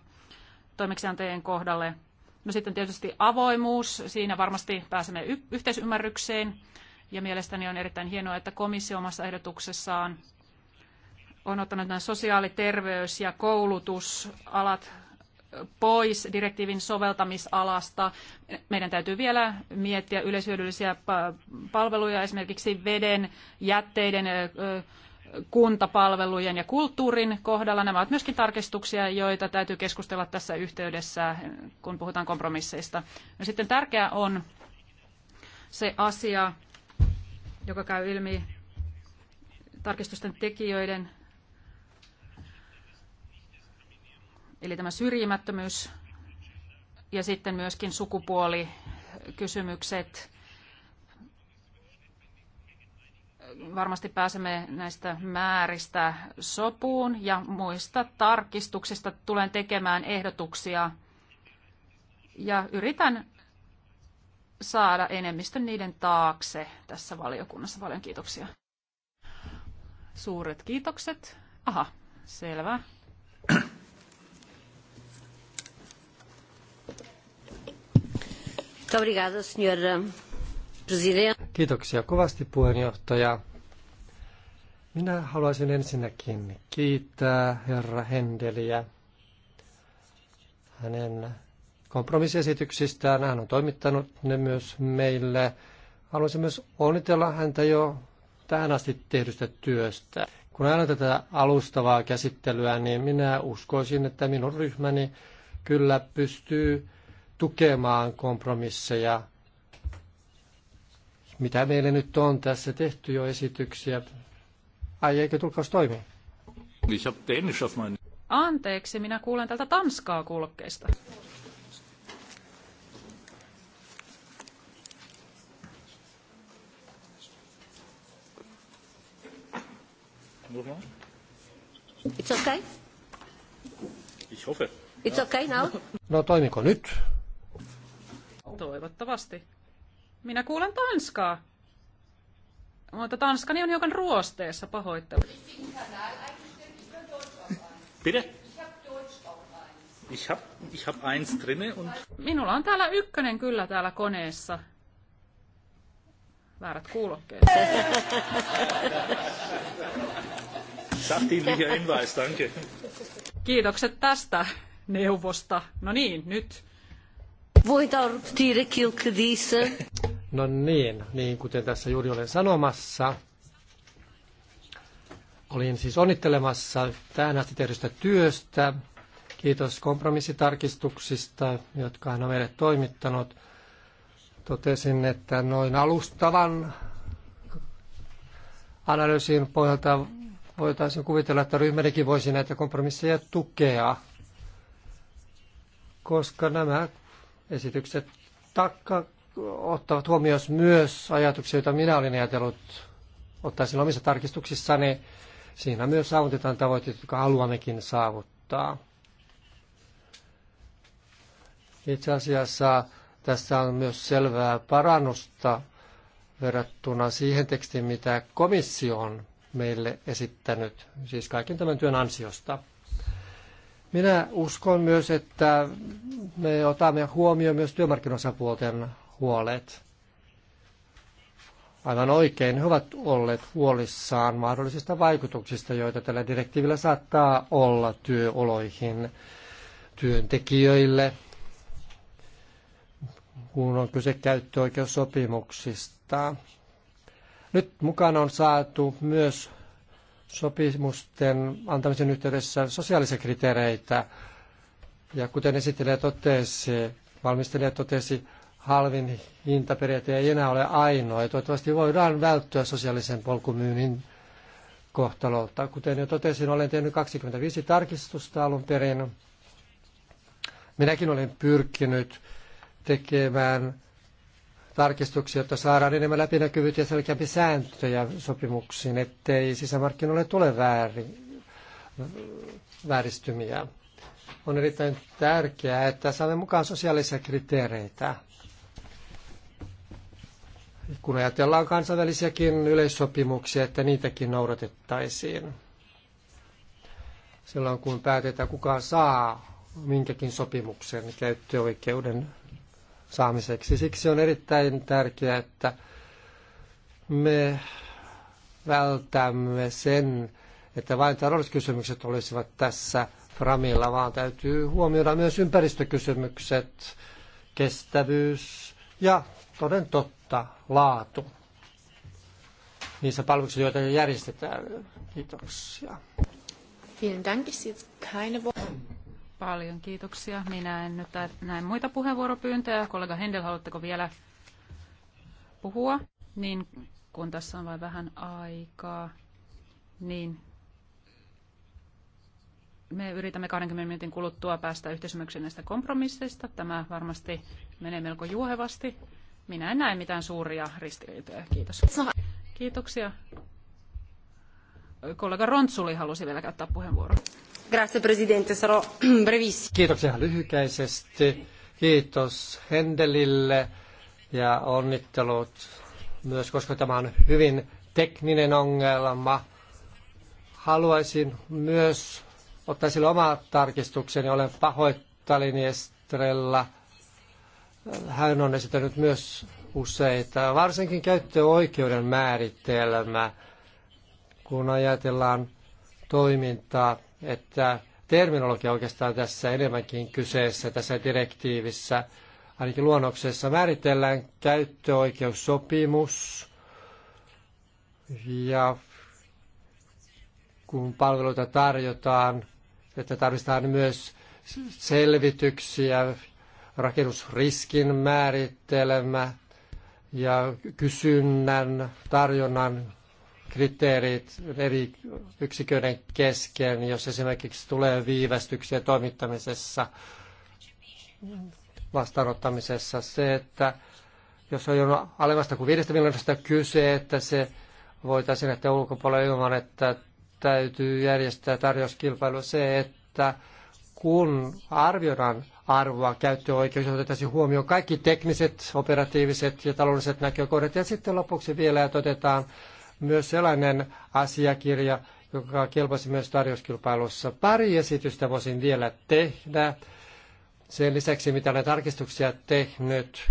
toimeksiantajien kohdalle. No sitten tietysti avoimuus, siinä varmasti pääsemme y- yhteisymmärrykseen, ja mielestäni on erittäin hienoa, että komissio omassa ehdotuksessaan on ottanut nämä sosiaali-, terveys- ja koulutusalat pois direktiivin soveltamisalasta. Meidän täytyy vielä miettiä yleishyödyllisiä palveluja, esimerkiksi veden, jätteiden, kuntapalvelujen ja kulttuurin kohdalla. Nämä ovat myöskin tarkistuksia, joita täytyy keskustella tässä yhteydessä, kun puhutaan kompromisseista. No sitten tärkeää on se asia, joka käy ilmi tarkistusten tekijöiden eli tämä syrjimättömyys ja sitten myöskin sukupuolikysymykset. Varmasti pääsemme näistä määristä sopuun ja muista tarkistuksista tulen tekemään ehdotuksia ja yritän saada enemmistön niiden taakse tässä valiokunnassa. Paljon kiitoksia. Suuret kiitokset. Aha, selvä. Eh, Kiitoksia kovasti puheenjohtaja. Minä haluaisin ensinnäkin kiittää herra Hendeliä hänen kompromissiesityksistään. Hän on toimittanut ne myös meille. Haluaisin myös onnitella häntä jo tähän asti tehdystä työstä. Kun aina tätä alustavaa käsittelyä, niin minä uskoisin, että minun ryhmäni kyllä pystyy tukemaan kompromisseja, mitä meille nyt on tässä tehty jo esityksiä. Ai eikö tulkaus toimi? Anteeksi, minä kuulen tältä Tanskaa kulkkeesta. It's okay. It's okay now. No toimiko nyt? Toivottavasti. Minä kuulen Tanskaa. Mutta Tanskani on hiukan ruosteessa, pahoittelu. Pidä. Ich hab, ich hab eins drinne und... Minulla on täällä ykkönen kyllä täällä koneessa. Väärät kuulokkeet. Sachdienlicher Hinweis, danke. Kiitokset tästä neuvosta. No niin, nyt Voin repetir aquilo que No niin, niin kuten tässä juuri olen sanomassa. Olin siis onnittelemassa tähän asti tehdystä työstä. Kiitos kompromissitarkistuksista, jotka hän on meille toimittanut. Totesin, että noin alustavan analyysin pohjalta voitaisiin kuvitella, että ryhmänikin voisi näitä kompromisseja tukea, koska nämä esitykset takka ottavat huomioon myös ajatuksia, joita minä olin ajatellut ottaa silloin omissa tarkistuksissani. Siinä myös saavutetaan tavoitteet, jotka haluammekin saavuttaa. Itse asiassa tässä on myös selvää parannusta verrattuna siihen tekstiin, mitä komissio on meille esittänyt, siis kaiken tämän työn ansiosta. Minä uskon myös, että me otamme huomioon myös työmarkkinosapuolten huolet. Aivan oikein, he ovat olleet huolissaan mahdollisista vaikutuksista, joita tällä direktiivillä saattaa olla työoloihin työntekijöille, kun on kyse käyttöoikeussopimuksista. Nyt mukaan on saatu myös sopimusten antamisen yhteydessä sosiaalisia kriteereitä. Ja kuten esittelijä totesi, valmistelija totesi, halvin hintaperiaate ei enää ole ainoa. Ja toivottavasti voidaan välttyä sosiaalisen polkumyynnin kohtalolta. Kuten jo totesin, olen tehnyt 25 tarkistusta alun perin. Minäkin olen pyrkinyt tekemään tarkistuksia, jotta saadaan enemmän läpinäkyvyyttä ja selkeämpi sääntöjä sopimuksiin, ettei sisämarkkinoille tule väärin, vääristymiä. On erittäin tärkeää, että saamme mukaan sosiaalisia kriteereitä. Kun ajatellaan kansainvälisiäkin yleissopimuksia, että niitäkin noudatettaisiin. Silloin kun päätetään, kuka saa minkäkin sopimuksen käyttöoikeuden saamiseksi. Siksi on erittäin tärkeää, että me vältämme sen, että vain talouskysymykset olisivat tässä framilla, vaan täytyy huomioida myös ympäristökysymykset, kestävyys ja toden totta laatu niissä palveluissa, joita järjestetään. Kiitoksia. Vielen Dank. Ich sehe jetzt keine Paljon kiitoksia. Minä en nyt näe muita puheenvuoropyyntöjä. Kollega Hendel, haluatteko vielä puhua? Niin kun tässä on vain vähän aikaa, niin me yritämme 20 minuutin kuluttua päästä yhteisymmykseen näistä kompromisseista. Tämä varmasti menee melko juohevasti. Minä en näe mitään suuria ristiriitoja. Kiitos. Kiitoksia kollega Rontsuli halusi vielä käyttää puheenvuoron. Grazie presidente, sarò brevissimo. Kiitoksia lyhykäisesti. Kiitos Hendelille ja onnittelut myös, koska tämä on hyvin tekninen ongelma. Haluaisin myös ottaa sille omaa tarkistukseni. Olen pahoillani Estrella. Hän on esittänyt myös useita, varsinkin käyttöoikeuden määritelmä – kun ajatellaan toimintaa, että terminologia oikeastaan tässä enemmänkin kyseessä tässä direktiivissä, ainakin luonnoksessa määritellään käyttöoikeussopimus ja kun palveluita tarjotaan, että tarvitaan myös selvityksiä, rakennusriskin määrittelemä ja kysynnän, tarjonnan kriteerit eri yksiköiden kesken, jos esimerkiksi tulee viivästyksiä toimittamisessa, vastaanottamisessa. Se, että jos on jo alemmasta kuin viidestä miljoonasta kyse, että se voitaisiin nähdä ulkopuolella ilman, että täytyy järjestää tarjouskilpailu. Se, että kun arvioidaan arvoa käyttöoikeus, otetaan huomioon kaikki tekniset, operatiiviset ja taloudelliset näkökohdat. Ja sitten lopuksi vielä, että otetaan myös sellainen asiakirja, joka kelpasi myös tarjouskilpailussa. Pari esitystä voisin vielä tehdä. Sen lisäksi, mitä olen tarkistuksia tehnyt,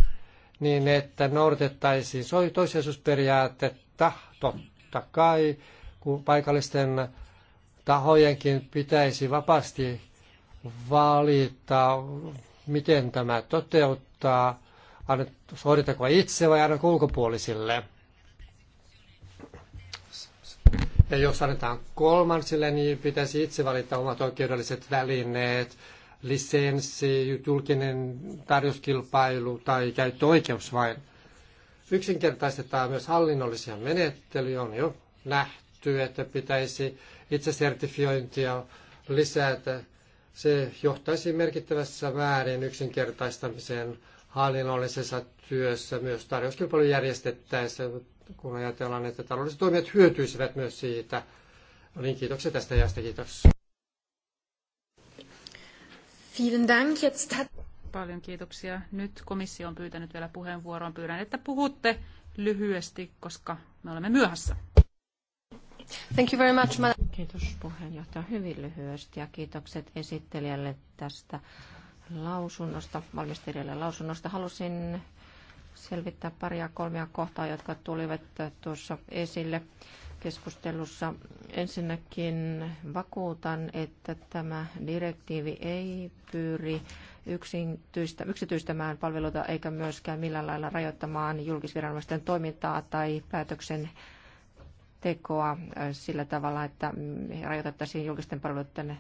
niin että noudatettaisiin toissijaisuusperiaatetta, totta kai, kun paikallisten tahojenkin pitäisi vapaasti valita, miten tämä toteuttaa, suoritako itse vai aina ulkopuolisille. Ja jos annetaan kolmansille, niin pitäisi itse valita omat oikeudelliset välineet, lisenssi, julkinen tarjouskilpailu tai käyttöoikeus vain. Yksinkertaistetaan myös hallinnollisia menettelyjä. On jo nähty, että pitäisi itse sertifiointia lisätä. Se johtaisi merkittävässä määrin yksinkertaistamiseen hallinnollisessa työssä myös tarjouskilpailun järjestettäessä, kun ajatellaan, että taloudelliset toimijat hyötyisivät myös siitä. No niin, kiitoksia tästä ajasta, kiitos. Vielen Dank. Jetzt hat... Paljon kiitoksia. Nyt komissio on pyytänyt vielä puheenvuoron. Pyydän, että puhutte lyhyesti, koska me olemme myöhässä. Thank you very much, Kiitos puheenjohtaja. Hyvin lyhyesti ja kiitokset esittelijälle tästä lausunnosta, valmistelijalle lausunnosta. Halusin selvittää paria kolmia kohtaa, jotka tulivat tuossa esille keskustelussa. Ensinnäkin vakuutan, että tämä direktiivi ei pyri yksityistämään palveluita eikä myöskään millään lailla rajoittamaan julkisviranomaisten toimintaa tai päätöksen tekoa äh, sillä tavalla, että rajoitettaisiin julkisten palveluiden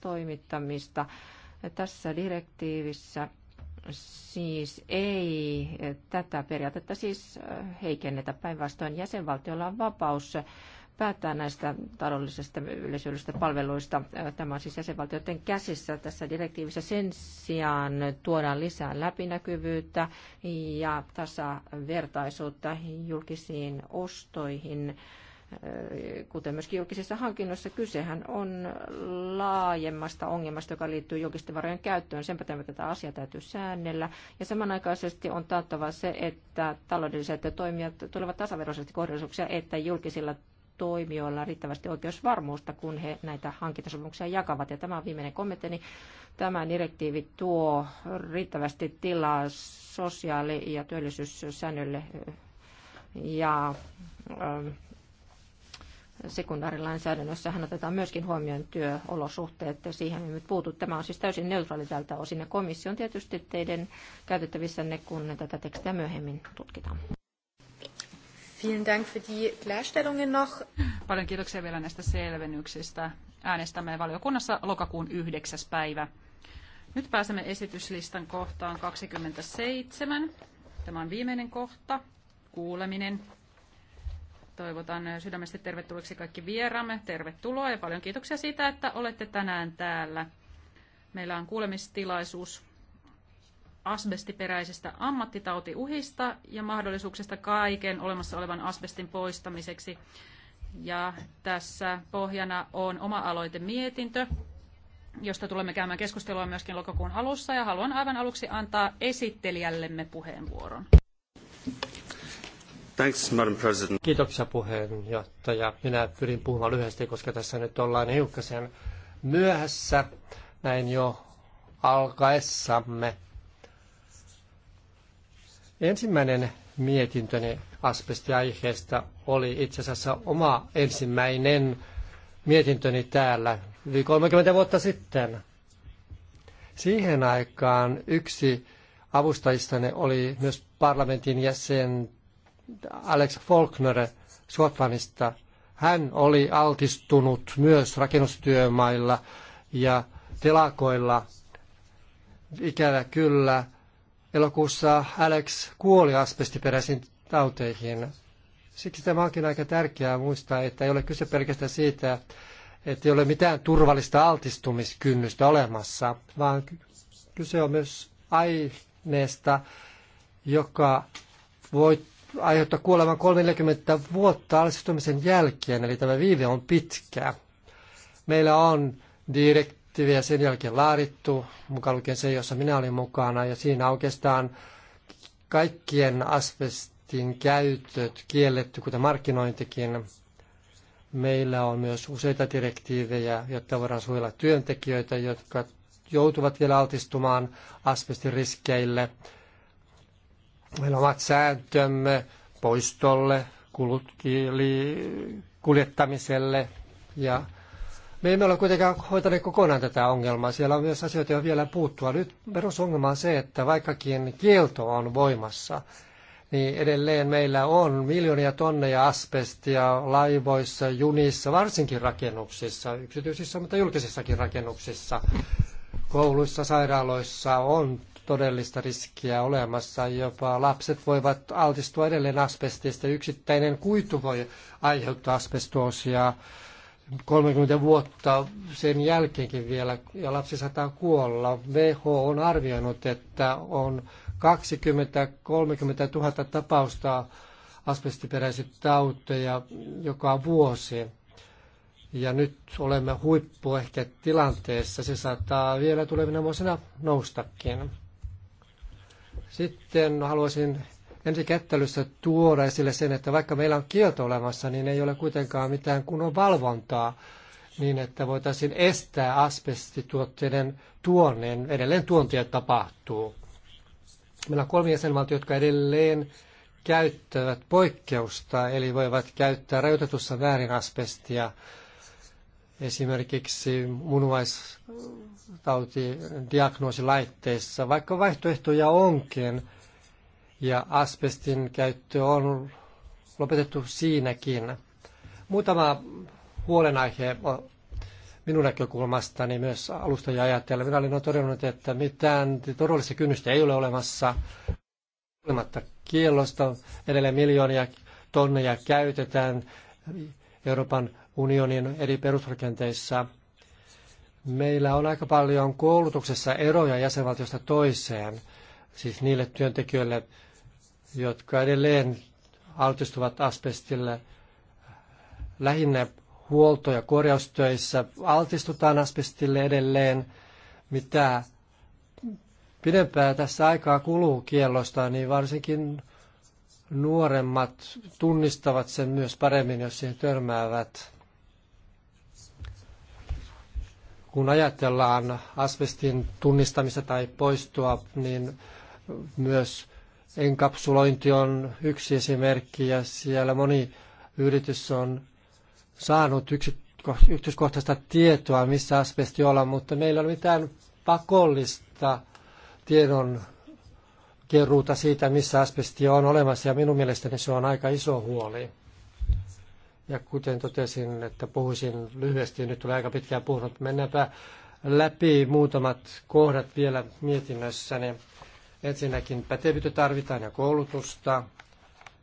toimittamista tässä direktiivissä siis ei tätä periaatetta siis äh, heikennetä. Päinvastoin jäsenvaltiolla on vapaus päättää näistä taloudellisista yleisöllisistä palveluista. Äh, tämä on siis jäsenvaltioiden käsissä tässä direktiivissä. Sen sijaan tuodaan lisää läpinäkyvyyttä ja tasavertaisuutta julkisiin ostoihin kuten myöskin julkisissa hankinnoissa, kysehän on laajemmasta ongelmasta, joka liittyy julkisten varojen käyttöön. Sen tämä tätä asiaa täytyy säännellä. Ja samanaikaisesti on taattava se, että taloudelliset toimijat tulevat tasaveroisesti kohdallisuuksia, että julkisilla toimijoilla on riittävästi oikeusvarmuusta, kun he näitä hankintasopimuksia jakavat. Ja tämä on viimeinen kommenttini. Niin tämä direktiivi tuo riittävästi tilaa sosiaali- ja työllisyyssäännölle ja sekundaarilainsäädännössähän otetaan myöskin huomioon työolosuhteet. ja Siihen emme nyt puutu. Tämä on siis täysin neutraali tältä osin ja komissio on tietysti teidän käytettävissänne, kun tätä tekstiä myöhemmin tutkitaan. Vielen Dank für die Klarstellungen noch. Paljon kiitoksia vielä näistä selvennyksistä. Äänestämme valiokunnassa lokakuun 9. päivä. Nyt pääsemme esityslistan kohtaan 27. Tämä on viimeinen kohta, kuuleminen Toivotan sydämesti tervetulleeksi kaikki vieraamme. Tervetuloa ja paljon kiitoksia siitä, että olette tänään täällä. Meillä on kuulemistilaisuus asbestiperäisistä ammattitautiuhista ja mahdollisuuksista kaiken olemassa olevan asbestin poistamiseksi. Ja tässä pohjana on oma aloite mietintö, josta tulemme käymään keskustelua myöskin lokakuun alussa. Ja haluan aivan aluksi antaa esittelijällemme puheenvuoron. Thanks, Madam President. Kiitoksia puheenjohtaja. Minä pyrin puhumaan lyhyesti, koska tässä nyt ollaan hiukkasen myöhässä, näin jo alkaessamme. Ensimmäinen mietintöni asbestiaiheesta oli itse asiassa oma ensimmäinen mietintöni täällä yli 30 vuotta sitten. Siihen aikaan yksi avustajistanne oli myös parlamentin jäsen Alex Faulkner Skotlannista. Hän oli altistunut myös rakennustyömailla ja telakoilla. Ikävä kyllä. Elokuussa Alex kuoli asbestiperäisiin tauteihin. Siksi tämä onkin aika tärkeää muistaa, että ei ole kyse pelkästään siitä, että ei ole mitään turvallista altistumiskynnystä olemassa, vaan kyse on myös aineesta, joka voi aiheuttaa kuoleman 30 vuotta alistumisen jälkeen, eli tämä viive on pitkä. Meillä on direktiiviä sen jälkeen laadittu, mukaan lukien se, jossa minä olin mukana, ja siinä oikeastaan kaikkien asbestin käytöt kielletty, kuten markkinointikin. Meillä on myös useita direktiivejä, jotta voidaan suojella työntekijöitä, jotka joutuvat vielä altistumaan asbestin riskeille Meillä on omat sääntömme poistolle, kuljettamiselle ja me emme ole kuitenkaan hoitaneet kokonaan tätä ongelmaa. Siellä on myös asioita, joihin vielä puuttua. Nyt perusongelma on se, että vaikkakin kielto on voimassa, niin edelleen meillä on miljoonia tonneja asbestia laivoissa, junissa, varsinkin rakennuksissa, yksityisissä, mutta julkisissakin rakennuksissa. Kouluissa, sairaaloissa on todellista riskiä olemassa. Jopa lapset voivat altistua edelleen asbestista. Yksittäinen kuitu voi aiheuttaa asbestoosia 30 vuotta sen jälkeenkin vielä, ja lapsi saattaa kuolla. WHO on arvioinut, että on 20 30 000 tapausta asbestiperäisiä tauteja joka vuosi. Ja nyt olemme huippu ehkä tilanteessa. Se saattaa vielä tulevina vuosina noustakin. Sitten haluaisin kättelyssä tuoda esille sen, että vaikka meillä on kielto olemassa, niin ei ole kuitenkaan mitään kunnon valvontaa niin, että voitaisiin estää asbestituotteiden tuonneen, Edelleen tuontia tapahtuu. Meillä on kolme jäsenvaltiota, jotka edelleen käyttävät poikkeusta, eli voivat käyttää rajoitetussa väärin asbestia esimerkiksi munuaistauti diagnoosilaitteissa, vaikka vaihtoehtoja onkin, ja asbestin käyttö on lopetettu siinäkin. Muutama huolenaihe minun näkökulmastani myös alustajia ajatella. Minä olen todennut, että mitään todellista kynnystä ei ole olemassa. Olematta kiellosta edelleen miljoonia tonneja käytetään Euroopan unionin eri perusrakenteissa. Meillä on aika paljon koulutuksessa eroja jäsenvaltiosta toiseen, siis niille työntekijöille, jotka edelleen altistuvat asbestille lähinnä huolto- ja korjaustöissä. Altistutaan asbestille edelleen, mitä pidempää tässä aikaa kuluu kiellosta, niin varsinkin nuoremmat tunnistavat sen myös paremmin, jos siihen törmäävät. kun ajatellaan asbestin tunnistamista tai poistoa, niin myös enkapsulointi on yksi esimerkki ja siellä moni yritys on saanut yksityiskohtaista tietoa, missä asbesti ollaan, mutta meillä on mitään pakollista tiedon keruuta siitä, missä asbesti on olemassa ja minun mielestäni se on aika iso huoli. Ja kuten totesin, että puhuisin lyhyesti, nyt tulee aika pitkään puhunut, mennäänpä läpi muutamat kohdat vielä mietinnössäni. Ensinnäkin pätevyyttä tarvitaan ja koulutusta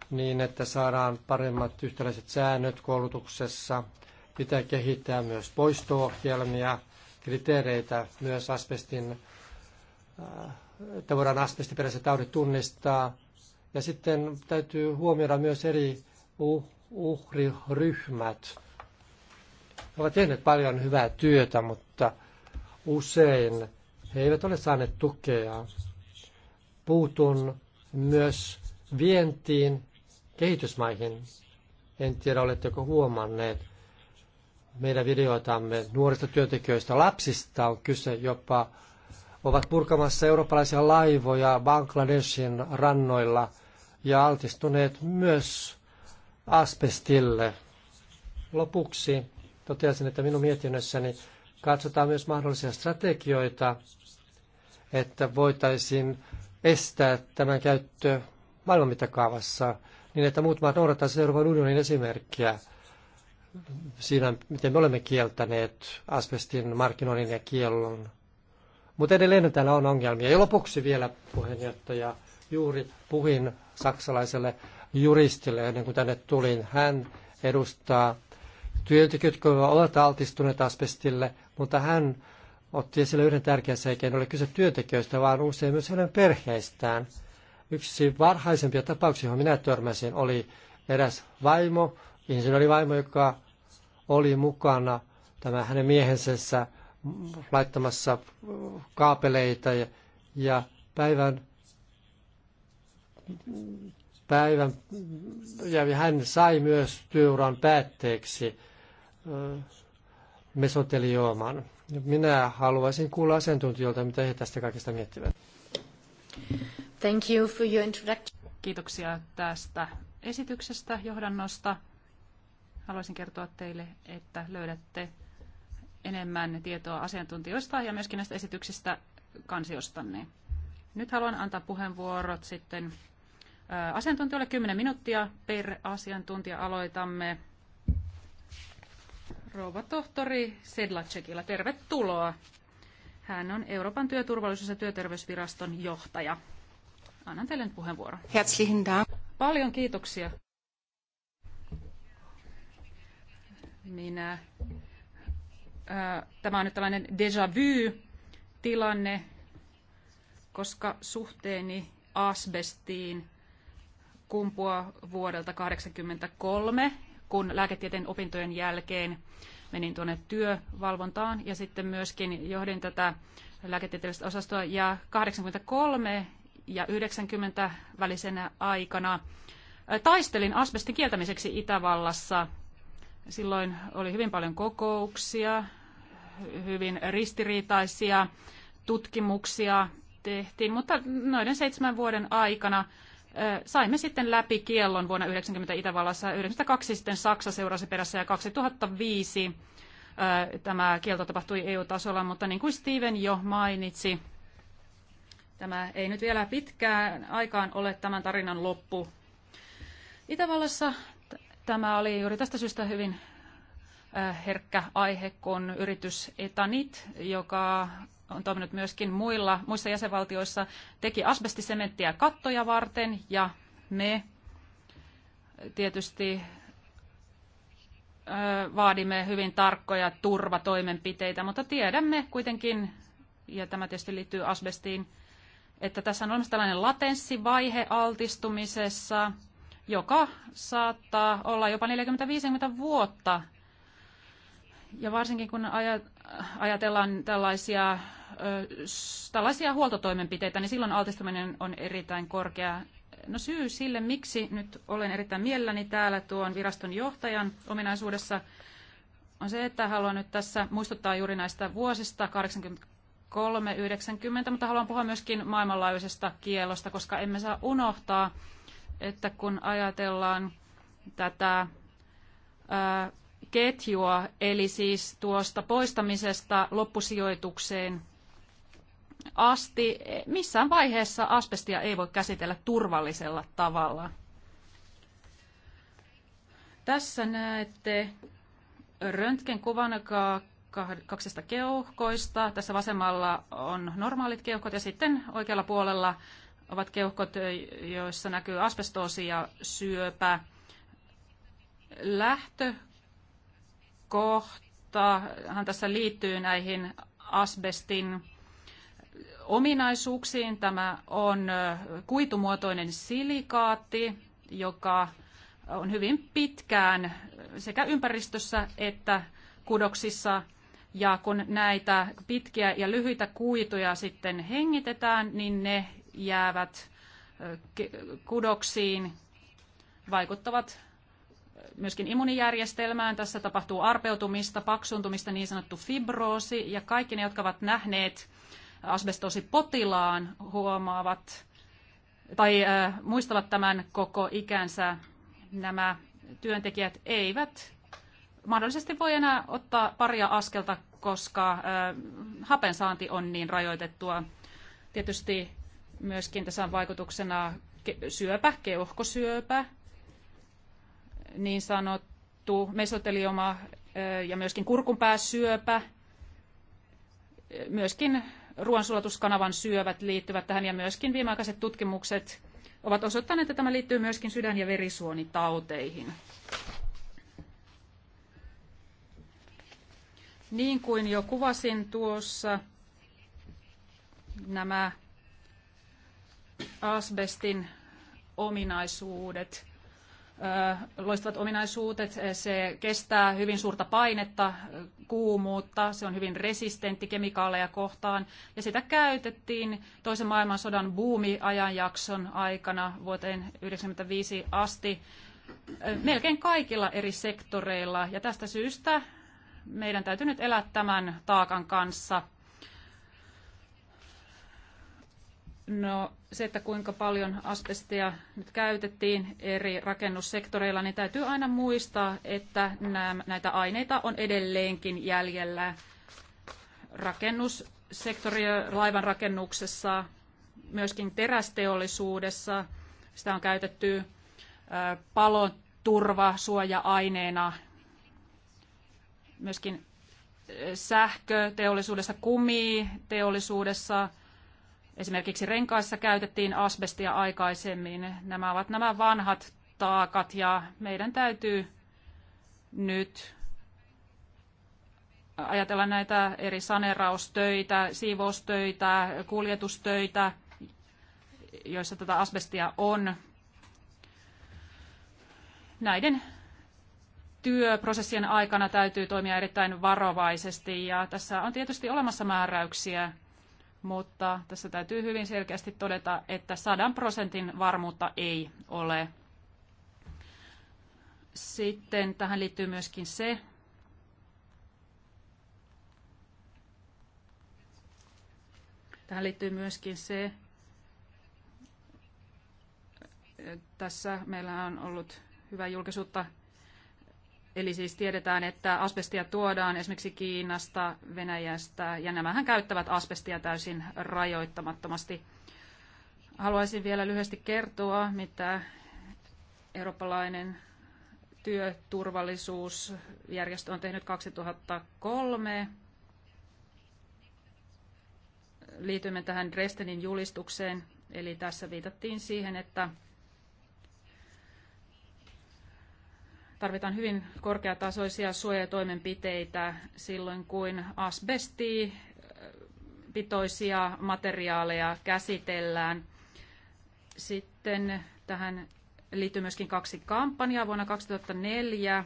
niin, että saadaan paremmat yhtäläiset säännöt koulutuksessa. Pitää kehittää myös poisto-ohjelmia, kriteereitä myös asbestin, äh, että voidaan asbestiperäiset taudit tunnistaa. Ja sitten täytyy huomioida myös eri uhriryhmät ovat tehneet paljon hyvää työtä, mutta usein he eivät ole saaneet tukea. Puutun myös vientiin kehitysmaihin. En tiedä, oletteko huomanneet meidän videoitamme nuorista työntekijöistä. Lapsista on kyse jopa. Ovat purkamassa eurooppalaisia laivoja Bangladeshin rannoilla ja altistuneet myös asbestille. Lopuksi toteaisin, että minun mietinnössäni katsotaan myös mahdollisia strategioita, että voitaisiin estää tämän käyttö maailman mittakaavassa niin, että muut maat noudattaisivat Euroopan unionin esimerkkiä siinä, miten me olemme kieltäneet asbestin markkinoinnin ja kiellon. Mutta edelleen täällä on ongelmia. Ja lopuksi vielä puheenjohtaja, juuri puhin saksalaiselle juristille ennen kuin tänne tulin. Hän edustaa työntekijöitä, jotka ovat altistuneet asbestille, mutta hän otti esille yhden tärkeän seikin. oli kyse työntekijöistä, vaan usein myös heidän perheistään. Yksi varhaisempia tapauksia, johon minä törmäsin, oli eräs vaimo, insinöörivaimo, joka oli mukana tämä hänen miehensä laittamassa kaapeleita ja, ja päivän päivän, ja hän sai myös työuran päätteeksi mesotelioman. Minä haluaisin kuulla asiantuntijoilta, mitä he tästä kaikesta miettivät. Thank you for your introduction. Kiitoksia tästä esityksestä, johdannosta. Haluaisin kertoa teille, että löydätte enemmän tietoa asiantuntijoista ja myöskin näistä esityksistä kansiostanne. Nyt haluan antaa puheenvuorot sitten asiantuntijoille 10 minuuttia per asiantuntija. Aloitamme rouva tohtori Sedlacekilla. Tervetuloa. Hän on Euroopan työturvallisuus- ja työterveysviraston johtaja. Annan teille nyt puheenvuoron. Herzlichen Dank. Paljon kiitoksia. Minä. Tämä on nyt tällainen déjà vu-tilanne, koska suhteeni asbestiin kumpua vuodelta 1983, kun lääketieteen opintojen jälkeen menin tuonne työvalvontaan ja sitten myöskin johdin tätä lääketieteellistä osastoa. Ja 1983 ja 90 välisenä aikana taistelin asbestin kieltämiseksi Itävallassa. Silloin oli hyvin paljon kokouksia, hyvin ristiriitaisia tutkimuksia tehtiin, mutta noiden seitsemän vuoden aikana saimme sitten läpi kiellon vuonna 90 Itävallassa, 92 sitten Saksa seurasi perässä ja 2005 tämä kielto tapahtui EU-tasolla, mutta niin kuin Steven jo mainitsi, tämä ei nyt vielä pitkään aikaan ole tämän tarinan loppu. Itävallassa tämä oli juuri tästä syystä hyvin herkkä aihe, kun yritys Etanit, joka on toiminut myöskin muilla, muissa jäsenvaltioissa, teki asbestisementtiä kattoja varten ja me tietysti vaadimme hyvin tarkkoja turvatoimenpiteitä, mutta tiedämme kuitenkin, ja tämä tietysti liittyy asbestiin, että tässä on olemassa tällainen latenssivaihe altistumisessa, joka saattaa olla jopa 40-50 vuotta ja varsinkin kun ajatellaan tällaisia, tällaisia huoltotoimenpiteitä, niin silloin altistuminen on erittäin korkea. No syy sille, miksi nyt olen erittäin mielelläni täällä tuon viraston johtajan ominaisuudessa, on se, että haluan nyt tässä muistuttaa juuri näistä vuosista 83-90, mutta haluan puhua myöskin maailmanlaajuisesta kielosta, koska emme saa unohtaa, että kun ajatellaan tätä ketjua, eli siis tuosta poistamisesta loppusijoitukseen asti. Missään vaiheessa asbestia ei voi käsitellä turvallisella tavalla. Tässä näette röntgenkuvan, joka kaksista keuhkoista. Tässä vasemmalla on normaalit keuhkot ja sitten oikealla puolella ovat keuhkot, joissa näkyy asbestoosi ja syöpä. Lähtö kohta hän tässä liittyy näihin asbestin ominaisuuksiin. Tämä on kuitumuotoinen silikaatti, joka on hyvin pitkään sekä ympäristössä että kudoksissa. Ja kun näitä pitkiä ja lyhyitä kuituja sitten hengitetään, niin ne jäävät kudoksiin, vaikuttavat myöskin immunijärjestelmään. Tässä tapahtuu arpeutumista, paksuntumista, niin sanottu fibroosi. Ja kaikki ne, jotka ovat nähneet asbestosipotilaan, huomaavat tai äh, muistavat tämän koko ikänsä. Nämä työntekijät eivät mahdollisesti voi enää ottaa paria askelta, koska äh, hapensaanti on niin rajoitettua. Tietysti myöskin tässä on vaikutuksena syöpä, keuhkosyöpä, niin sanottu mesotelioma ja myöskin kurkunpääsyöpä, myöskin ruoansulatuskanavan syövät liittyvät tähän ja myöskin viimeaikaiset tutkimukset ovat osoittaneet, että tämä liittyy myöskin sydän- ja verisuonitauteihin. Niin kuin jo kuvasin tuossa, nämä asbestin ominaisuudet loistavat ominaisuudet. Se kestää hyvin suurta painetta, kuumuutta, se on hyvin resistentti kemikaaleja kohtaan. Ja sitä käytettiin toisen maailmansodan buumiajanjakson aikana vuoteen 1995 asti melkein kaikilla eri sektoreilla. Ja tästä syystä meidän täytyy nyt elää tämän taakan kanssa – No se, että kuinka paljon asbestia nyt käytettiin eri rakennussektoreilla, niin täytyy aina muistaa, että nämä, näitä aineita on edelleenkin jäljellä rakennussektori, laivanrakennuksessa, myöskin terästeollisuudessa. Sitä on käytetty paloturvasuoja aineena myöskin sähköteollisuudessa, kumiteollisuudessa – Esimerkiksi renkaissa käytettiin asbestia aikaisemmin. Nämä ovat nämä vanhat taakat ja meidän täytyy nyt ajatella näitä eri saneraustöitä, siivoustöitä, kuljetustöitä, joissa tätä asbestia on. Näiden työprosessien aikana täytyy toimia erittäin varovaisesti ja tässä on tietysti olemassa määräyksiä mutta tässä täytyy hyvin selkeästi todeta, että sadan prosentin varmuutta ei ole. Sitten tähän liittyy myöskin se, tähän liittyy myöskin se, tässä meillä on ollut hyvä julkisuutta Eli siis tiedetään, että asbestia tuodaan esimerkiksi Kiinasta, Venäjästä, ja nämähän käyttävät asbestia täysin rajoittamattomasti. Haluaisin vielä lyhyesti kertoa, mitä eurooppalainen työturvallisuusjärjestö on tehnyt 2003. Liityimme tähän Dresdenin julistukseen, eli tässä viitattiin siihen, että tarvitaan hyvin korkeatasoisia suojatoimenpiteitä silloin, kun asbesti pitoisia materiaaleja käsitellään. Sitten tähän liittyy myöskin kaksi kampanjaa. Vuonna 2004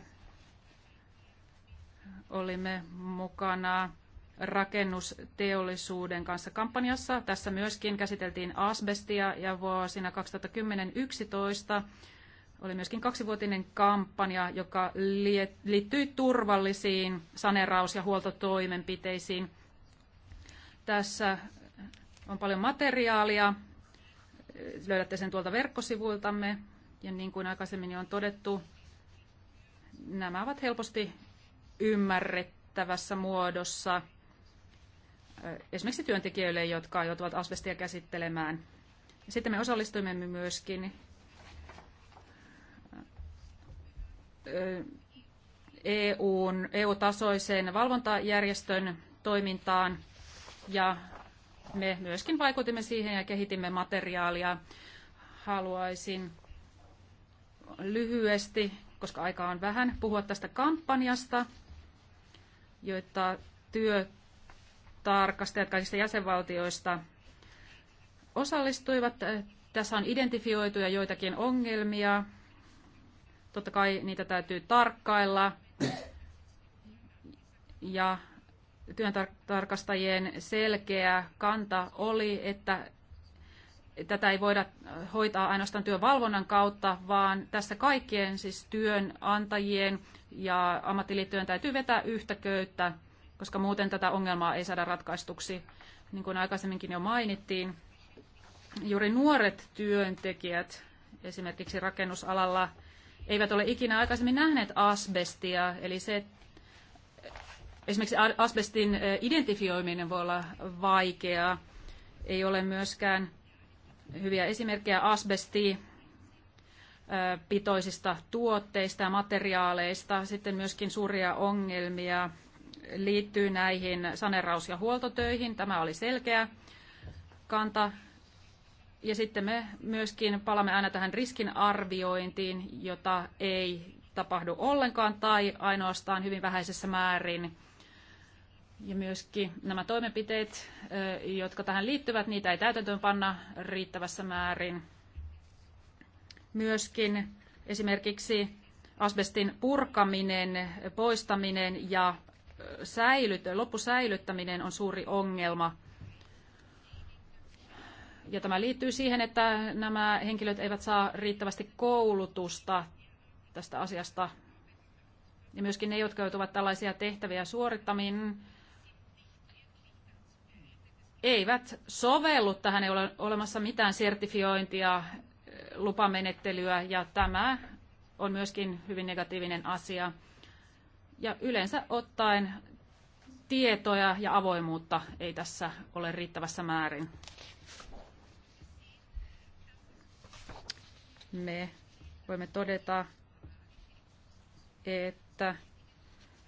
olimme mukana rakennusteollisuuden kanssa kampanjassa. Tässä myöskin käsiteltiin asbestia ja vuosina 2010-2011 oli myöskin kaksivuotinen kampanja, joka liittyi turvallisiin saneraus- ja huoltotoimenpiteisiin. Tässä on paljon materiaalia. Löydätte sen tuolta verkkosivuiltamme. Ja niin kuin aikaisemmin jo on todettu, nämä ovat helposti ymmärrettävässä muodossa esimerkiksi työntekijöille, jotka joutuvat asbestia käsittelemään. Sitten me osallistuimme myöskin EUn, EU-tasoisen valvontajärjestön toimintaan ja me myöskin vaikutimme siihen ja kehitimme materiaalia. Haluaisin lyhyesti, koska aikaa on vähän, puhua tästä kampanjasta, joita työtarkastajat kaikista jäsenvaltioista osallistuivat. Tässä on identifioituja joitakin ongelmia, Totta kai niitä täytyy tarkkailla ja työntarkastajien selkeä kanta oli, että tätä ei voida hoitaa ainoastaan työvalvonnan kautta, vaan tässä kaikkien siis työnantajien ja ammattiliittojen täytyy vetää yhtä köyttä, koska muuten tätä ongelmaa ei saada ratkaistuksi. Niin kuin aikaisemminkin jo mainittiin, juuri nuoret työntekijät esimerkiksi rakennusalalla – eivät ole ikinä aikaisemmin nähneet asbestia, eli se, esimerkiksi asbestin identifioiminen voi olla vaikeaa. Ei ole myöskään hyviä esimerkkejä asbesti pitoisista tuotteista ja materiaaleista. Sitten myöskin suuria ongelmia liittyy näihin saneraus- ja huoltotöihin. Tämä oli selkeä kanta ja sitten me myöskin palamme aina tähän riskinarviointiin, jota ei tapahdu ollenkaan tai ainoastaan hyvin vähäisessä määrin. Ja myöskin nämä toimenpiteet, jotka tähän liittyvät, niitä ei täytäntöön panna riittävässä määrin. Myöskin esimerkiksi asbestin purkaminen, poistaminen ja säilyt, loppusäilyttäminen on suuri ongelma ja tämä liittyy siihen, että nämä henkilöt eivät saa riittävästi koulutusta tästä asiasta. Ja myöskin ne, jotka joutuvat tällaisia tehtäviä suorittamiin, eivät sovellu tähän, ei ole olemassa mitään sertifiointia, lupamenettelyä ja tämä on myöskin hyvin negatiivinen asia. Ja yleensä ottaen tietoja ja avoimuutta ei tässä ole riittävässä määrin. me voimme todeta, että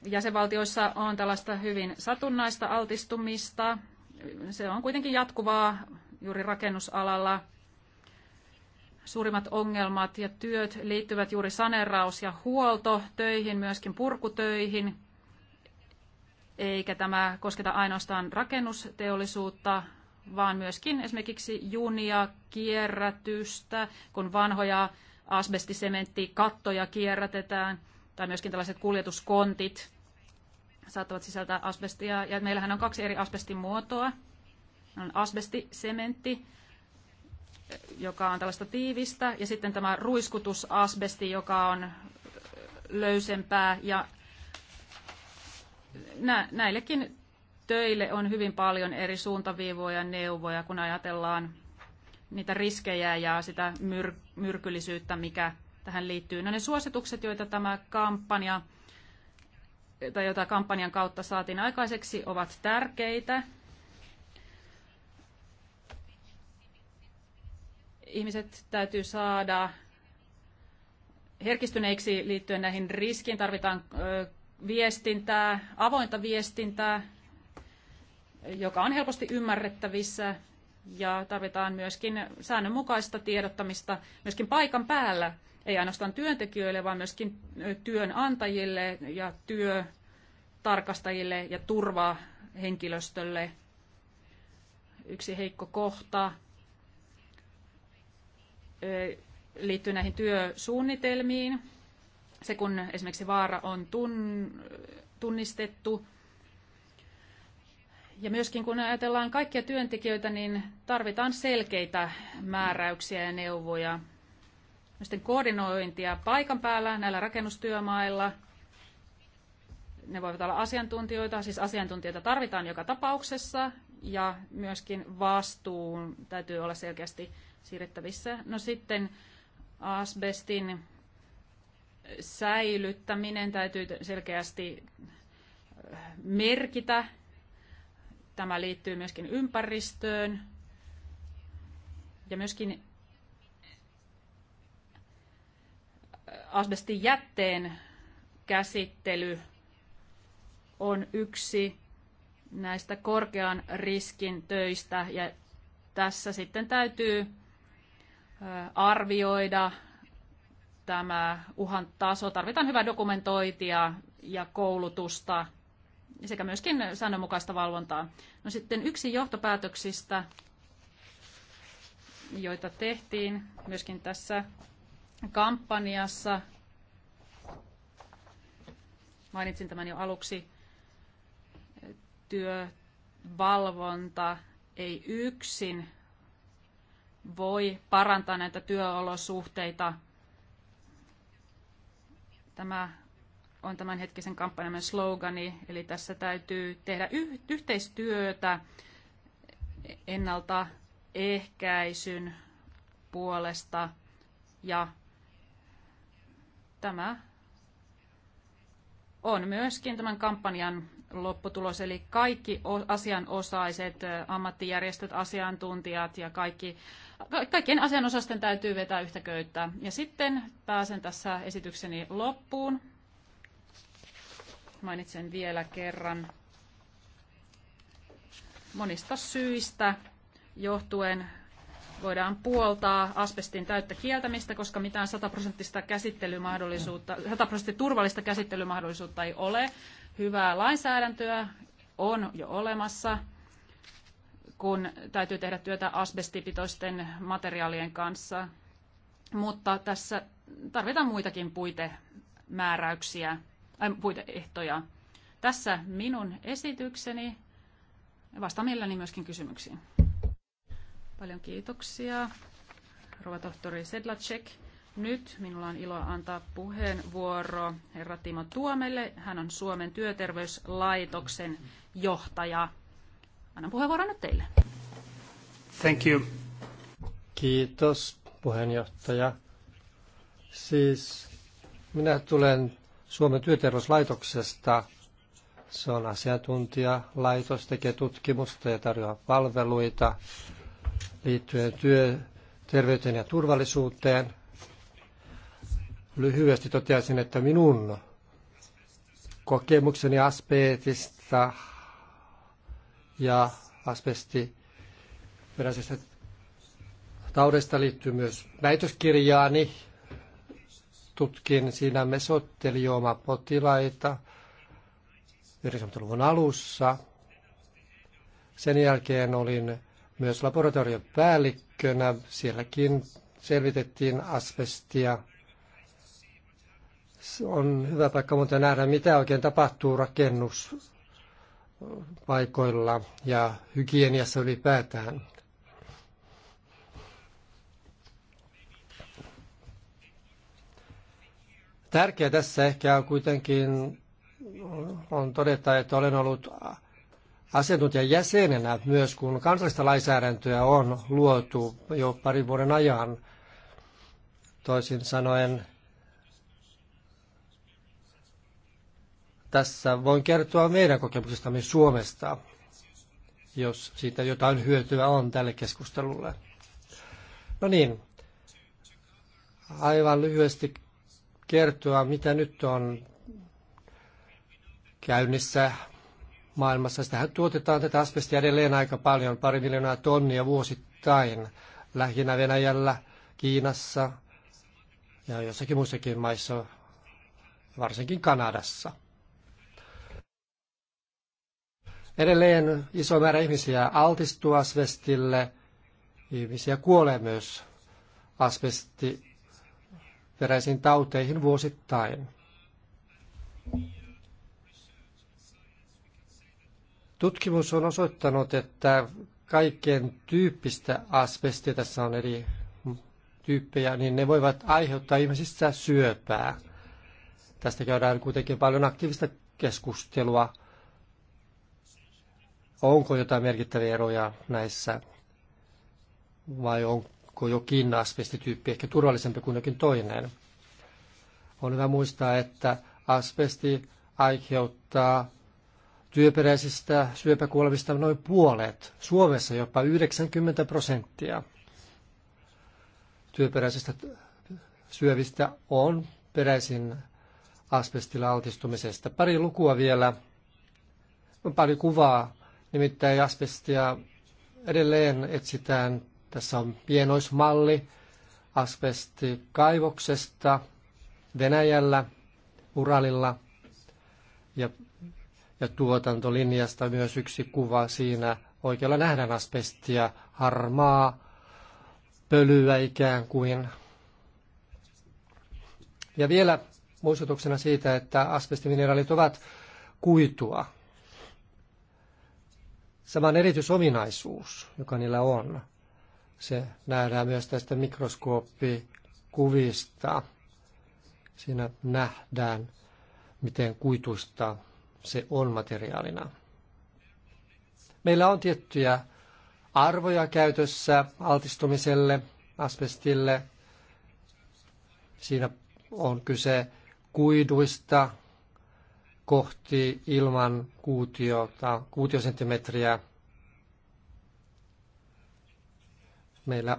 jäsenvaltioissa on tällaista hyvin satunnaista altistumista. Se on kuitenkin jatkuvaa juuri rakennusalalla. Suurimmat ongelmat ja työt liittyvät juuri saneraus- ja huoltotöihin, myöskin purkutöihin. Eikä tämä kosketa ainoastaan rakennusteollisuutta, vaan myöskin esimerkiksi junia, kierrätystä, kun vanhoja asbestisementtikattoja kierrätetään, tai myöskin tällaiset kuljetuskontit saattavat sisältää asbestia. Ja meillähän on kaksi eri asbestin muotoa. On asbestisementti, joka on tällaista tiivistä, ja sitten tämä ruiskutusasbesti, joka on löysempää, ja näillekin töille on hyvin paljon eri suuntaviivoja ja neuvoja, kun ajatellaan niitä riskejä ja sitä myr- myrkyllisyyttä, mikä tähän liittyy. No ne suositukset, joita tämä kampanja tai jota kampanjan kautta saatiin aikaiseksi, ovat tärkeitä. Ihmiset täytyy saada herkistyneiksi liittyen näihin riskiin. Tarvitaan viestintää, avointa viestintää, joka on helposti ymmärrettävissä ja tarvitaan myöskin säännönmukaista tiedottamista myöskin paikan päällä, ei ainoastaan työntekijöille, vaan myöskin työnantajille ja työtarkastajille ja turvahenkilöstölle. Yksi heikko kohta liittyy näihin työsuunnitelmiin. Se, kun esimerkiksi vaara on tunnistettu, ja myöskin kun ajatellaan kaikkia työntekijöitä, niin tarvitaan selkeitä määräyksiä ja neuvoja. Sitten koordinointia paikan päällä näillä rakennustyömailla. Ne voivat olla asiantuntijoita, siis asiantuntijoita tarvitaan joka tapauksessa. Ja myöskin vastuun täytyy olla selkeästi siirrettävissä. No sitten asbestin säilyttäminen täytyy selkeästi merkitä Tämä liittyy myöskin ympäristöön ja myöskin äh, asbestin jätteen käsittely on yksi näistä korkean riskin töistä ja tässä sitten täytyy äh, arvioida tämä uhan taso. Tarvitaan hyvää dokumentointia ja koulutusta sekä myöskin säännönmukaista valvontaa. No sitten yksi johtopäätöksistä, joita tehtiin myöskin tässä kampanjassa, mainitsin tämän jo aluksi, työvalvonta ei yksin voi parantaa näitä työolosuhteita. Tämä on tämänhetkisen kampanjamme slogani, eli tässä täytyy tehdä yh- yhteistyötä ennaltaehkäisyn puolesta ja tämä on myöskin tämän kampanjan lopputulos, eli kaikki asianosaiset, ammattijärjestöt, asiantuntijat ja kaikki, kaikkien asianosasten täytyy vetää yhtä köyttä. Ja sitten pääsen tässä esitykseni loppuun. Mainitsen vielä kerran monista syistä johtuen voidaan puoltaa asbestin täyttä kieltämistä, koska mitään sataprosenttista käsittelymahdollisuutta, sataprosenttista turvallista käsittelymahdollisuutta ei ole. Hyvää lainsäädäntöä on jo olemassa, kun täytyy tehdä työtä asbestipitoisten materiaalien kanssa. Mutta tässä tarvitaan muitakin puitemääräyksiä äh, puiteehtoja. Tässä minun esitykseni. Vastaan mielelläni myöskin kysymyksiin. Paljon kiitoksia, rouva tohtori Sedlacek. Nyt minulla on ilo antaa puheenvuoro herra Timo Tuomelle. Hän on Suomen työterveyslaitoksen johtaja. Annan puheenvuoron nyt teille. Thank you. Kiitos puheenjohtaja. Siis minä tulen Suomen työterveyslaitoksesta. Se on asiantuntijalaitos, tekee tutkimusta ja tarjoaa palveluita liittyen työterveyteen ja turvallisuuteen. Lyhyesti toteaisin, että minun kokemukseni aspeetista ja asbestiperäisestä taudesta liittyy myös väitöskirjaani, Tutkin Siinä mesottelioma potilaita 90-luvun alussa. Sen jälkeen olin myös laboratorion päällikkönä. Sielläkin selvitettiin asbestia. On hyvä paikka muuten nähdä, mitä oikein tapahtuu rakennuspaikoilla ja hygieniassa ylipäätään. Tärkeää tässä ehkä on kuitenkin on todeta, että olen ollut jäsenenä myös, kun kansallista lainsäädäntöä on luotu jo parin vuoden ajan. Toisin sanoen tässä voin kertoa meidän kokemuksestamme Suomesta, jos siitä jotain hyötyä on tälle keskustelulle. No niin, aivan lyhyesti kertoa, mitä nyt on käynnissä maailmassa. Sitähän tuotetaan tätä asbestia edelleen aika paljon, pari miljoonaa tonnia vuosittain, lähinnä Venäjällä, Kiinassa ja jossakin muissakin maissa, varsinkin Kanadassa. Edelleen iso määrä ihmisiä altistuu asbestille, ihmisiä kuolee myös asbesti peräisiin tauteihin vuosittain. Tutkimus on osoittanut, että kaiken tyyppistä asbestia, tässä on eri tyyppejä, niin ne voivat aiheuttaa ihmisissä syöpää. Tästä käydään kuitenkin paljon aktiivista keskustelua. Onko jotain merkittäviä eroja näissä vai on, kuin jokin asbestityyppi, ehkä turvallisempi kuin jokin toinen. On hyvä muistaa, että asbesti aiheuttaa työperäisistä syöpäkuolemista noin puolet, Suomessa jopa 90 prosenttia työperäisistä syövistä on peräisin asbestilla altistumisesta. Pari lukua vielä, on pari kuvaa, nimittäin asbestia edelleen etsitään tässä on pienoismalli asbestikaivoksesta Venäjällä, Uralilla ja, ja tuotantolinjasta myös yksi kuva siinä. Oikealla nähdään asbestia, harmaa pölyä ikään kuin. Ja vielä muistutuksena siitä, että asbestimineraalit ovat kuitua. sama erityisominaisuus, joka niillä on. Se nähdään myös tästä mikroskooppikuvista. Siinä nähdään, miten kuituista se on materiaalina. Meillä on tiettyjä arvoja käytössä altistumiselle, asbestille. Siinä on kyse kuiduista kohti ilman kuutiota, kuutiosenttimetriä Meillä,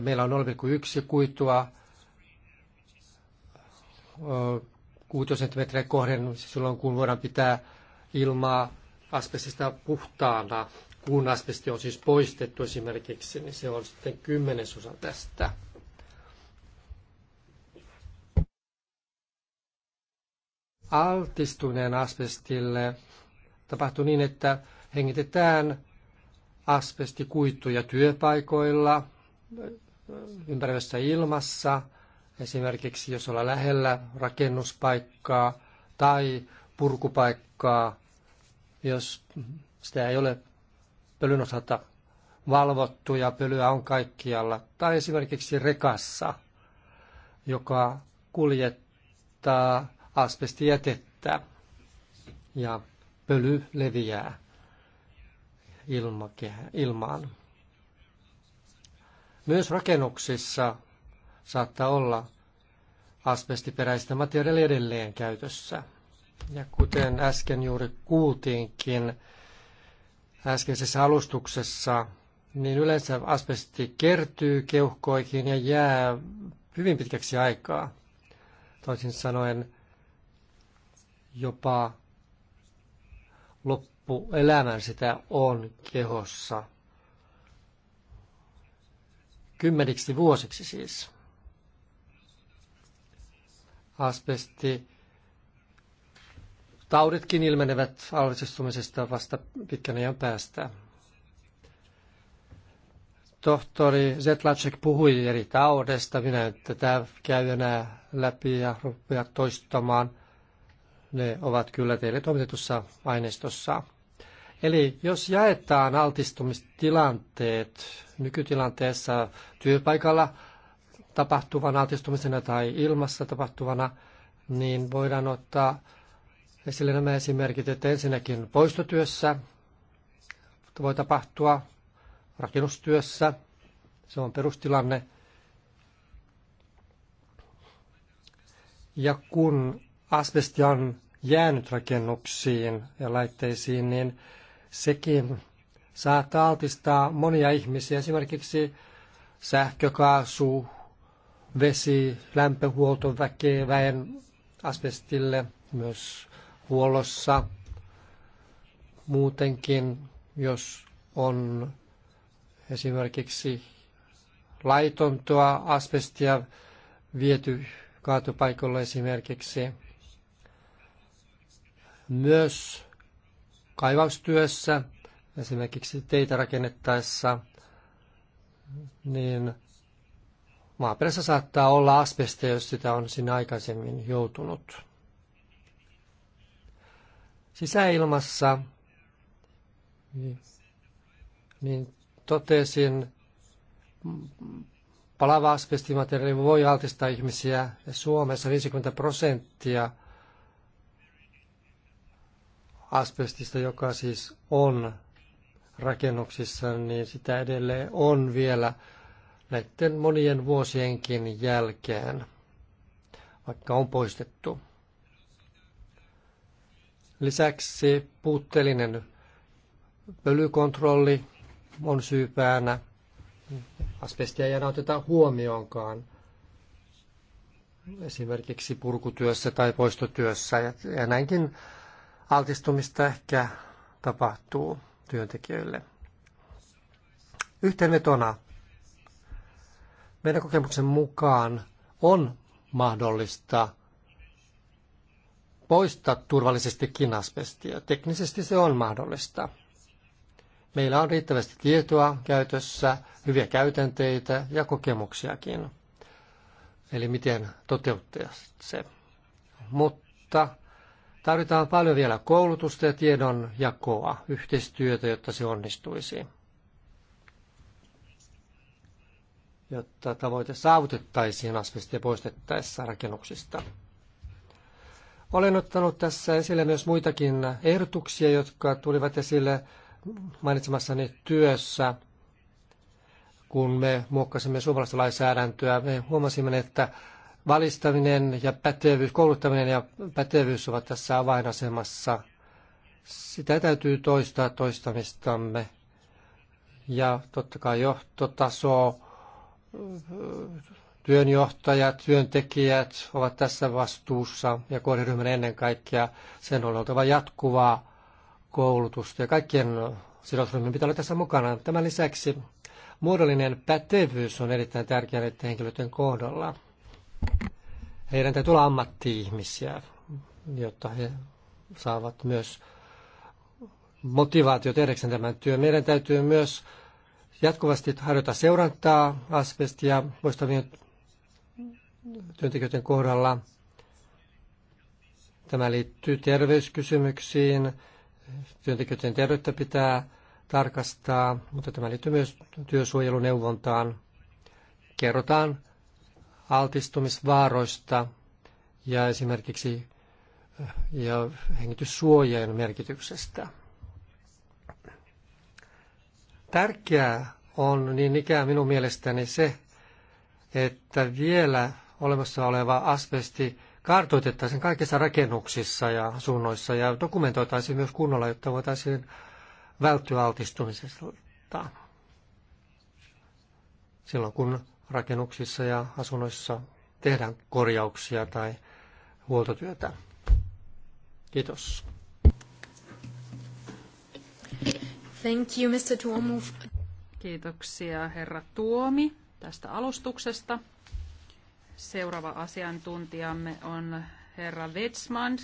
meillä on 0,1 kuitua 6 senttimetriä kohden siis silloin, kun voidaan pitää ilmaa asbestista puhtaana, kun asbesti on siis poistettu esimerkiksi, niin se on sitten kymmenesosa tästä. Altistuneen asbestille tapahtuu niin, että hengitetään asbestikuituja työpaikoilla, ympäröivässä ilmassa, esimerkiksi jos olla lähellä rakennuspaikkaa tai purkupaikkaa, jos sitä ei ole pölyn osalta valvottu ja pölyä on kaikkialla, tai esimerkiksi rekassa, joka kuljettaa asbestijätettä ja pöly leviää ilmakehä, ilmaan. Myös rakennuksissa saattaa olla asbestiperäistä materiaalia edelleen käytössä. Ja kuten äsken juuri kuultiinkin äskeisessä alustuksessa, niin yleensä asbesti kertyy keuhkoihin ja jää hyvin pitkäksi aikaa. Toisin sanoen jopa loppuun loppuelämän sitä on kehossa. Kymmeniksi vuosiksi siis. Asbesti. Tauditkin ilmenevät altistumisesta vasta pitkän ajan päästä. Tohtori Zetlacek puhui eri taudesta. Minä en tätä käy enää läpi ja rupea toistamaan – ne ovat kyllä teille toimitetussa aineistossa. Eli jos jaetaan altistumistilanteet nykytilanteessa työpaikalla tapahtuvana altistumisena tai ilmassa tapahtuvana, niin voidaan ottaa esille nämä esimerkit, että ensinnäkin poistotyössä voi tapahtua, rakennustyössä, se on perustilanne. Ja kun Asbestian on jäänyt rakennuksiin ja laitteisiin, niin sekin saattaa altistaa monia ihmisiä, esimerkiksi sähkökaasu, vesi, lämpöhuolto väen asbestille myös huollossa. Muutenkin, jos on esimerkiksi laitontoa asbestia viety kaatopaikalle esimerkiksi, myös kaivaustyössä, esimerkiksi teitä rakennettaessa, niin maaperässä saattaa olla asbestia, jos sitä on sinne aikaisemmin joutunut. Sisäilmassa niin totesin, palava asbestimateriaali voi altistaa ihmisiä Suomessa 50 prosenttia – asbestista, joka siis on rakennuksissa, niin sitä edelleen on vielä näiden monien vuosienkin jälkeen, vaikka on poistettu. Lisäksi puutteellinen pölykontrolli on syypäänä. Asbestia ei enää oteta huomioonkaan esimerkiksi purkutyössä tai poistotyössä. Ja näinkin altistumista ehkä tapahtuu työntekijöille. Yhteenvetona meidän kokemuksen mukaan on mahdollista poistaa turvallisesti asbestia. Teknisesti se on mahdollista. Meillä on riittävästi tietoa käytössä, hyviä käytänteitä ja kokemuksiakin. Eli miten toteuttaa se. Mutta Tarvitaan paljon vielä koulutusta ja tiedon jakoa, yhteistyötä, jotta se onnistuisi. Jotta tavoite saavutettaisiin asbestia poistettaessa rakennuksista. Olen ottanut tässä esille myös muitakin ehdotuksia, jotka tulivat esille mainitsemassani työssä. Kun me muokkasimme suomalaista lainsäädäntöä, me huomasimme, että valistaminen ja pätevyys, kouluttaminen ja pätevyys ovat tässä avainasemassa. Sitä täytyy toistaa toistamistamme. Ja totta kai johtotaso, työnjohtajat, työntekijät ovat tässä vastuussa ja kohderyhmän ennen kaikkea. Sen on oltava jatkuvaa koulutusta ja kaikkien sidosryhmien pitää olla tässä mukana. Tämän lisäksi muodollinen pätevyys on erittäin tärkeää näiden henkilöiden kohdalla. Heidän täytyy olla ammatti-ihmisiä, jotta he saavat myös motivaatio tehdäkseen tämän työn. Meidän täytyy myös jatkuvasti harjoittaa seurantaa asbestia poistavien työntekijöiden kohdalla. Tämä liittyy terveyskysymyksiin. Työntekijöiden terveyttä pitää tarkastaa, mutta tämä liittyy myös työsuojeluneuvontaan. Kerrotaan altistumisvaaroista ja esimerkiksi eh, ja hengityssuojien merkityksestä. Tärkeää on niin ikään minun mielestäni se, että vielä olemassa oleva asbesti kartoitettaisiin kaikissa rakennuksissa ja asunnoissa ja dokumentoitaisiin myös kunnolla, jotta voitaisiin välttyä altistumisesta silloin, kun rakennuksissa ja asunnoissa tehdään korjauksia tai huoltotyötä. Kiitos. Thank you, Mr. Tuomu. Kiitoksia, herra Tuomi, tästä alustuksesta. Seuraava asiantuntijamme on herra Wetsman.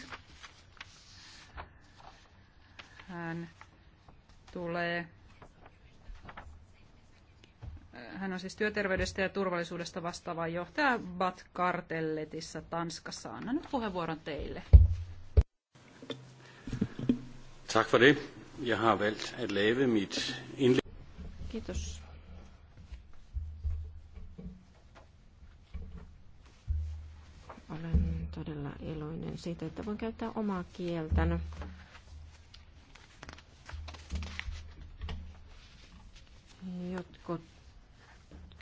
Hän tulee hän on siis työterveydestä ja turvallisuudesta vastaava johtaja Bat Kartelletissa Tanskassa. Annan nyt puheenvuoron teille. Tack för det. Jag har valt att leva mitt inlägg. Kiitos. Olen todella iloinen siitä, että voin käyttää omaa kieltäni. Jotkut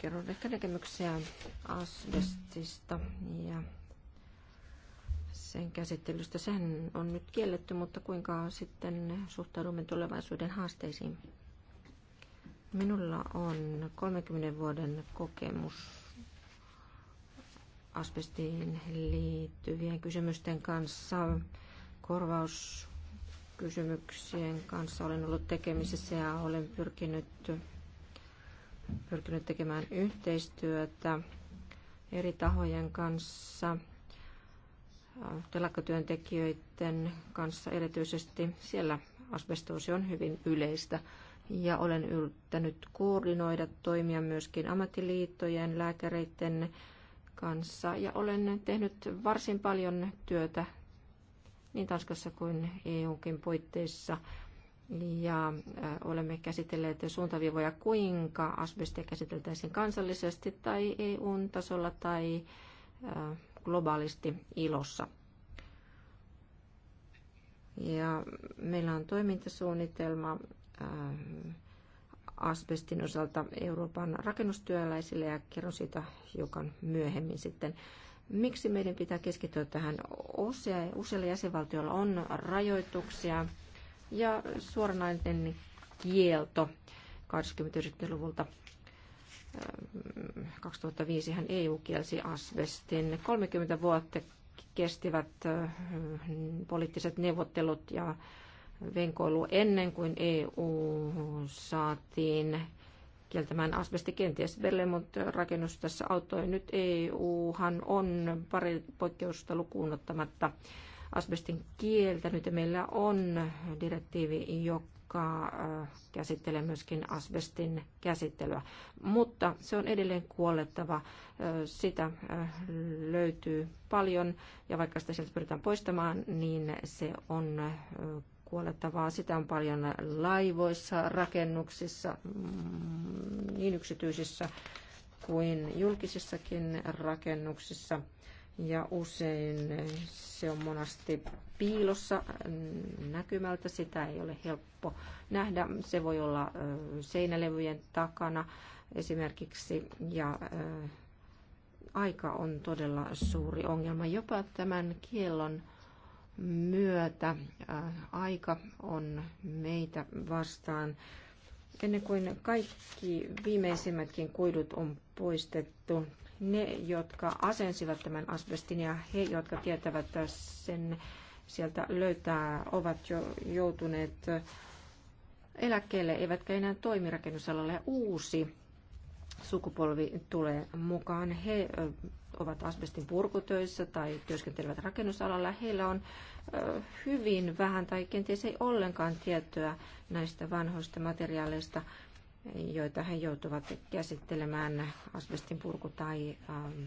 kerron ehkä näkemyksiä asbestista ja sen käsittelystä. Sehän on nyt kielletty, mutta kuinka sitten suhtaudumme tulevaisuuden haasteisiin? Minulla on 30 vuoden kokemus asbestiin liittyvien kysymysten kanssa, korvauskysymyksien kanssa olen ollut tekemisissä ja olen pyrkinyt pyrkinyt tekemään yhteistyötä eri tahojen kanssa, telakkatyöntekijöiden kanssa erityisesti. Siellä asbestoosi on hyvin yleistä ja olen yrittänyt koordinoida toimia myöskin ammattiliittojen, lääkäreiden kanssa ja olen tehnyt varsin paljon työtä niin Tanskassa kuin EUkin puitteissa ja olemme käsitelleet suuntaviivoja, kuinka asbestia käsiteltäisiin kansallisesti tai eu tasolla tai globaalisti ilossa. Ja meillä on toimintasuunnitelma asbestin osalta Euroopan rakennustyöläisille ja kerron siitä hiukan myöhemmin sitten. Miksi meidän pitää keskittyä tähän? Useilla jäsenvaltioilla on rajoituksia ja suoranainen kielto 20-luvulta. 2005 hän EU kielsi asbestin. 30 vuotta kestivät öh, poliittiset neuvottelut ja venkoilu ennen kuin EU saatiin kieltämään asbesti. Kenties mutta rakennus tässä auttoi. Nyt EUhan on pari poikkeusta lukuun ottamatta asbestin kieltänyt ja meillä on direktiivi, joka äh, käsittelee myöskin asbestin käsittelyä. Mutta se on edelleen kuollettava. Äh, sitä äh, löytyy paljon ja vaikka sitä sieltä pyritään poistamaan, niin se on kuolettavaa. Sitä on paljon laivoissa, rakennuksissa, mm, niin yksityisissä kuin julkisissakin rakennuksissa – ja usein se on monasti piilossa näkymältä, sitä ei ole helppo nähdä. Se voi olla seinälevyjen takana esimerkiksi ja aika on todella suuri ongelma. Jopa tämän kiellon myötä aika on meitä vastaan. Ennen kuin kaikki viimeisimmätkin kuidut on poistettu, ne, jotka asensivat tämän asbestin ja he, jotka tietävät sen sieltä löytää, ovat jo joutuneet eläkkeelle, eivätkä enää toimi rakennusalalla ja uusi sukupolvi tulee mukaan. He ovat asbestin purkutöissä tai työskentelevät rakennusalalla. Heillä on hyvin vähän tai kenties ei ollenkaan tietoa näistä vanhoista materiaaleista – joita he joutuvat käsittelemään asbestin purku- tai ähm,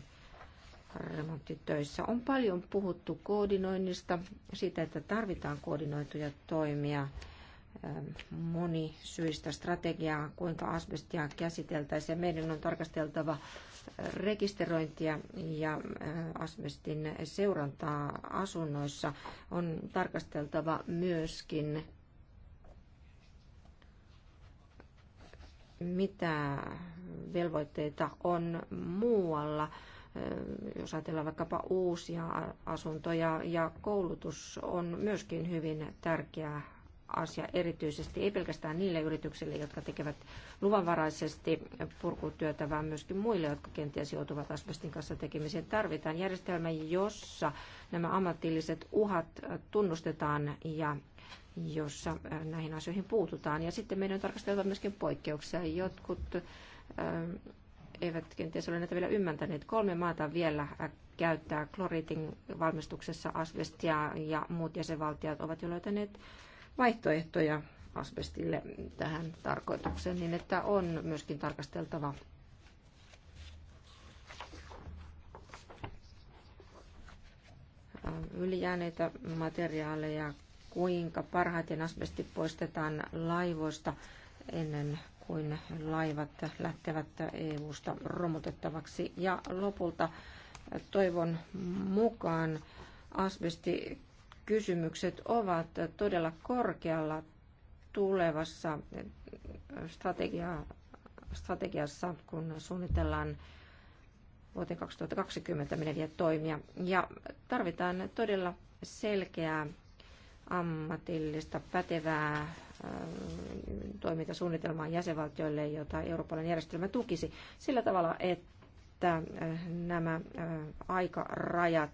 remonttitöissä. On paljon puhuttu koordinoinnista, siitä, että tarvitaan koordinoituja toimia ähm, moni syistä strategiaa, kuinka asbestia käsiteltäisiin. Meidän on tarkasteltava äh, rekisteröintiä ja äh, asbestin seurantaa asunnoissa. On tarkasteltava myöskin mitä velvoitteita on muualla. Jos ajatellaan vaikkapa uusia asuntoja ja koulutus on myöskin hyvin tärkeä asia erityisesti, ei pelkästään niille yrityksille, jotka tekevät luvanvaraisesti purkutyötä, vaan myöskin muille, jotka kenties joutuvat asbestin kanssa tekemiseen. Tarvitaan järjestelmä, jossa nämä ammatilliset uhat tunnustetaan ja jossa äh, näihin asioihin puututaan. Ja sitten meidän on tarkasteltava myöskin poikkeuksia. Jotkut äh, eivät kenties ole näitä vielä ymmärtäneet. Kolme maata vielä äh, käyttää kloriitin valmistuksessa asbestia ja muut jäsenvaltiot ovat jo löytäneet vaihtoehtoja asbestille tähän tarkoitukseen, niin että on myöskin tarkasteltava ylijääneitä materiaaleja kuinka parhaiten asbesti poistetaan laivoista ennen kuin laivat lähtevät EU-sta romutettavaksi. Ja lopulta toivon mukaan asbesti kysymykset ovat todella korkealla tulevassa strategia, strategiassa, kun suunnitellaan vuoteen 2020 meneviä toimia. Ja tarvitaan todella selkeää ammatillista pätevää äh, toimintasuunnitelmaa jäsenvaltioille, jota Euroopan järjestelmä tukisi sillä tavalla, että äh, nämä äh, aikarajat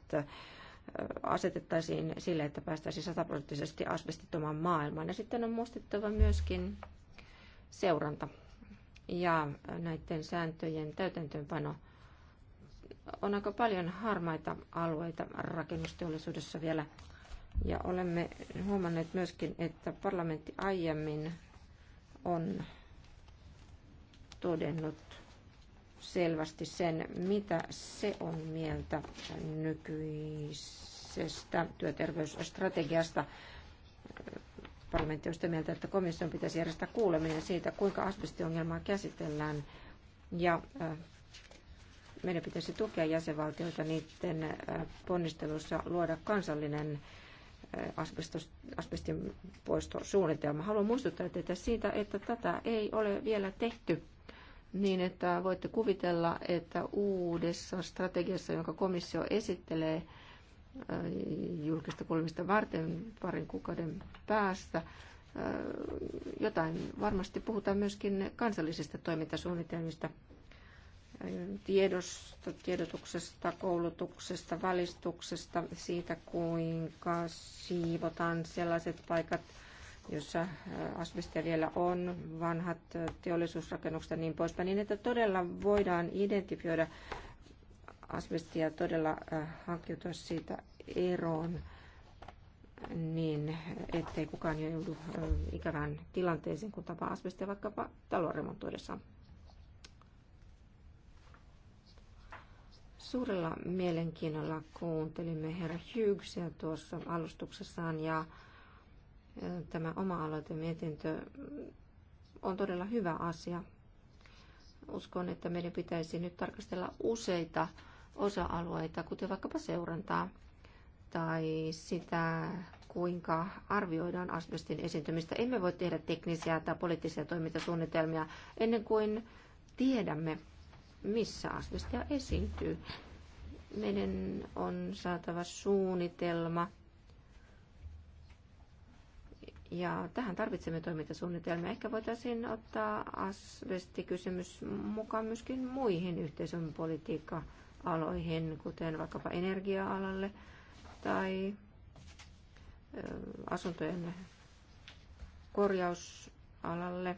asetettaisiin sille, että päästäisiin sataprosenttisesti asbestittomaan maailmaan. Ja sitten on muistettava myöskin seuranta ja näiden sääntöjen täytäntöönpano. On aika paljon harmaita alueita rakennusteollisuudessa vielä ja olemme huomanneet myöskin, että parlamentti aiemmin on todennut selvästi sen, mitä se on mieltä nykyisestä työterveysstrategiasta. Parlamentti on sitä mieltä, että komission pitäisi järjestää kuuleminen siitä, kuinka asbestiongelmaa käsitellään ja meidän pitäisi tukea jäsenvaltioita niiden ponnistelussa luoda kansallinen Eh, asbestin poistosuunnitelma. Haluan muistuttaa teitä siitä, että tätä ei ole vielä tehty niin, että voitte kuvitella, että uudessa strategiassa, jonka komissio esittelee eh, julkista kuulemista varten parin kuukauden päästä, eh, jotain varmasti puhutaan myöskin kansallisista toimintasuunnitelmista tiedosta, tiedotuksesta, koulutuksesta, valistuksesta, siitä kuinka siivotaan sellaiset paikat, jossa äh, asbestia vielä on, vanhat äh, teollisuusrakennukset ja niin poispäin, niin että todella voidaan identifioida asbestia todella äh, hankkiutua siitä eroon, niin ettei kukaan joudu ikävään tilanteeseen, kun tapaa asbestia vaikkapa taloremontoidessaan. Suurella mielenkiinnolla kuuntelimme herra Hughesia tuossa alustuksessaan ja tämä oma aloitemietintö on todella hyvä asia. Uskon, että meidän pitäisi nyt tarkastella useita osa-alueita, kuten vaikkapa seurantaa tai sitä, kuinka arvioidaan asbestin esiintymistä. Emme voi tehdä teknisiä tai poliittisia toimintasuunnitelmia ennen kuin tiedämme, missä asbestia esiintyy. Meidän on saatava suunnitelma ja tähän tarvitsemme toimintasuunnitelmia. Ehkä voitaisiin ottaa asbestikysymys mukaan myöskin muihin yhteisön politiikka-aloihin, kuten vaikkapa energia-alalle tai asuntojen korjausalalle,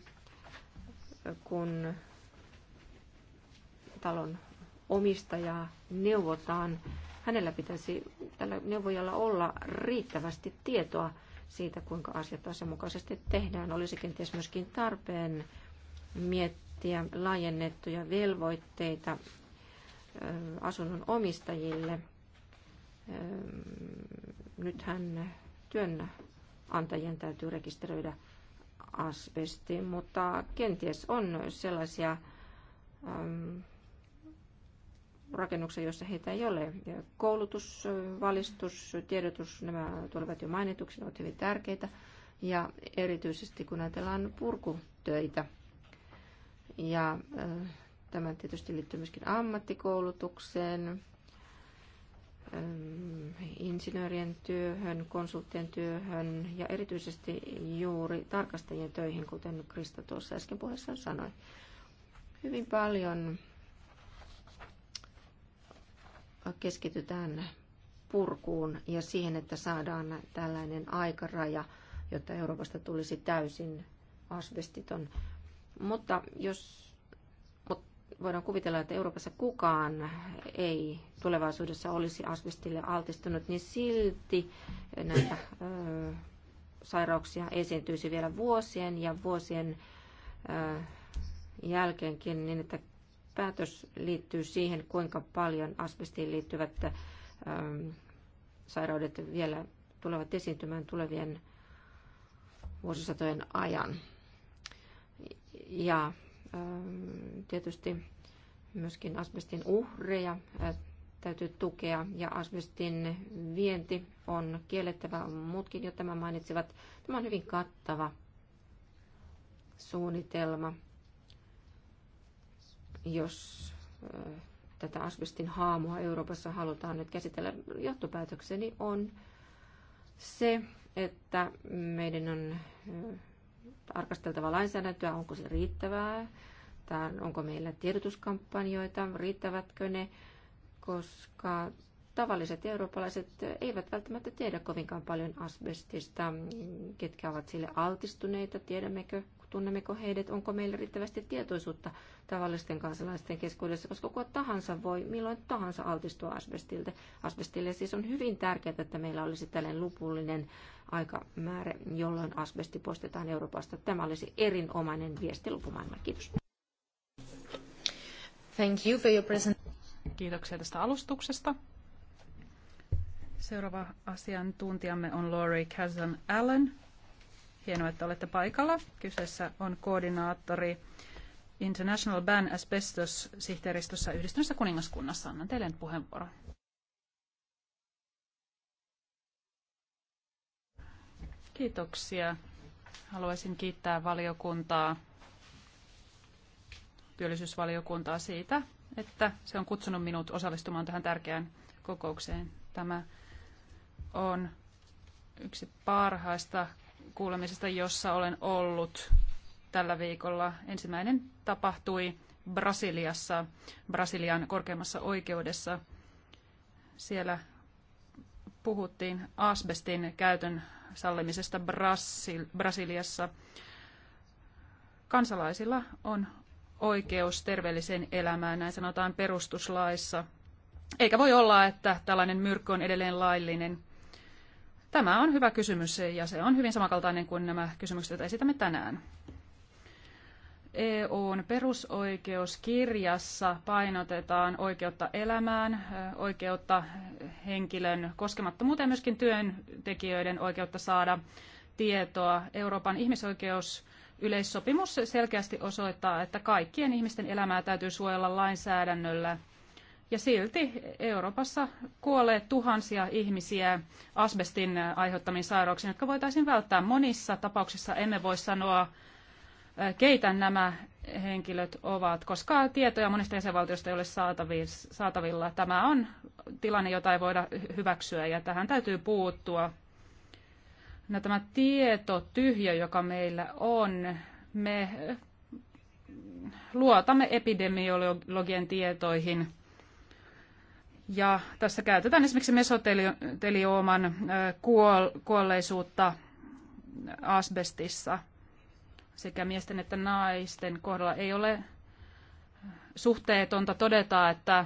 kun talon omistajaa neuvotaan, hänellä pitäisi tällä neuvojalla olla riittävästi tietoa siitä, kuinka asiat asianmukaisesti tehdään. Olisi kenties myöskin tarpeen miettiä laajennettuja velvoitteita asunnon omistajille. Nythän työnantajien täytyy rekisteröidä asbesti, mutta kenties on sellaisia rakennuksen, jossa heitä ei ole. Koulutus, valistus, tiedotus, nämä tulevat jo mainituksi, ovat hyvin tärkeitä. Ja erityisesti kun ajatellaan purkutöitä. Ja tämä tietysti liittyy myöskin ammattikoulutukseen, insinöörien työhön, konsulttien työhön ja erityisesti juuri tarkastajien töihin, kuten Krista tuossa äsken puheessaan sanoi. Hyvin paljon keskitytään purkuun ja siihen, että saadaan tällainen aikaraja, jotta Euroopasta tulisi täysin asbestiton. Mutta jos mutta voidaan kuvitella, että Euroopassa kukaan ei tulevaisuudessa olisi asbestille altistunut, niin silti näitä ö, sairauksia esiintyisi vielä vuosien ja vuosien ö, jälkeenkin, niin että päätös liittyy siihen, kuinka paljon asbestiin liittyvät ähm, sairaudet vielä tulevat esiintymään tulevien vuosisatojen ajan. Ja ähm, tietysti myöskin asbestin uhreja äh, täytyy tukea ja asbestin vienti on kiellettävä. Muutkin jo tämän mainitsivat. Tämä on hyvin kattava suunnitelma jos tätä asbestin haamua Euroopassa halutaan nyt käsitellä, johtopäätökseni on se, että meidän on tarkasteltava lainsäädäntöä, onko se riittävää, tai onko meillä tiedotuskampanjoita, riittävätkö ne, koska tavalliset eurooppalaiset eivät välttämättä tiedä kovinkaan paljon asbestista, ketkä ovat sille altistuneita, tiedämmekö tunnemmeko heidät, onko meillä riittävästi tietoisuutta tavallisten kansalaisten keskuudessa, koska kuka tahansa voi milloin tahansa altistua asbestille. asbestille. Siis on hyvin tärkeää, että meillä olisi tällainen lupullinen aikamäärä, jolloin asbesti poistetaan Euroopasta. Tämä olisi erinomainen viesti lupumaailmalle. Kiitos. Thank you for your Kiitoksia tästä alustuksesta. Seuraava asiantuntijamme on Laurie Kazan Allen, Hienoa, että olette paikalla. Kyseessä on koordinaattori International Ban Asbestos-sihteeristössä yhdistyneessä kuningaskunnassa. Annan teille puheenvuoro. puheenvuoron. Kiitoksia. Haluaisin kiittää valiokuntaa, työllisyysvaliokuntaa siitä, että se on kutsunut minut osallistumaan tähän tärkeään kokoukseen. Tämä on yksi parhaista kuulemisesta, jossa olen ollut tällä viikolla. Ensimmäinen tapahtui Brasiliassa, Brasilian korkeimmassa oikeudessa. Siellä puhuttiin asbestin käytön sallimisesta Brasil Brasiliassa. Kansalaisilla on oikeus terveelliseen elämään, näin sanotaan perustuslaissa. Eikä voi olla, että tällainen myrkky on edelleen laillinen. Tämä on hyvä kysymys ja se on hyvin samankaltainen kuin nämä kysymykset, joita esitämme tänään. EUn perusoikeuskirjassa painotetaan oikeutta elämään, oikeutta henkilön koskemattomuuteen ja myöskin työntekijöiden oikeutta saada tietoa. Euroopan ihmisoikeusyleissopimus selkeästi osoittaa, että kaikkien ihmisten elämää täytyy suojella lainsäädännöllä – ja silti Euroopassa kuolee tuhansia ihmisiä asbestin aiheuttamiin sairauksiin, jotka voitaisiin välttää. Monissa tapauksissa emme voi sanoa, keitä nämä henkilöt ovat, koska tietoja monista jäsenvaltioista ei ole saatavilla. Tämä on tilanne, jota ei voida hyväksyä ja tähän täytyy puuttua. No, tämä tietotyhjö, joka meillä on, me luotamme epidemiologien tietoihin – ja tässä käytetään esimerkiksi mesotelioman kuolleisuutta asbestissa. Sekä miesten että naisten kohdalla ei ole suhteetonta todeta, että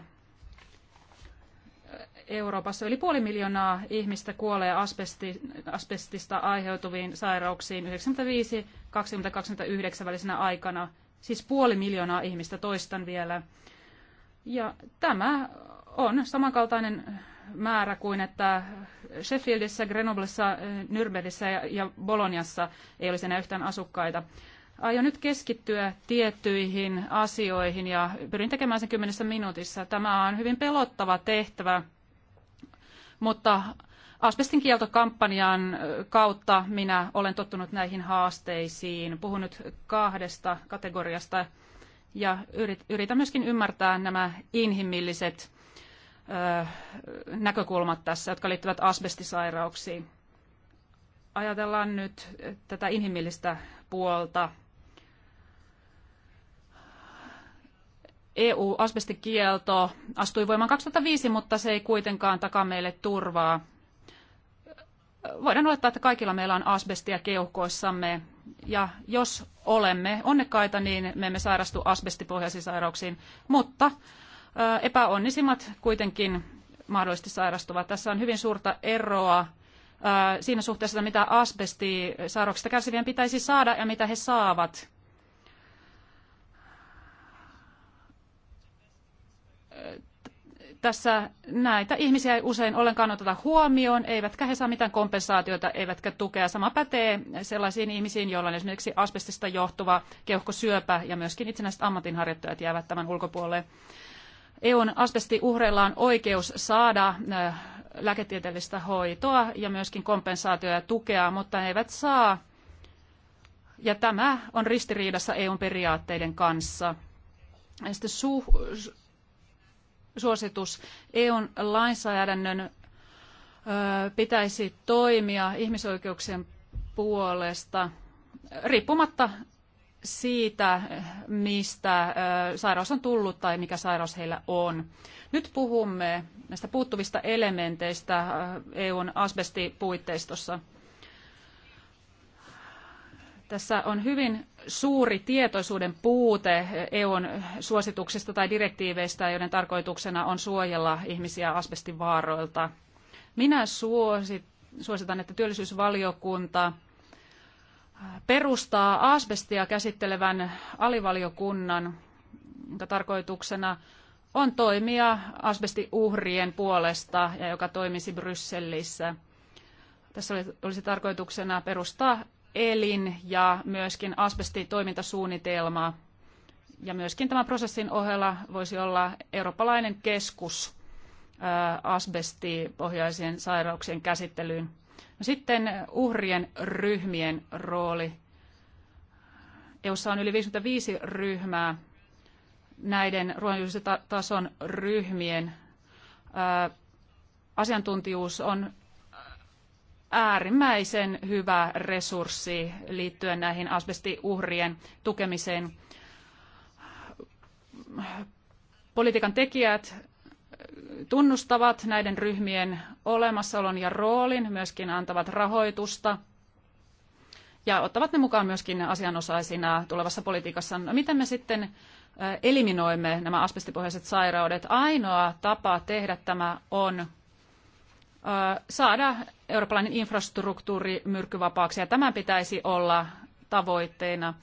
Euroopassa yli puoli miljoonaa ihmistä kuolee asbesti, asbestista aiheutuviin sairauksiin 95-2029 välisenä aikana. Siis puoli miljoonaa ihmistä, toistan vielä. Ja tämä on samankaltainen määrä kuin että Sheffieldissä, Grenoblessa, Nürnbergissä ja Boloniassa ei olisi enää yhtään asukkaita. Aion nyt keskittyä tiettyihin asioihin ja pyrin tekemään sen kymmenessä minuutissa. Tämä on hyvin pelottava tehtävä, mutta asbestin kieltokampanjan kautta minä olen tottunut näihin haasteisiin. Puhun nyt kahdesta kategoriasta ja yritän myöskin ymmärtää nämä inhimilliset näkökulmat tässä, jotka liittyvät asbestisairauksiin. Ajatellaan nyt tätä inhimillistä puolta. EU-asbestikielto astui voimaan 2005, mutta se ei kuitenkaan takaa meille turvaa. Voidaan olettaa, että kaikilla meillä on asbestia keuhkoissamme, ja jos olemme onnekkaita, niin me emme sairastu asbestipohjaisiin sairauksiin, mutta epäonnisimmat kuitenkin mahdollisesti sairastuvat. Tässä on hyvin suurta eroa siinä suhteessa, mitä asbesti sairauksista kärsivien pitäisi saada ja mitä he saavat. Tässä näitä ihmisiä ei usein ollenkaan oteta huomioon, eivätkä he saa mitään kompensaatiota, eivätkä tukea. Sama pätee sellaisiin ihmisiin, joilla on esimerkiksi asbestista johtuva keuhkosyöpä, ja myöskin itsenäiset ammatinharjoittajat jäävät tämän ulkopuolelle. EUn asbestiuhreilla on oikeus saada lääketieteellistä hoitoa ja myöskin kompensaatioja ja tukea, mutta he eivät saa. Ja tämä on ristiriidassa EUn periaatteiden kanssa. Ja sitten su- suositus EUn lainsäädännön pitäisi toimia ihmisoikeuksien puolesta riippumatta siitä, mistä sairaus on tullut tai mikä sairaus heillä on. Nyt puhumme näistä puuttuvista elementeistä EUn asbestipuitteistossa. Tässä on hyvin suuri tietoisuuden puute EUn suosituksista tai direktiiveistä, joiden tarkoituksena on suojella ihmisiä asbestivaaroilta. Minä suositan, että työllisyysvaliokunta – perustaa asbestia käsittelevän alivaliokunnan, jonka tarkoituksena on toimia asbestiuhrien puolesta ja joka toimisi Brysselissä. Tässä olisi tarkoituksena perustaa elin ja myöskin asbestitoimintasuunnitelma. Ja myöskin tämän prosessin ohella voisi olla eurooppalainen keskus asbestipohjaisen sairauksien käsittelyyn. No sitten uhrien ryhmien rooli. EUssa on yli 55 ryhmää näiden tason ryhmien asiantuntijuus on äärimmäisen hyvä resurssi liittyen näihin asbestiuhrien tukemiseen. Politiikan tekijät tunnustavat näiden ryhmien olemassaolon ja roolin, myöskin antavat rahoitusta ja ottavat ne mukaan myöskin asianosaisina tulevassa politiikassa. No, miten me sitten eliminoimme nämä asbestipohjaiset sairaudet? Ainoa tapa tehdä tämä on saada eurooppalainen infrastruktuuri myrkkyvapaaksi, ja tämä pitäisi olla tavoitteena.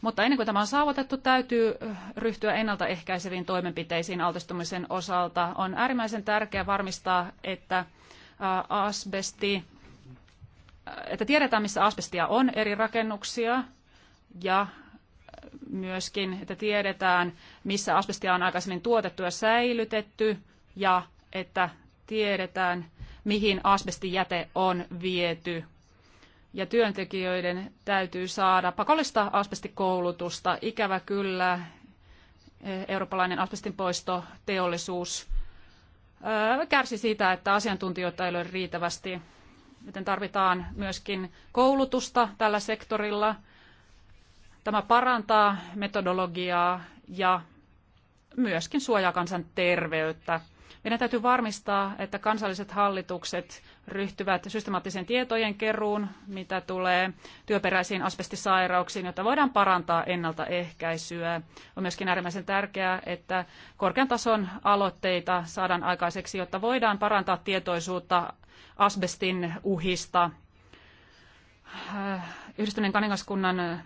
Mutta ennen kuin tämä on saavutettu, täytyy eh, ryhtyä ennaltaehkäiseviin toimenpiteisiin altistumisen osalta. On äärimmäisen tärkeää varmistaa, että eh, asbesti, eh, että tiedetään, missä asbestia on eri rakennuksia ja myöskin, että tiedetään, missä asbestia on aikaisemmin tuotettu ja säilytetty ja että tiedetään, mihin asbestijäte on viety ja työntekijöiden täytyy saada pakollista asbestikoulutusta. Ikävä kyllä e, eurooppalainen asbestinpoistoteollisuus kärsi siitä, että asiantuntijoita ei ole riittävästi, joten tarvitaan myöskin koulutusta tällä sektorilla. Tämä parantaa metodologiaa ja myöskin suojaa kansan terveyttä. Meidän täytyy varmistaa, että kansalliset hallitukset ryhtyvät systemaattiseen tietojen keruun, mitä tulee työperäisiin asbestisairauksiin, jotta voidaan parantaa ennaltaehkäisyä. On myöskin äärimmäisen tärkeää, että korkean tason aloitteita saadaan aikaiseksi, jotta voidaan parantaa tietoisuutta asbestin uhista. Yhdistyneen kaningaskunnan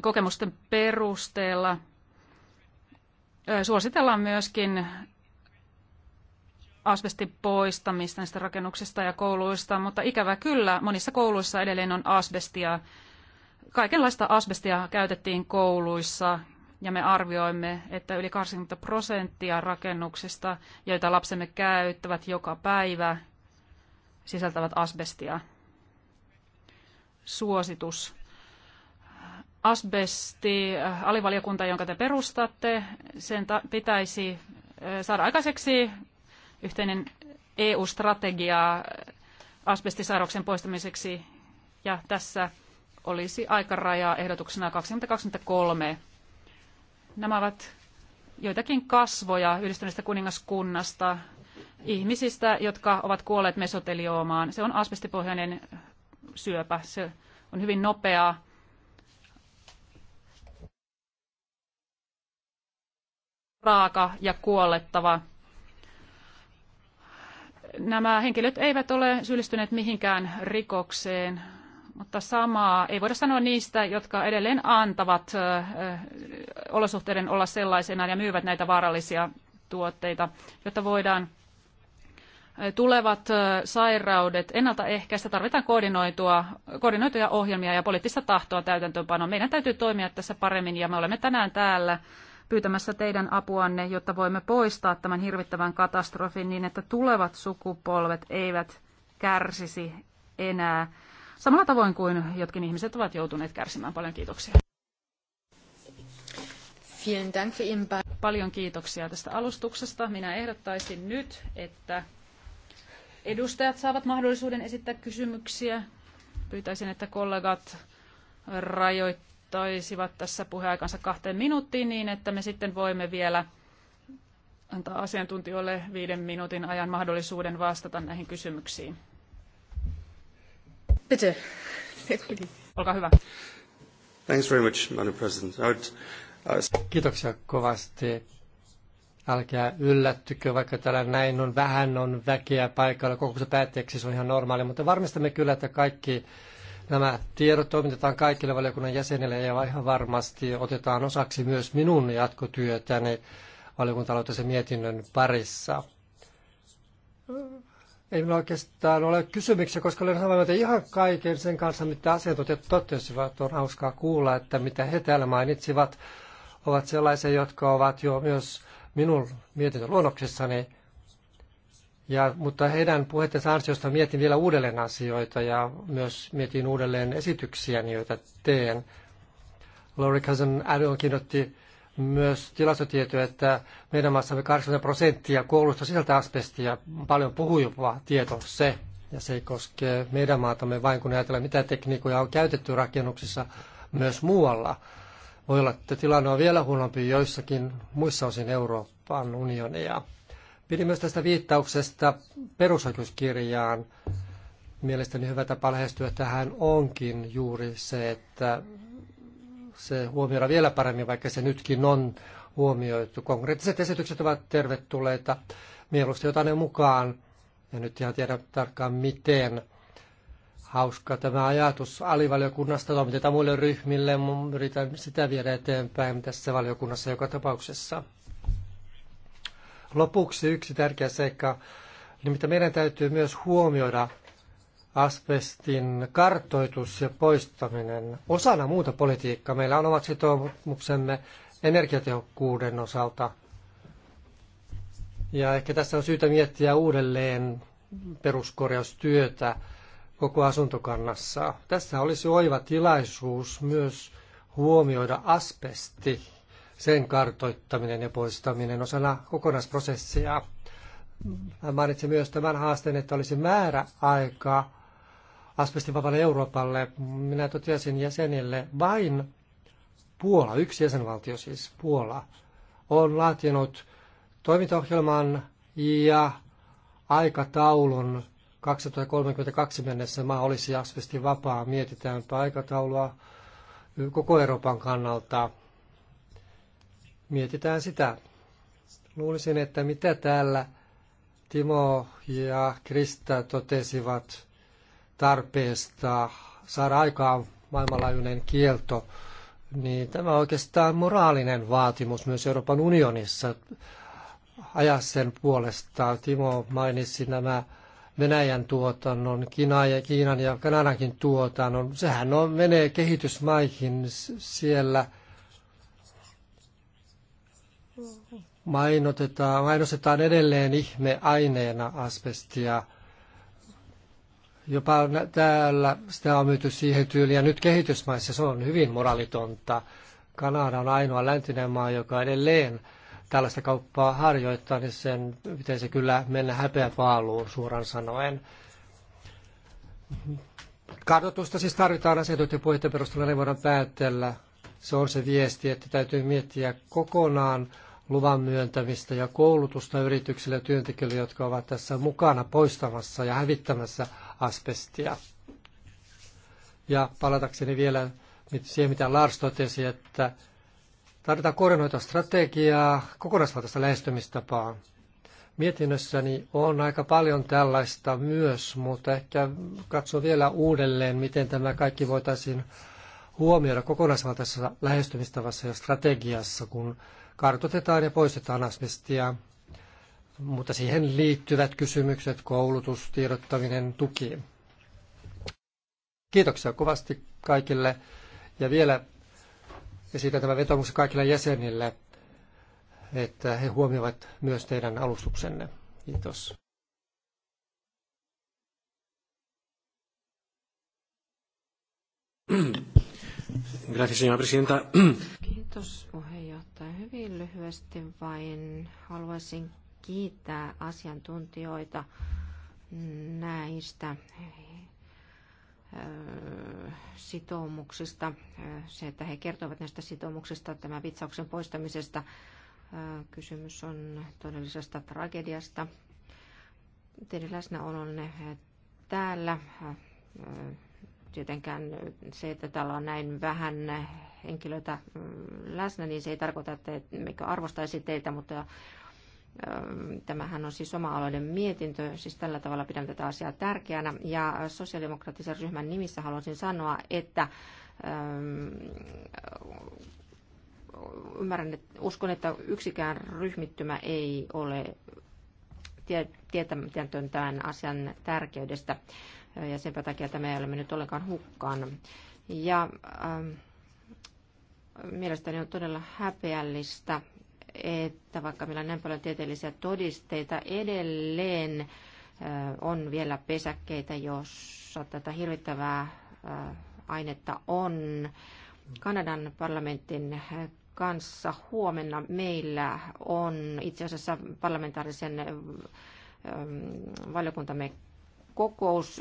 kokemusten perusteella suositellaan myöskin asbestin poistamista näistä rakennuksista ja kouluista, mutta ikävä kyllä monissa kouluissa edelleen on asbestia. Kaikenlaista asbestia käytettiin kouluissa ja me arvioimme, että yli 80 prosenttia rakennuksista, joita lapsemme käyttävät joka päivä, sisältävät asbestia. Suositus. Asbesti, äh, alivaliokunta, jonka te perustatte, sen pitäisi äh, saada aikaiseksi yhteinen EU-strategia asbestisairauksen poistamiseksi ja tässä olisi aikaraja ehdotuksena 2023. Nämä ovat joitakin kasvoja yhdistyneestä kuningaskunnasta, ihmisistä, jotka ovat kuolleet mesotelioomaan. Se on asbestipohjainen syöpä. Se on hyvin nopeaa. raaka ja kuolettava nämä henkilöt eivät ole syyllistyneet mihinkään rikokseen, mutta samaa ei voida sanoa niistä, jotka edelleen antavat olosuhteiden olla sellaisena ja myyvät näitä vaarallisia tuotteita, jotta voidaan tulevat sairaudet ennaltaehkäistä. Tarvitaan koordinoitua, koordinoituja ohjelmia ja poliittista tahtoa täytäntöönpanoon. Meidän täytyy toimia tässä paremmin ja me olemme tänään täällä pyytämässä teidän apuanne, jotta voimme poistaa tämän hirvittävän katastrofin niin, että tulevat sukupolvet eivät kärsisi enää samalla tavoin kuin jotkin ihmiset ovat joutuneet kärsimään. Paljon kiitoksia. Paljon kiitoksia tästä alustuksesta. Minä ehdottaisin nyt, että edustajat saavat mahdollisuuden esittää kysymyksiä. Pyytäisin, että kollegat rajoittavat taisivat tässä puheaikansa kahteen minuuttiin niin, että me sitten voimme vielä antaa asiantuntijoille viiden minuutin ajan mahdollisuuden vastata näihin kysymyksiin. Peter, Olkaa hyvä. Thanks very much, Madam President. I would, uh... Kiitoksia kovasti. Älkää yllättykö, vaikka täällä näin on vähän on väkeä paikalla. se päätteeksi se on ihan normaali, mutta varmistamme kyllä, että kaikki Nämä tiedot toimitetaan kaikille valiokunnan jäsenille ja ihan varmasti otetaan osaksi myös minun jatkotyötäni valiokuntaloitteisen mietinnön parissa. Ei minulla oikeastaan ole kysymyksiä, koska olen samaa mieltä ihan kaiken sen kanssa, mitä asiantuntijat totesivat. On hauskaa kuulla, että mitä he täällä mainitsivat, ovat sellaisia, jotka ovat jo myös minun mietintöluonnoksessani ja, mutta heidän puheittensa ansiosta mietin vielä uudelleen asioita ja myös mietin uudelleen esityksiä, joita teen. Laurie Cousin on kirjoitti myös tilastotietoja, että meidän maassamme 80 prosenttia koulusta sisältää asbestia. Paljon puhujuva tieto se, ja se ei koske meidän maatamme vain, kun ajatellaan, mitä tekniikoja on käytetty rakennuksissa myös muualla. Voi olla, että tilanne on vielä huonompi joissakin muissa osin Euroopan unionia. Pidin myös tästä viittauksesta perusoikeuskirjaan. Mielestäni hyvä tapa lähestyä tähän onkin juuri se, että se huomioida vielä paremmin, vaikka se nytkin on huomioitu. Konkreettiset esitykset ovat tervetulleita. Mieluusti otan ne mukaan. Ja nyt ihan tiedä tarkkaan miten. Hauska tämä ajatus alivaliokunnasta toimitetaan muille ryhmille. Yritän sitä viedä eteenpäin tässä valiokunnassa joka tapauksessa. Lopuksi yksi tärkeä seikka, nimittäin meidän täytyy myös huomioida asbestin kartoitus ja poistaminen. Osana muuta politiikkaa meillä on omat sitoumuksemme energiatehokkuuden osalta. Ja ehkä tässä on syytä miettiä uudelleen peruskorjaustyötä koko asuntokannassa. Tässä olisi oiva tilaisuus myös huomioida asbesti sen kartoittaminen ja poistaminen osana kokonaisprosessia. Hän mainitsi myös tämän haasteen, että olisi määrä aika asbestivapaalle Euroopalle. Minä totesin jäsenille vain Puola, yksi jäsenvaltio siis, Puola, on laatinut toimintaohjelman ja aikataulun 2032 mennessä maa olisi asbestivapaa. Mietitäänpä aikataulua koko Euroopan kannalta mietitään sitä. Luulisin, että mitä täällä Timo ja Krista totesivat tarpeesta saada aikaan maailmanlaajuinen kielto, niin tämä on oikeastaan moraalinen vaatimus myös Euroopan unionissa ajaa sen puolesta. Timo mainitsi nämä Venäjän tuotannon, Kiinan ja Kanadankin tuotannon. Sehän on, menee kehitysmaihin siellä – mainotetaan, mainostetaan edelleen ihmeaineena asbestia. Jopa täällä sitä on myyty siihen tyyliin, ja nyt kehitysmaissa se on hyvin moraalitonta. Kanada on ainoa läntinen maa, joka edelleen tällaista kauppaa harjoittaa, niin sen pitäisi kyllä mennä häpeä paaluun suoran sanoen. Kartoitusta siis tarvitaan asetut ja puheiden perusteella ne voidaan päätellä. Se on se viesti, että täytyy miettiä kokonaan luvan myöntämistä ja koulutusta yrityksille ja työntekijöille, jotka ovat tässä mukana poistamassa ja hävittämässä asbestia. Ja palatakseni vielä siihen, mitä Lars totesi, että tarvitaan koordinoita strategiaa, kokonaisvaltaista lähestymistapaa. Mietinnössäni on aika paljon tällaista myös, mutta ehkä katso vielä uudelleen, miten tämä kaikki voitaisiin huomioida kokonaisvaltaisessa lähestymistavassa ja strategiassa, kun kartotetaan ja poistetaan asbestia, mutta siihen liittyvät kysymykset, koulutus, tiedottaminen, tuki. Kiitoksia kovasti kaikille ja vielä esitän tämän vetomuksen kaikille jäsenille, että he huomioivat myös teidän alustuksenne. Kiitos. Gracias, señora presidenta. Kiitos puheenjohtaja. Hyvin lyhyesti vain haluaisin kiittää asiantuntijoita näistä äh, sitoumuksista. Äh, se, että he kertovat näistä sitoumuksista, tämä vitsauksen poistamisesta, äh, kysymys on todellisesta tragediasta. Teidän läsnäolonne täällä tietenkään se, että täällä on näin vähän henkilöitä mm, läsnä, niin se ei tarkoita, että mikä arvostaisi teitä, mutta Tämähän on siis oma aloiden mietintö, siis tällä tavalla pidän tätä asiaa tärkeänä. Ja sosiaalidemokraattisen ryhmän nimissä haluaisin sanoa, että ymmärrän, että uskon, että yksikään ryhmittymä ei ole tietämätön tämän asian tärkeydestä ja senpä takia tämä ei ole mennyt ollenkaan hukkaan. Ja ähm, mielestäni on todella häpeällistä, että vaikka meillä on näin paljon tieteellisiä todisteita, edelleen äh, on vielä pesäkkeitä, jossa tätä hirvittävää äh, ainetta on. Kanadan parlamentin äh, kanssa huomenna meillä on itse asiassa parlamentaarisen ähm, valiokuntamme kokous,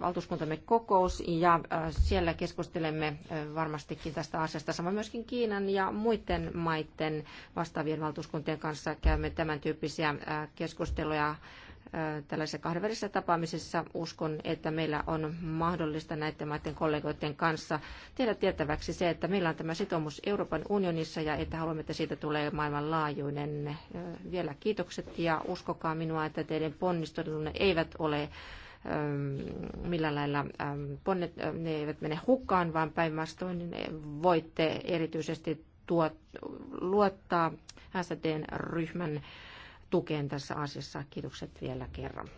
valtuuskuntamme kokous ja siellä keskustelemme varmastikin tästä asiasta. Samoin myöskin Kiinan ja muiden maiden vastaavien valtuuskuntien kanssa käymme tämän tyyppisiä keskusteluja tällaisessa kahdenvälisessä tapaamisessa uskon, että meillä on mahdollista näiden maiden kollegoiden kanssa tehdä tiettäväksi se, että meillä on tämä sitoumus Euroopan unionissa ja että haluamme, että siitä tulee maailmanlaajuinen. Vielä kiitokset ja uskokaa minua, että teidän ponnistelunne eivät ole millä lailla ponnet, ne eivät mene hukkaan, vaan päinvastoin voitte erityisesti tuot, luottaa STDn ryhmän tukeen tässä asiassa. Kiitokset vielä kerran.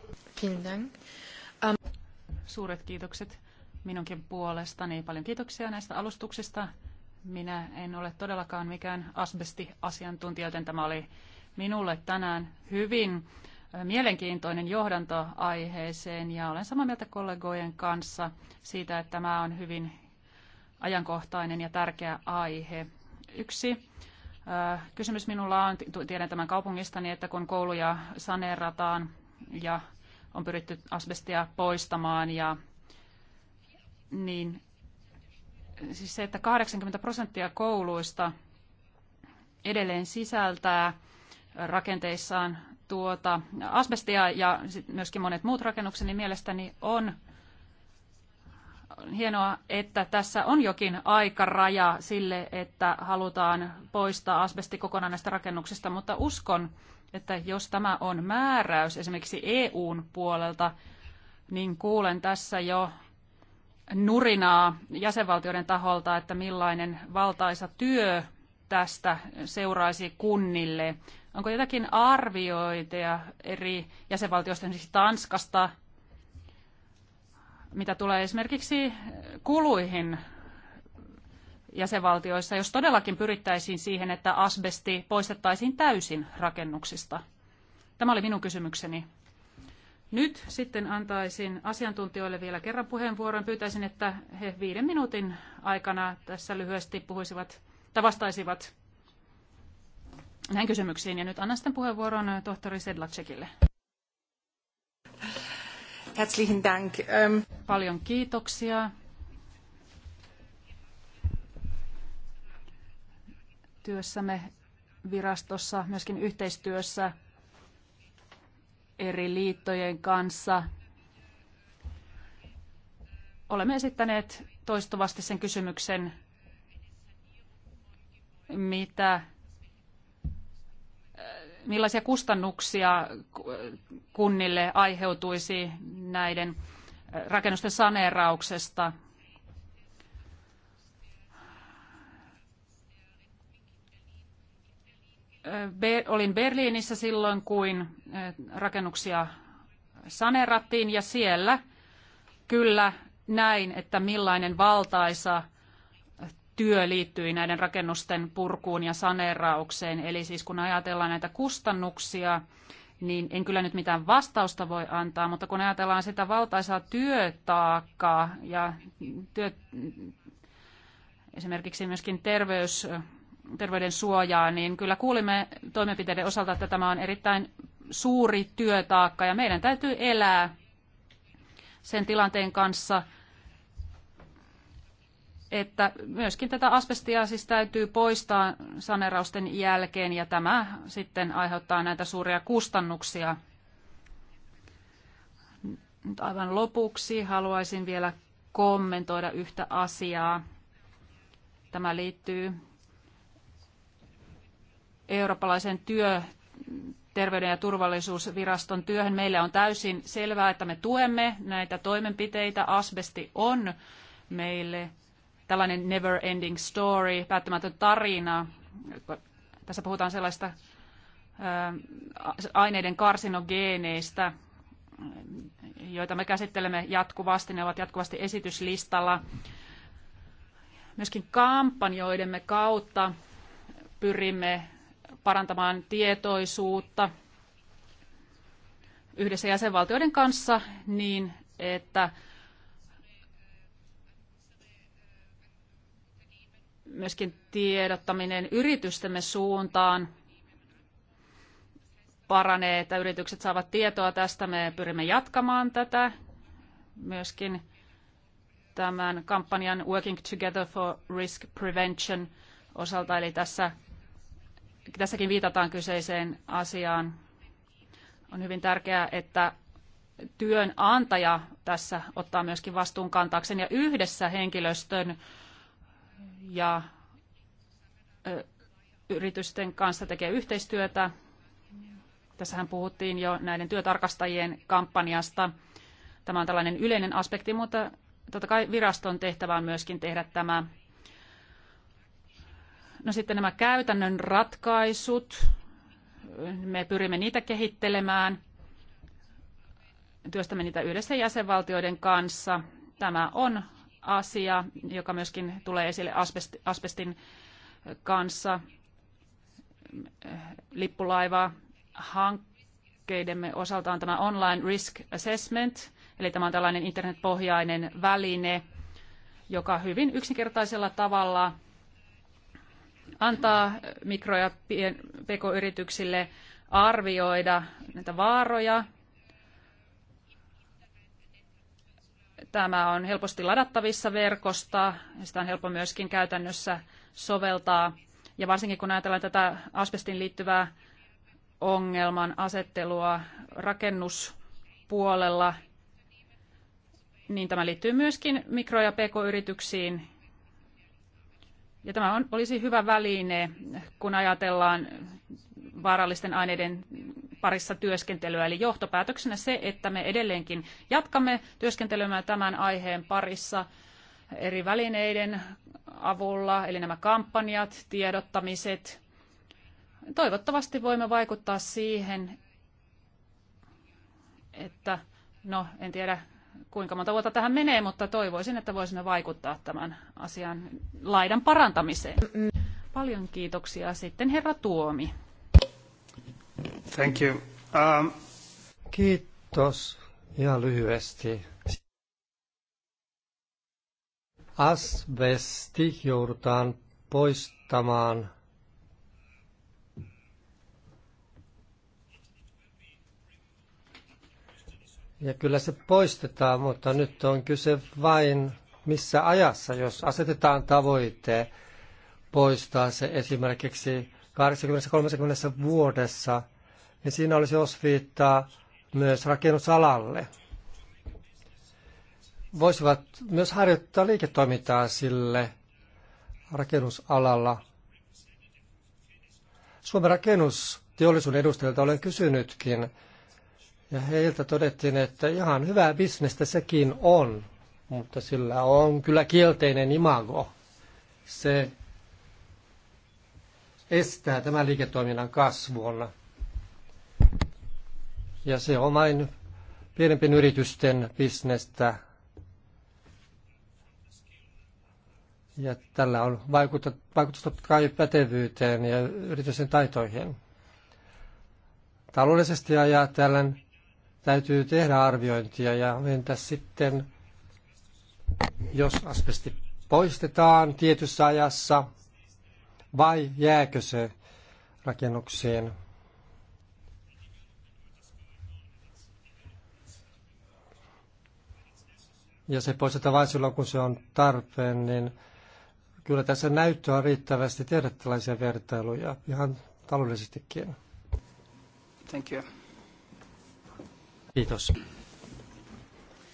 Ähm, Suuret kiitokset minunkin puolestani. Paljon kiitoksia näistä alustuksista. Minä en ole todellakaan mikään asbestiasiantuntija, joten tämä oli minulle tänään hyvin äh, mielenkiintoinen johdanto aiheeseen ja olen samaa mieltä kollegojen kanssa siitä, että tämä on hyvin ajankohtainen ja tärkeä aihe. Yksi Äh, kysymys minulla on, tiedän tämän kaupungistani, että kun kouluja saneerataan ja on pyritty asbestia poistamaan, ja, niin siis se, että 80 prosenttia kouluista edelleen sisältää rakenteissaan tuota asbestia ja myöskin monet muut rakennukset, niin mielestäni on hienoa, että tässä on jokin aikaraja sille, että halutaan poistaa asbesti kokonaan näistä rakennuksista, mutta uskon, että jos tämä on määräys esimerkiksi EUn puolelta, niin kuulen tässä jo nurinaa jäsenvaltioiden taholta, että millainen valtaisa työ tästä seuraisi kunnille. Onko jotakin arvioita eri jäsenvaltioista, esimerkiksi Tanskasta, mitä tulee esimerkiksi kuluihin jäsenvaltioissa, jos todellakin pyrittäisiin siihen, että asbesti poistettaisiin täysin rakennuksista? Tämä oli minun kysymykseni. Nyt sitten antaisin asiantuntijoille vielä kerran puheenvuoron. Pyytäisin, että he viiden minuutin aikana tässä lyhyesti puhuisivat tai vastaisivat näihin kysymyksiin. Ja nyt annan sitten puheenvuoron tohtori Sedlacekille. Herzlichen Dank. Ähm, Paljon kiitoksia. Työssämme virastossa, myöskin yhteistyössä eri liittojen kanssa. Olemme esittäneet toistuvasti sen kysymyksen, mitä millaisia kustannuksia kunnille aiheutuisi näiden rakennusten saneerauksesta? olin Berliinissä silloin, kun rakennuksia saneerattiin ja siellä kyllä näin, että millainen valtaisa työ liittyi näiden rakennusten purkuun ja saneeraukseen. Eli siis kun ajatellaan näitä kustannuksia, niin en kyllä nyt mitään vastausta voi antaa, mutta kun ajatellaan sitä valtaisaa työtaakkaa ja työ, esimerkiksi myöskin terveys, terveyden suojaa, niin kyllä kuulimme toimenpiteiden osalta, että tämä on erittäin suuri työtaakka ja meidän täytyy elää sen tilanteen kanssa – että myöskin tätä asbestia siis täytyy poistaa sanerausten jälkeen ja tämä sitten aiheuttaa näitä suuria kustannuksia. Nyt aivan lopuksi haluaisin vielä kommentoida yhtä asiaa. Tämä liittyy eurooppalaisen työ, terveyden ja turvallisuusviraston työhön. Meille on täysin selvää, että me tuemme näitä toimenpiteitä. Asbesti on meille tällainen never ending story, päättämätön tarina. Tässä puhutaan sellaista aineiden karsinogeeneistä, joita me käsittelemme jatkuvasti. Ne ovat jatkuvasti esityslistalla. Myöskin kampanjoidemme kautta pyrimme parantamaan tietoisuutta yhdessä jäsenvaltioiden kanssa niin, että myöskin tiedottaminen yritystemme suuntaan paranee, että yritykset saavat tietoa tästä. Me pyrimme jatkamaan tätä myöskin tämän kampanjan Working Together for Risk Prevention osalta, eli tässä, tässäkin viitataan kyseiseen asiaan. On hyvin tärkeää, että työnantaja tässä ottaa myöskin vastuun kantaakseen ja yhdessä henkilöstön ja yritysten kanssa tekee yhteistyötä. Tässähän puhuttiin jo näiden työtarkastajien kampanjasta. Tämä on tällainen yleinen aspekti, mutta totta kai viraston tehtävä on myöskin tehdä tämä. No sitten nämä käytännön ratkaisut. Me pyrimme niitä kehittelemään. Työstämme niitä yhdessä jäsenvaltioiden kanssa. Tämä on asia, joka myöskin tulee esille asbestin kanssa lippulaiva hankkeidemme osalta on tämä online risk assessment, eli tämä on tällainen internetpohjainen väline, joka hyvin yksinkertaisella tavalla antaa mikro- ja pk-yrityksille arvioida näitä vaaroja, Tämä on helposti ladattavissa verkosta, sitä on helppo myöskin käytännössä soveltaa. Ja varsinkin kun ajatellaan tätä asbestin liittyvää ongelman asettelua rakennuspuolella, niin tämä liittyy myöskin mikro- ja pk-yrityksiin. Ja tämä on, olisi hyvä väline, kun ajatellaan vaarallisten aineiden parissa työskentelyä. Eli johtopäätöksenä se, että me edelleenkin jatkamme työskentelemään tämän aiheen parissa eri välineiden avulla, eli nämä kampanjat, tiedottamiset. Toivottavasti voimme vaikuttaa siihen, että no en tiedä kuinka monta vuotta tähän menee, mutta toivoisin, että voisimme vaikuttaa tämän asian laidan parantamiseen. Mm. Paljon kiitoksia sitten herra Tuomi. Thank you. Um... Kiitos. ja lyhyesti. Asbesti joudutaan poistamaan Ja kyllä se poistetaan, mutta nyt on kyse vain missä ajassa, jos asetetaan tavoite poistaa se esimerkiksi 20-30 vuodessa, niin siinä olisi osviittaa myös rakennusalalle. Voisivat myös harjoittaa liiketoimintaa sille rakennusalalla. Suomen rakennusteollisuuden edustajilta olen kysynytkin, ja heiltä todettiin, että ihan hyvää bisnestä sekin on, mutta sillä on kyllä kielteinen imago. Se estää tämän liiketoiminnan kasvua Ja se on vain pienempien yritysten bisnestä. Ja tällä on vaikutusta totta kai pätevyyteen ja yritysten taitoihin. Taloudellisesti ajatellen täytyy tehdä arviointia ja entä sitten, jos asbesti poistetaan tietyssä ajassa, vai jääkö se rakennuksiin? Ja se poistetaan vain silloin, kun se on tarpeen, niin kyllä tässä näyttöä on riittävästi tehdä tällaisia vertailuja ihan taloudellisestikin. Thank you. Kiitos.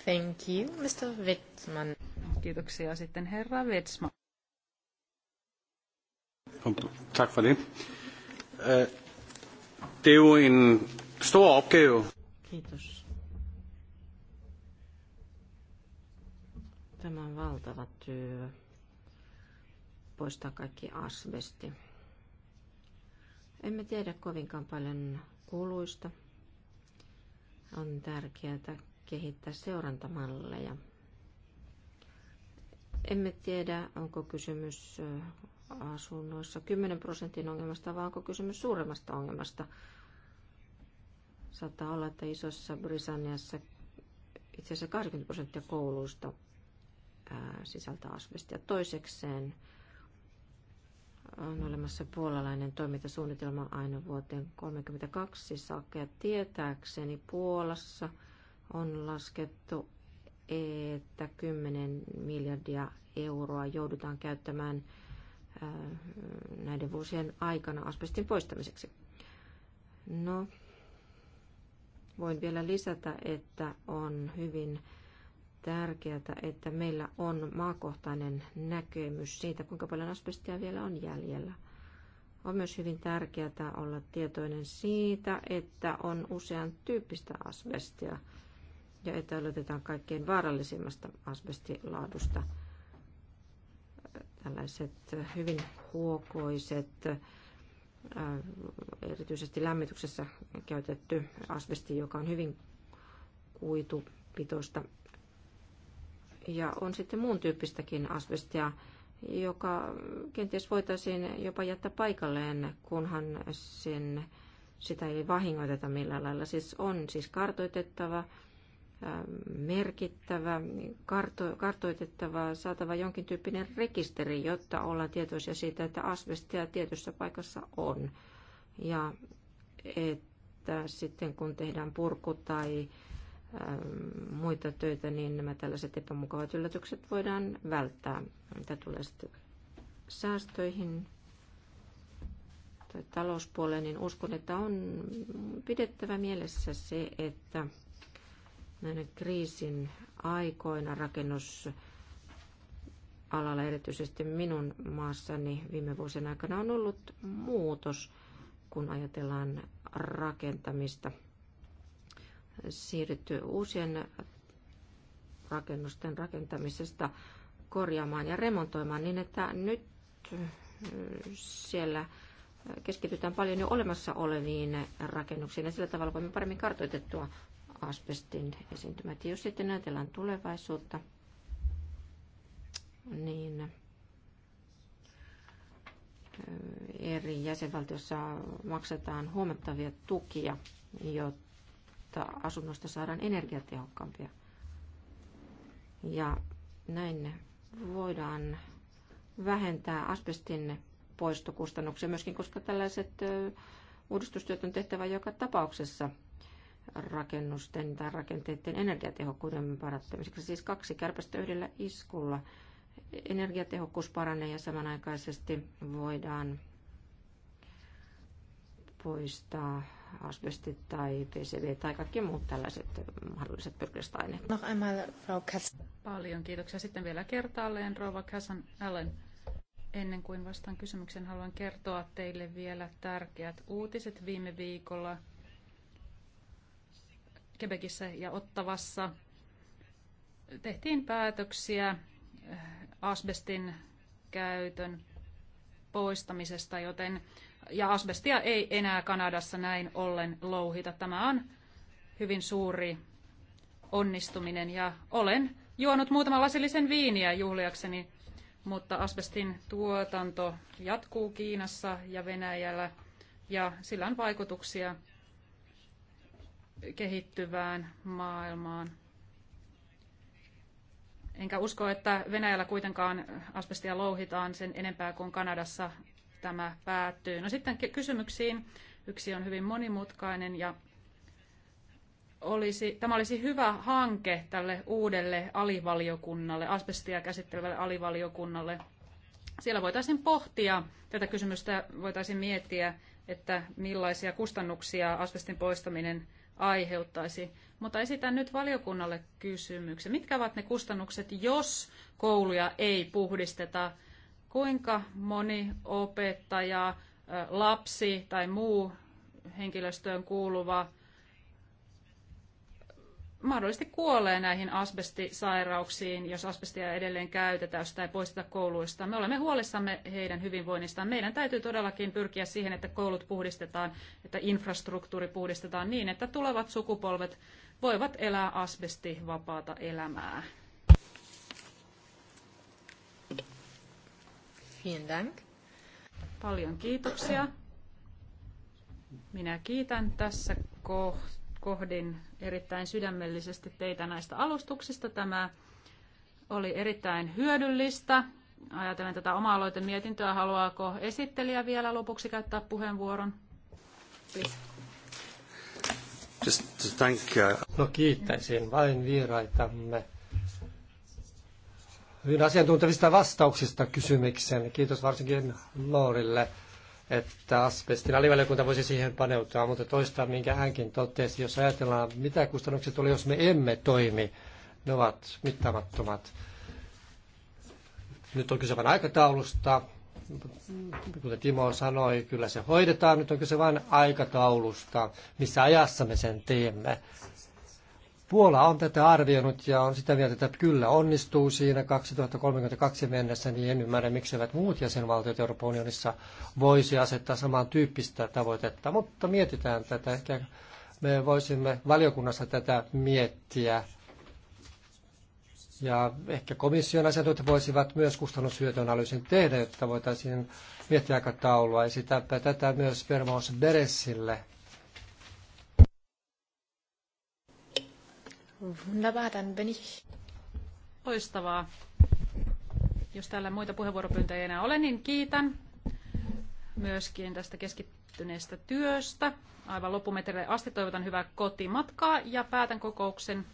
Thank you, Mr. Wittman. Kiitoksia sitten herra Wittman. Tak for det. Øh, det er jo en stor opgave. Kiitos. Tämä on valtava työ. Poistaa kaikki asbesti. Emme tiedä kovinkaan paljon kuluista. On tärkeää kehittää seurantamalleja. Emme tiedä, onko kysymys asunnoissa 10 prosentin ongelmasta, vaan onko kysymys suuremmasta ongelmasta? Saattaa olla, että isossa Britanniassa itse asiassa 80 prosenttia kouluista sisältää asbestia. Toisekseen on olemassa puolalainen toimintasuunnitelma aina vuoteen 1932 saakka. Ja tietääkseni Puolassa on laskettu, että 10 miljardia euroa joudutaan käyttämään – näiden vuosien aikana asbestin poistamiseksi. No, voin vielä lisätä, että on hyvin tärkeää, että meillä on maakohtainen näkemys siitä, kuinka paljon asbestia vielä on jäljellä. On myös hyvin tärkeää olla tietoinen siitä, että on usean tyyppistä asbestia ja että aloitetaan kaikkein vaarallisimmasta asbestilaadusta – tällaiset hyvin huokoiset, äh, erityisesti lämmityksessä käytetty asbesti, joka on hyvin kuitupitoista. Ja on sitten muun tyyppistäkin asbestia, joka kenties voitaisiin jopa jättää paikalleen, kunhan sen, sitä ei vahingoiteta millään lailla. Siis on siis kartoitettava merkittävä, karto, kartoitettava, saatava jonkin tyyppinen rekisteri, jotta ollaan tietoisia siitä, että asbestia tietyssä paikassa on. Ja että sitten kun tehdään purku tai muita töitä, niin nämä tällaiset epämukavat yllätykset voidaan välttää, mitä tulee sitten säästöihin tai talouspuoleen, niin uskon, että on pidettävä mielessä se, että näinä kriisin aikoina rakennus alalla, erityisesti minun maassani viime vuosien aikana on ollut muutos, kun ajatellaan rakentamista. Siirrytty uusien rakennusten rakentamisesta korjaamaan ja remontoimaan niin, että nyt äh, siellä keskitytään paljon jo olemassa oleviin rakennuksiin ja sillä tavalla voimme paremmin kartoitettua asbestin esiintymät. Jos sitten ajatellaan tulevaisuutta, niin eri jäsenvaltiossa maksetaan huomattavia tukia, jotta asunnosta saadaan energiatehokkaampia. Ja näin voidaan vähentää asbestin poistokustannuksia myöskin, koska tällaiset uudistustyöt on tehtävä joka tapauksessa – rakennusten tai rakenteiden energiatehokkuuden parantamiseksi. Siis kaksi kärpästä yhdellä iskulla. Energiatehokkuus paranee ja samanaikaisesti voidaan poistaa asbestit tai PCB tai kaikki muut tällaiset mahdolliset pyrkiset aineet. No, Frau Paljon kiitoksia. Sitten vielä kertaalleen Rova Kassan Allen. Ennen kuin vastaan kysymykseen, haluan kertoa teille vielä tärkeät uutiset viime viikolla. Quebecissä ja Ottavassa tehtiin päätöksiä eh, asbestin käytön poistamisesta, joten ja asbestia ei enää Kanadassa näin ollen louhita. Tämä on hyvin suuri onnistuminen ja olen juonut muutaman lasillisen viiniä juhliakseni, mutta asbestin tuotanto jatkuu Kiinassa ja Venäjällä ja sillä on vaikutuksia kehittyvään maailmaan. Enkä usko, että Venäjällä kuitenkaan asbestia louhitaan sen enempää kuin Kanadassa tämä päättyy. No sitten kysymyksiin. Yksi on hyvin monimutkainen ja olisi, tämä olisi hyvä hanke tälle uudelle alivaliokunnalle, asbestia käsittelevälle alivaliokunnalle. Siellä voitaisiin pohtia tätä kysymystä, voitaisiin miettiä, että millaisia kustannuksia asbestin poistaminen aiheuttaisi. Mutta esitän nyt valiokunnalle kysymyksen. Mitkä ovat ne kustannukset, jos kouluja ei puhdisteta? Kuinka moni opettaja, lapsi tai muu henkilöstöön kuuluva mahdollisesti kuolee näihin asbestisairauksiin, jos asbestia edelleen käytetään jos sitä ei poisteta kouluista. Me olemme huolissamme heidän hyvinvoinnistaan. Meidän täytyy todellakin pyrkiä siihen, että koulut puhdistetaan, että infrastruktuuri puhdistetaan niin, että tulevat sukupolvet voivat elää asbestivapaata elämää. Dank. Paljon kiitoksia. Minä kiitän tässä kohdin erittäin sydämellisesti teitä näistä alustuksista. Tämä oli erittäin hyödyllistä. Ajatellen tätä oma mietintöä, haluaako esittelijä vielä lopuksi käyttää puheenvuoron? Please. Just thank you. Uh, no kiittäisin vain vieraitamme hyvin asiantuntevista vastauksista kysymykseen. Kiitos varsinkin Laurille että asbestin alivaliokunta voisi siihen paneutua, mutta toista, minkä hänkin totesi, jos ajatellaan, mitä kustannukset tulee, jos me emme toimi, ne ovat mittamattomat. Nyt on kyse vain aikataulusta, kuten Timo sanoi, kyllä se hoidetaan, nyt on kyse vain aikataulusta, missä ajassa me sen teemme. Puola on tätä arvioinut ja on sitä mieltä, että kyllä onnistuu siinä 2032 mennessä, niin en ymmärrä, mikseivät muut jäsenvaltiot Euroopan unionissa voisi asettaa samantyyppistä tavoitetta. Mutta mietitään tätä. Ehkä me voisimme valiokunnassa tätä miettiä. Ja ehkä komission asiantuntijat voisivat myös kustannushyötyanalyysin tehdä, että voitaisiin miettiä aikataulua. Esitäpä tätä myös Vermaus Beresille Wunderbar, dann bin ich... Loistavaa. Jos täällä muita puheenvuoropyyntöjä ei enää ole, niin kiitän myöskin tästä keskittyneestä työstä. Aivan loppumetrelle asti toivotan hyvää kotimatkaa ja päätän kokouksen.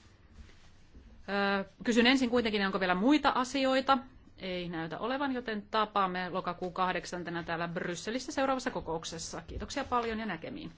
Kysyn ensin kuitenkin, onko vielä muita asioita. Ei näytä olevan, joten tapaamme lokakuun 8. täällä Brysselissä seuraavassa kokouksessa. Kiitoksia paljon ja näkemiin.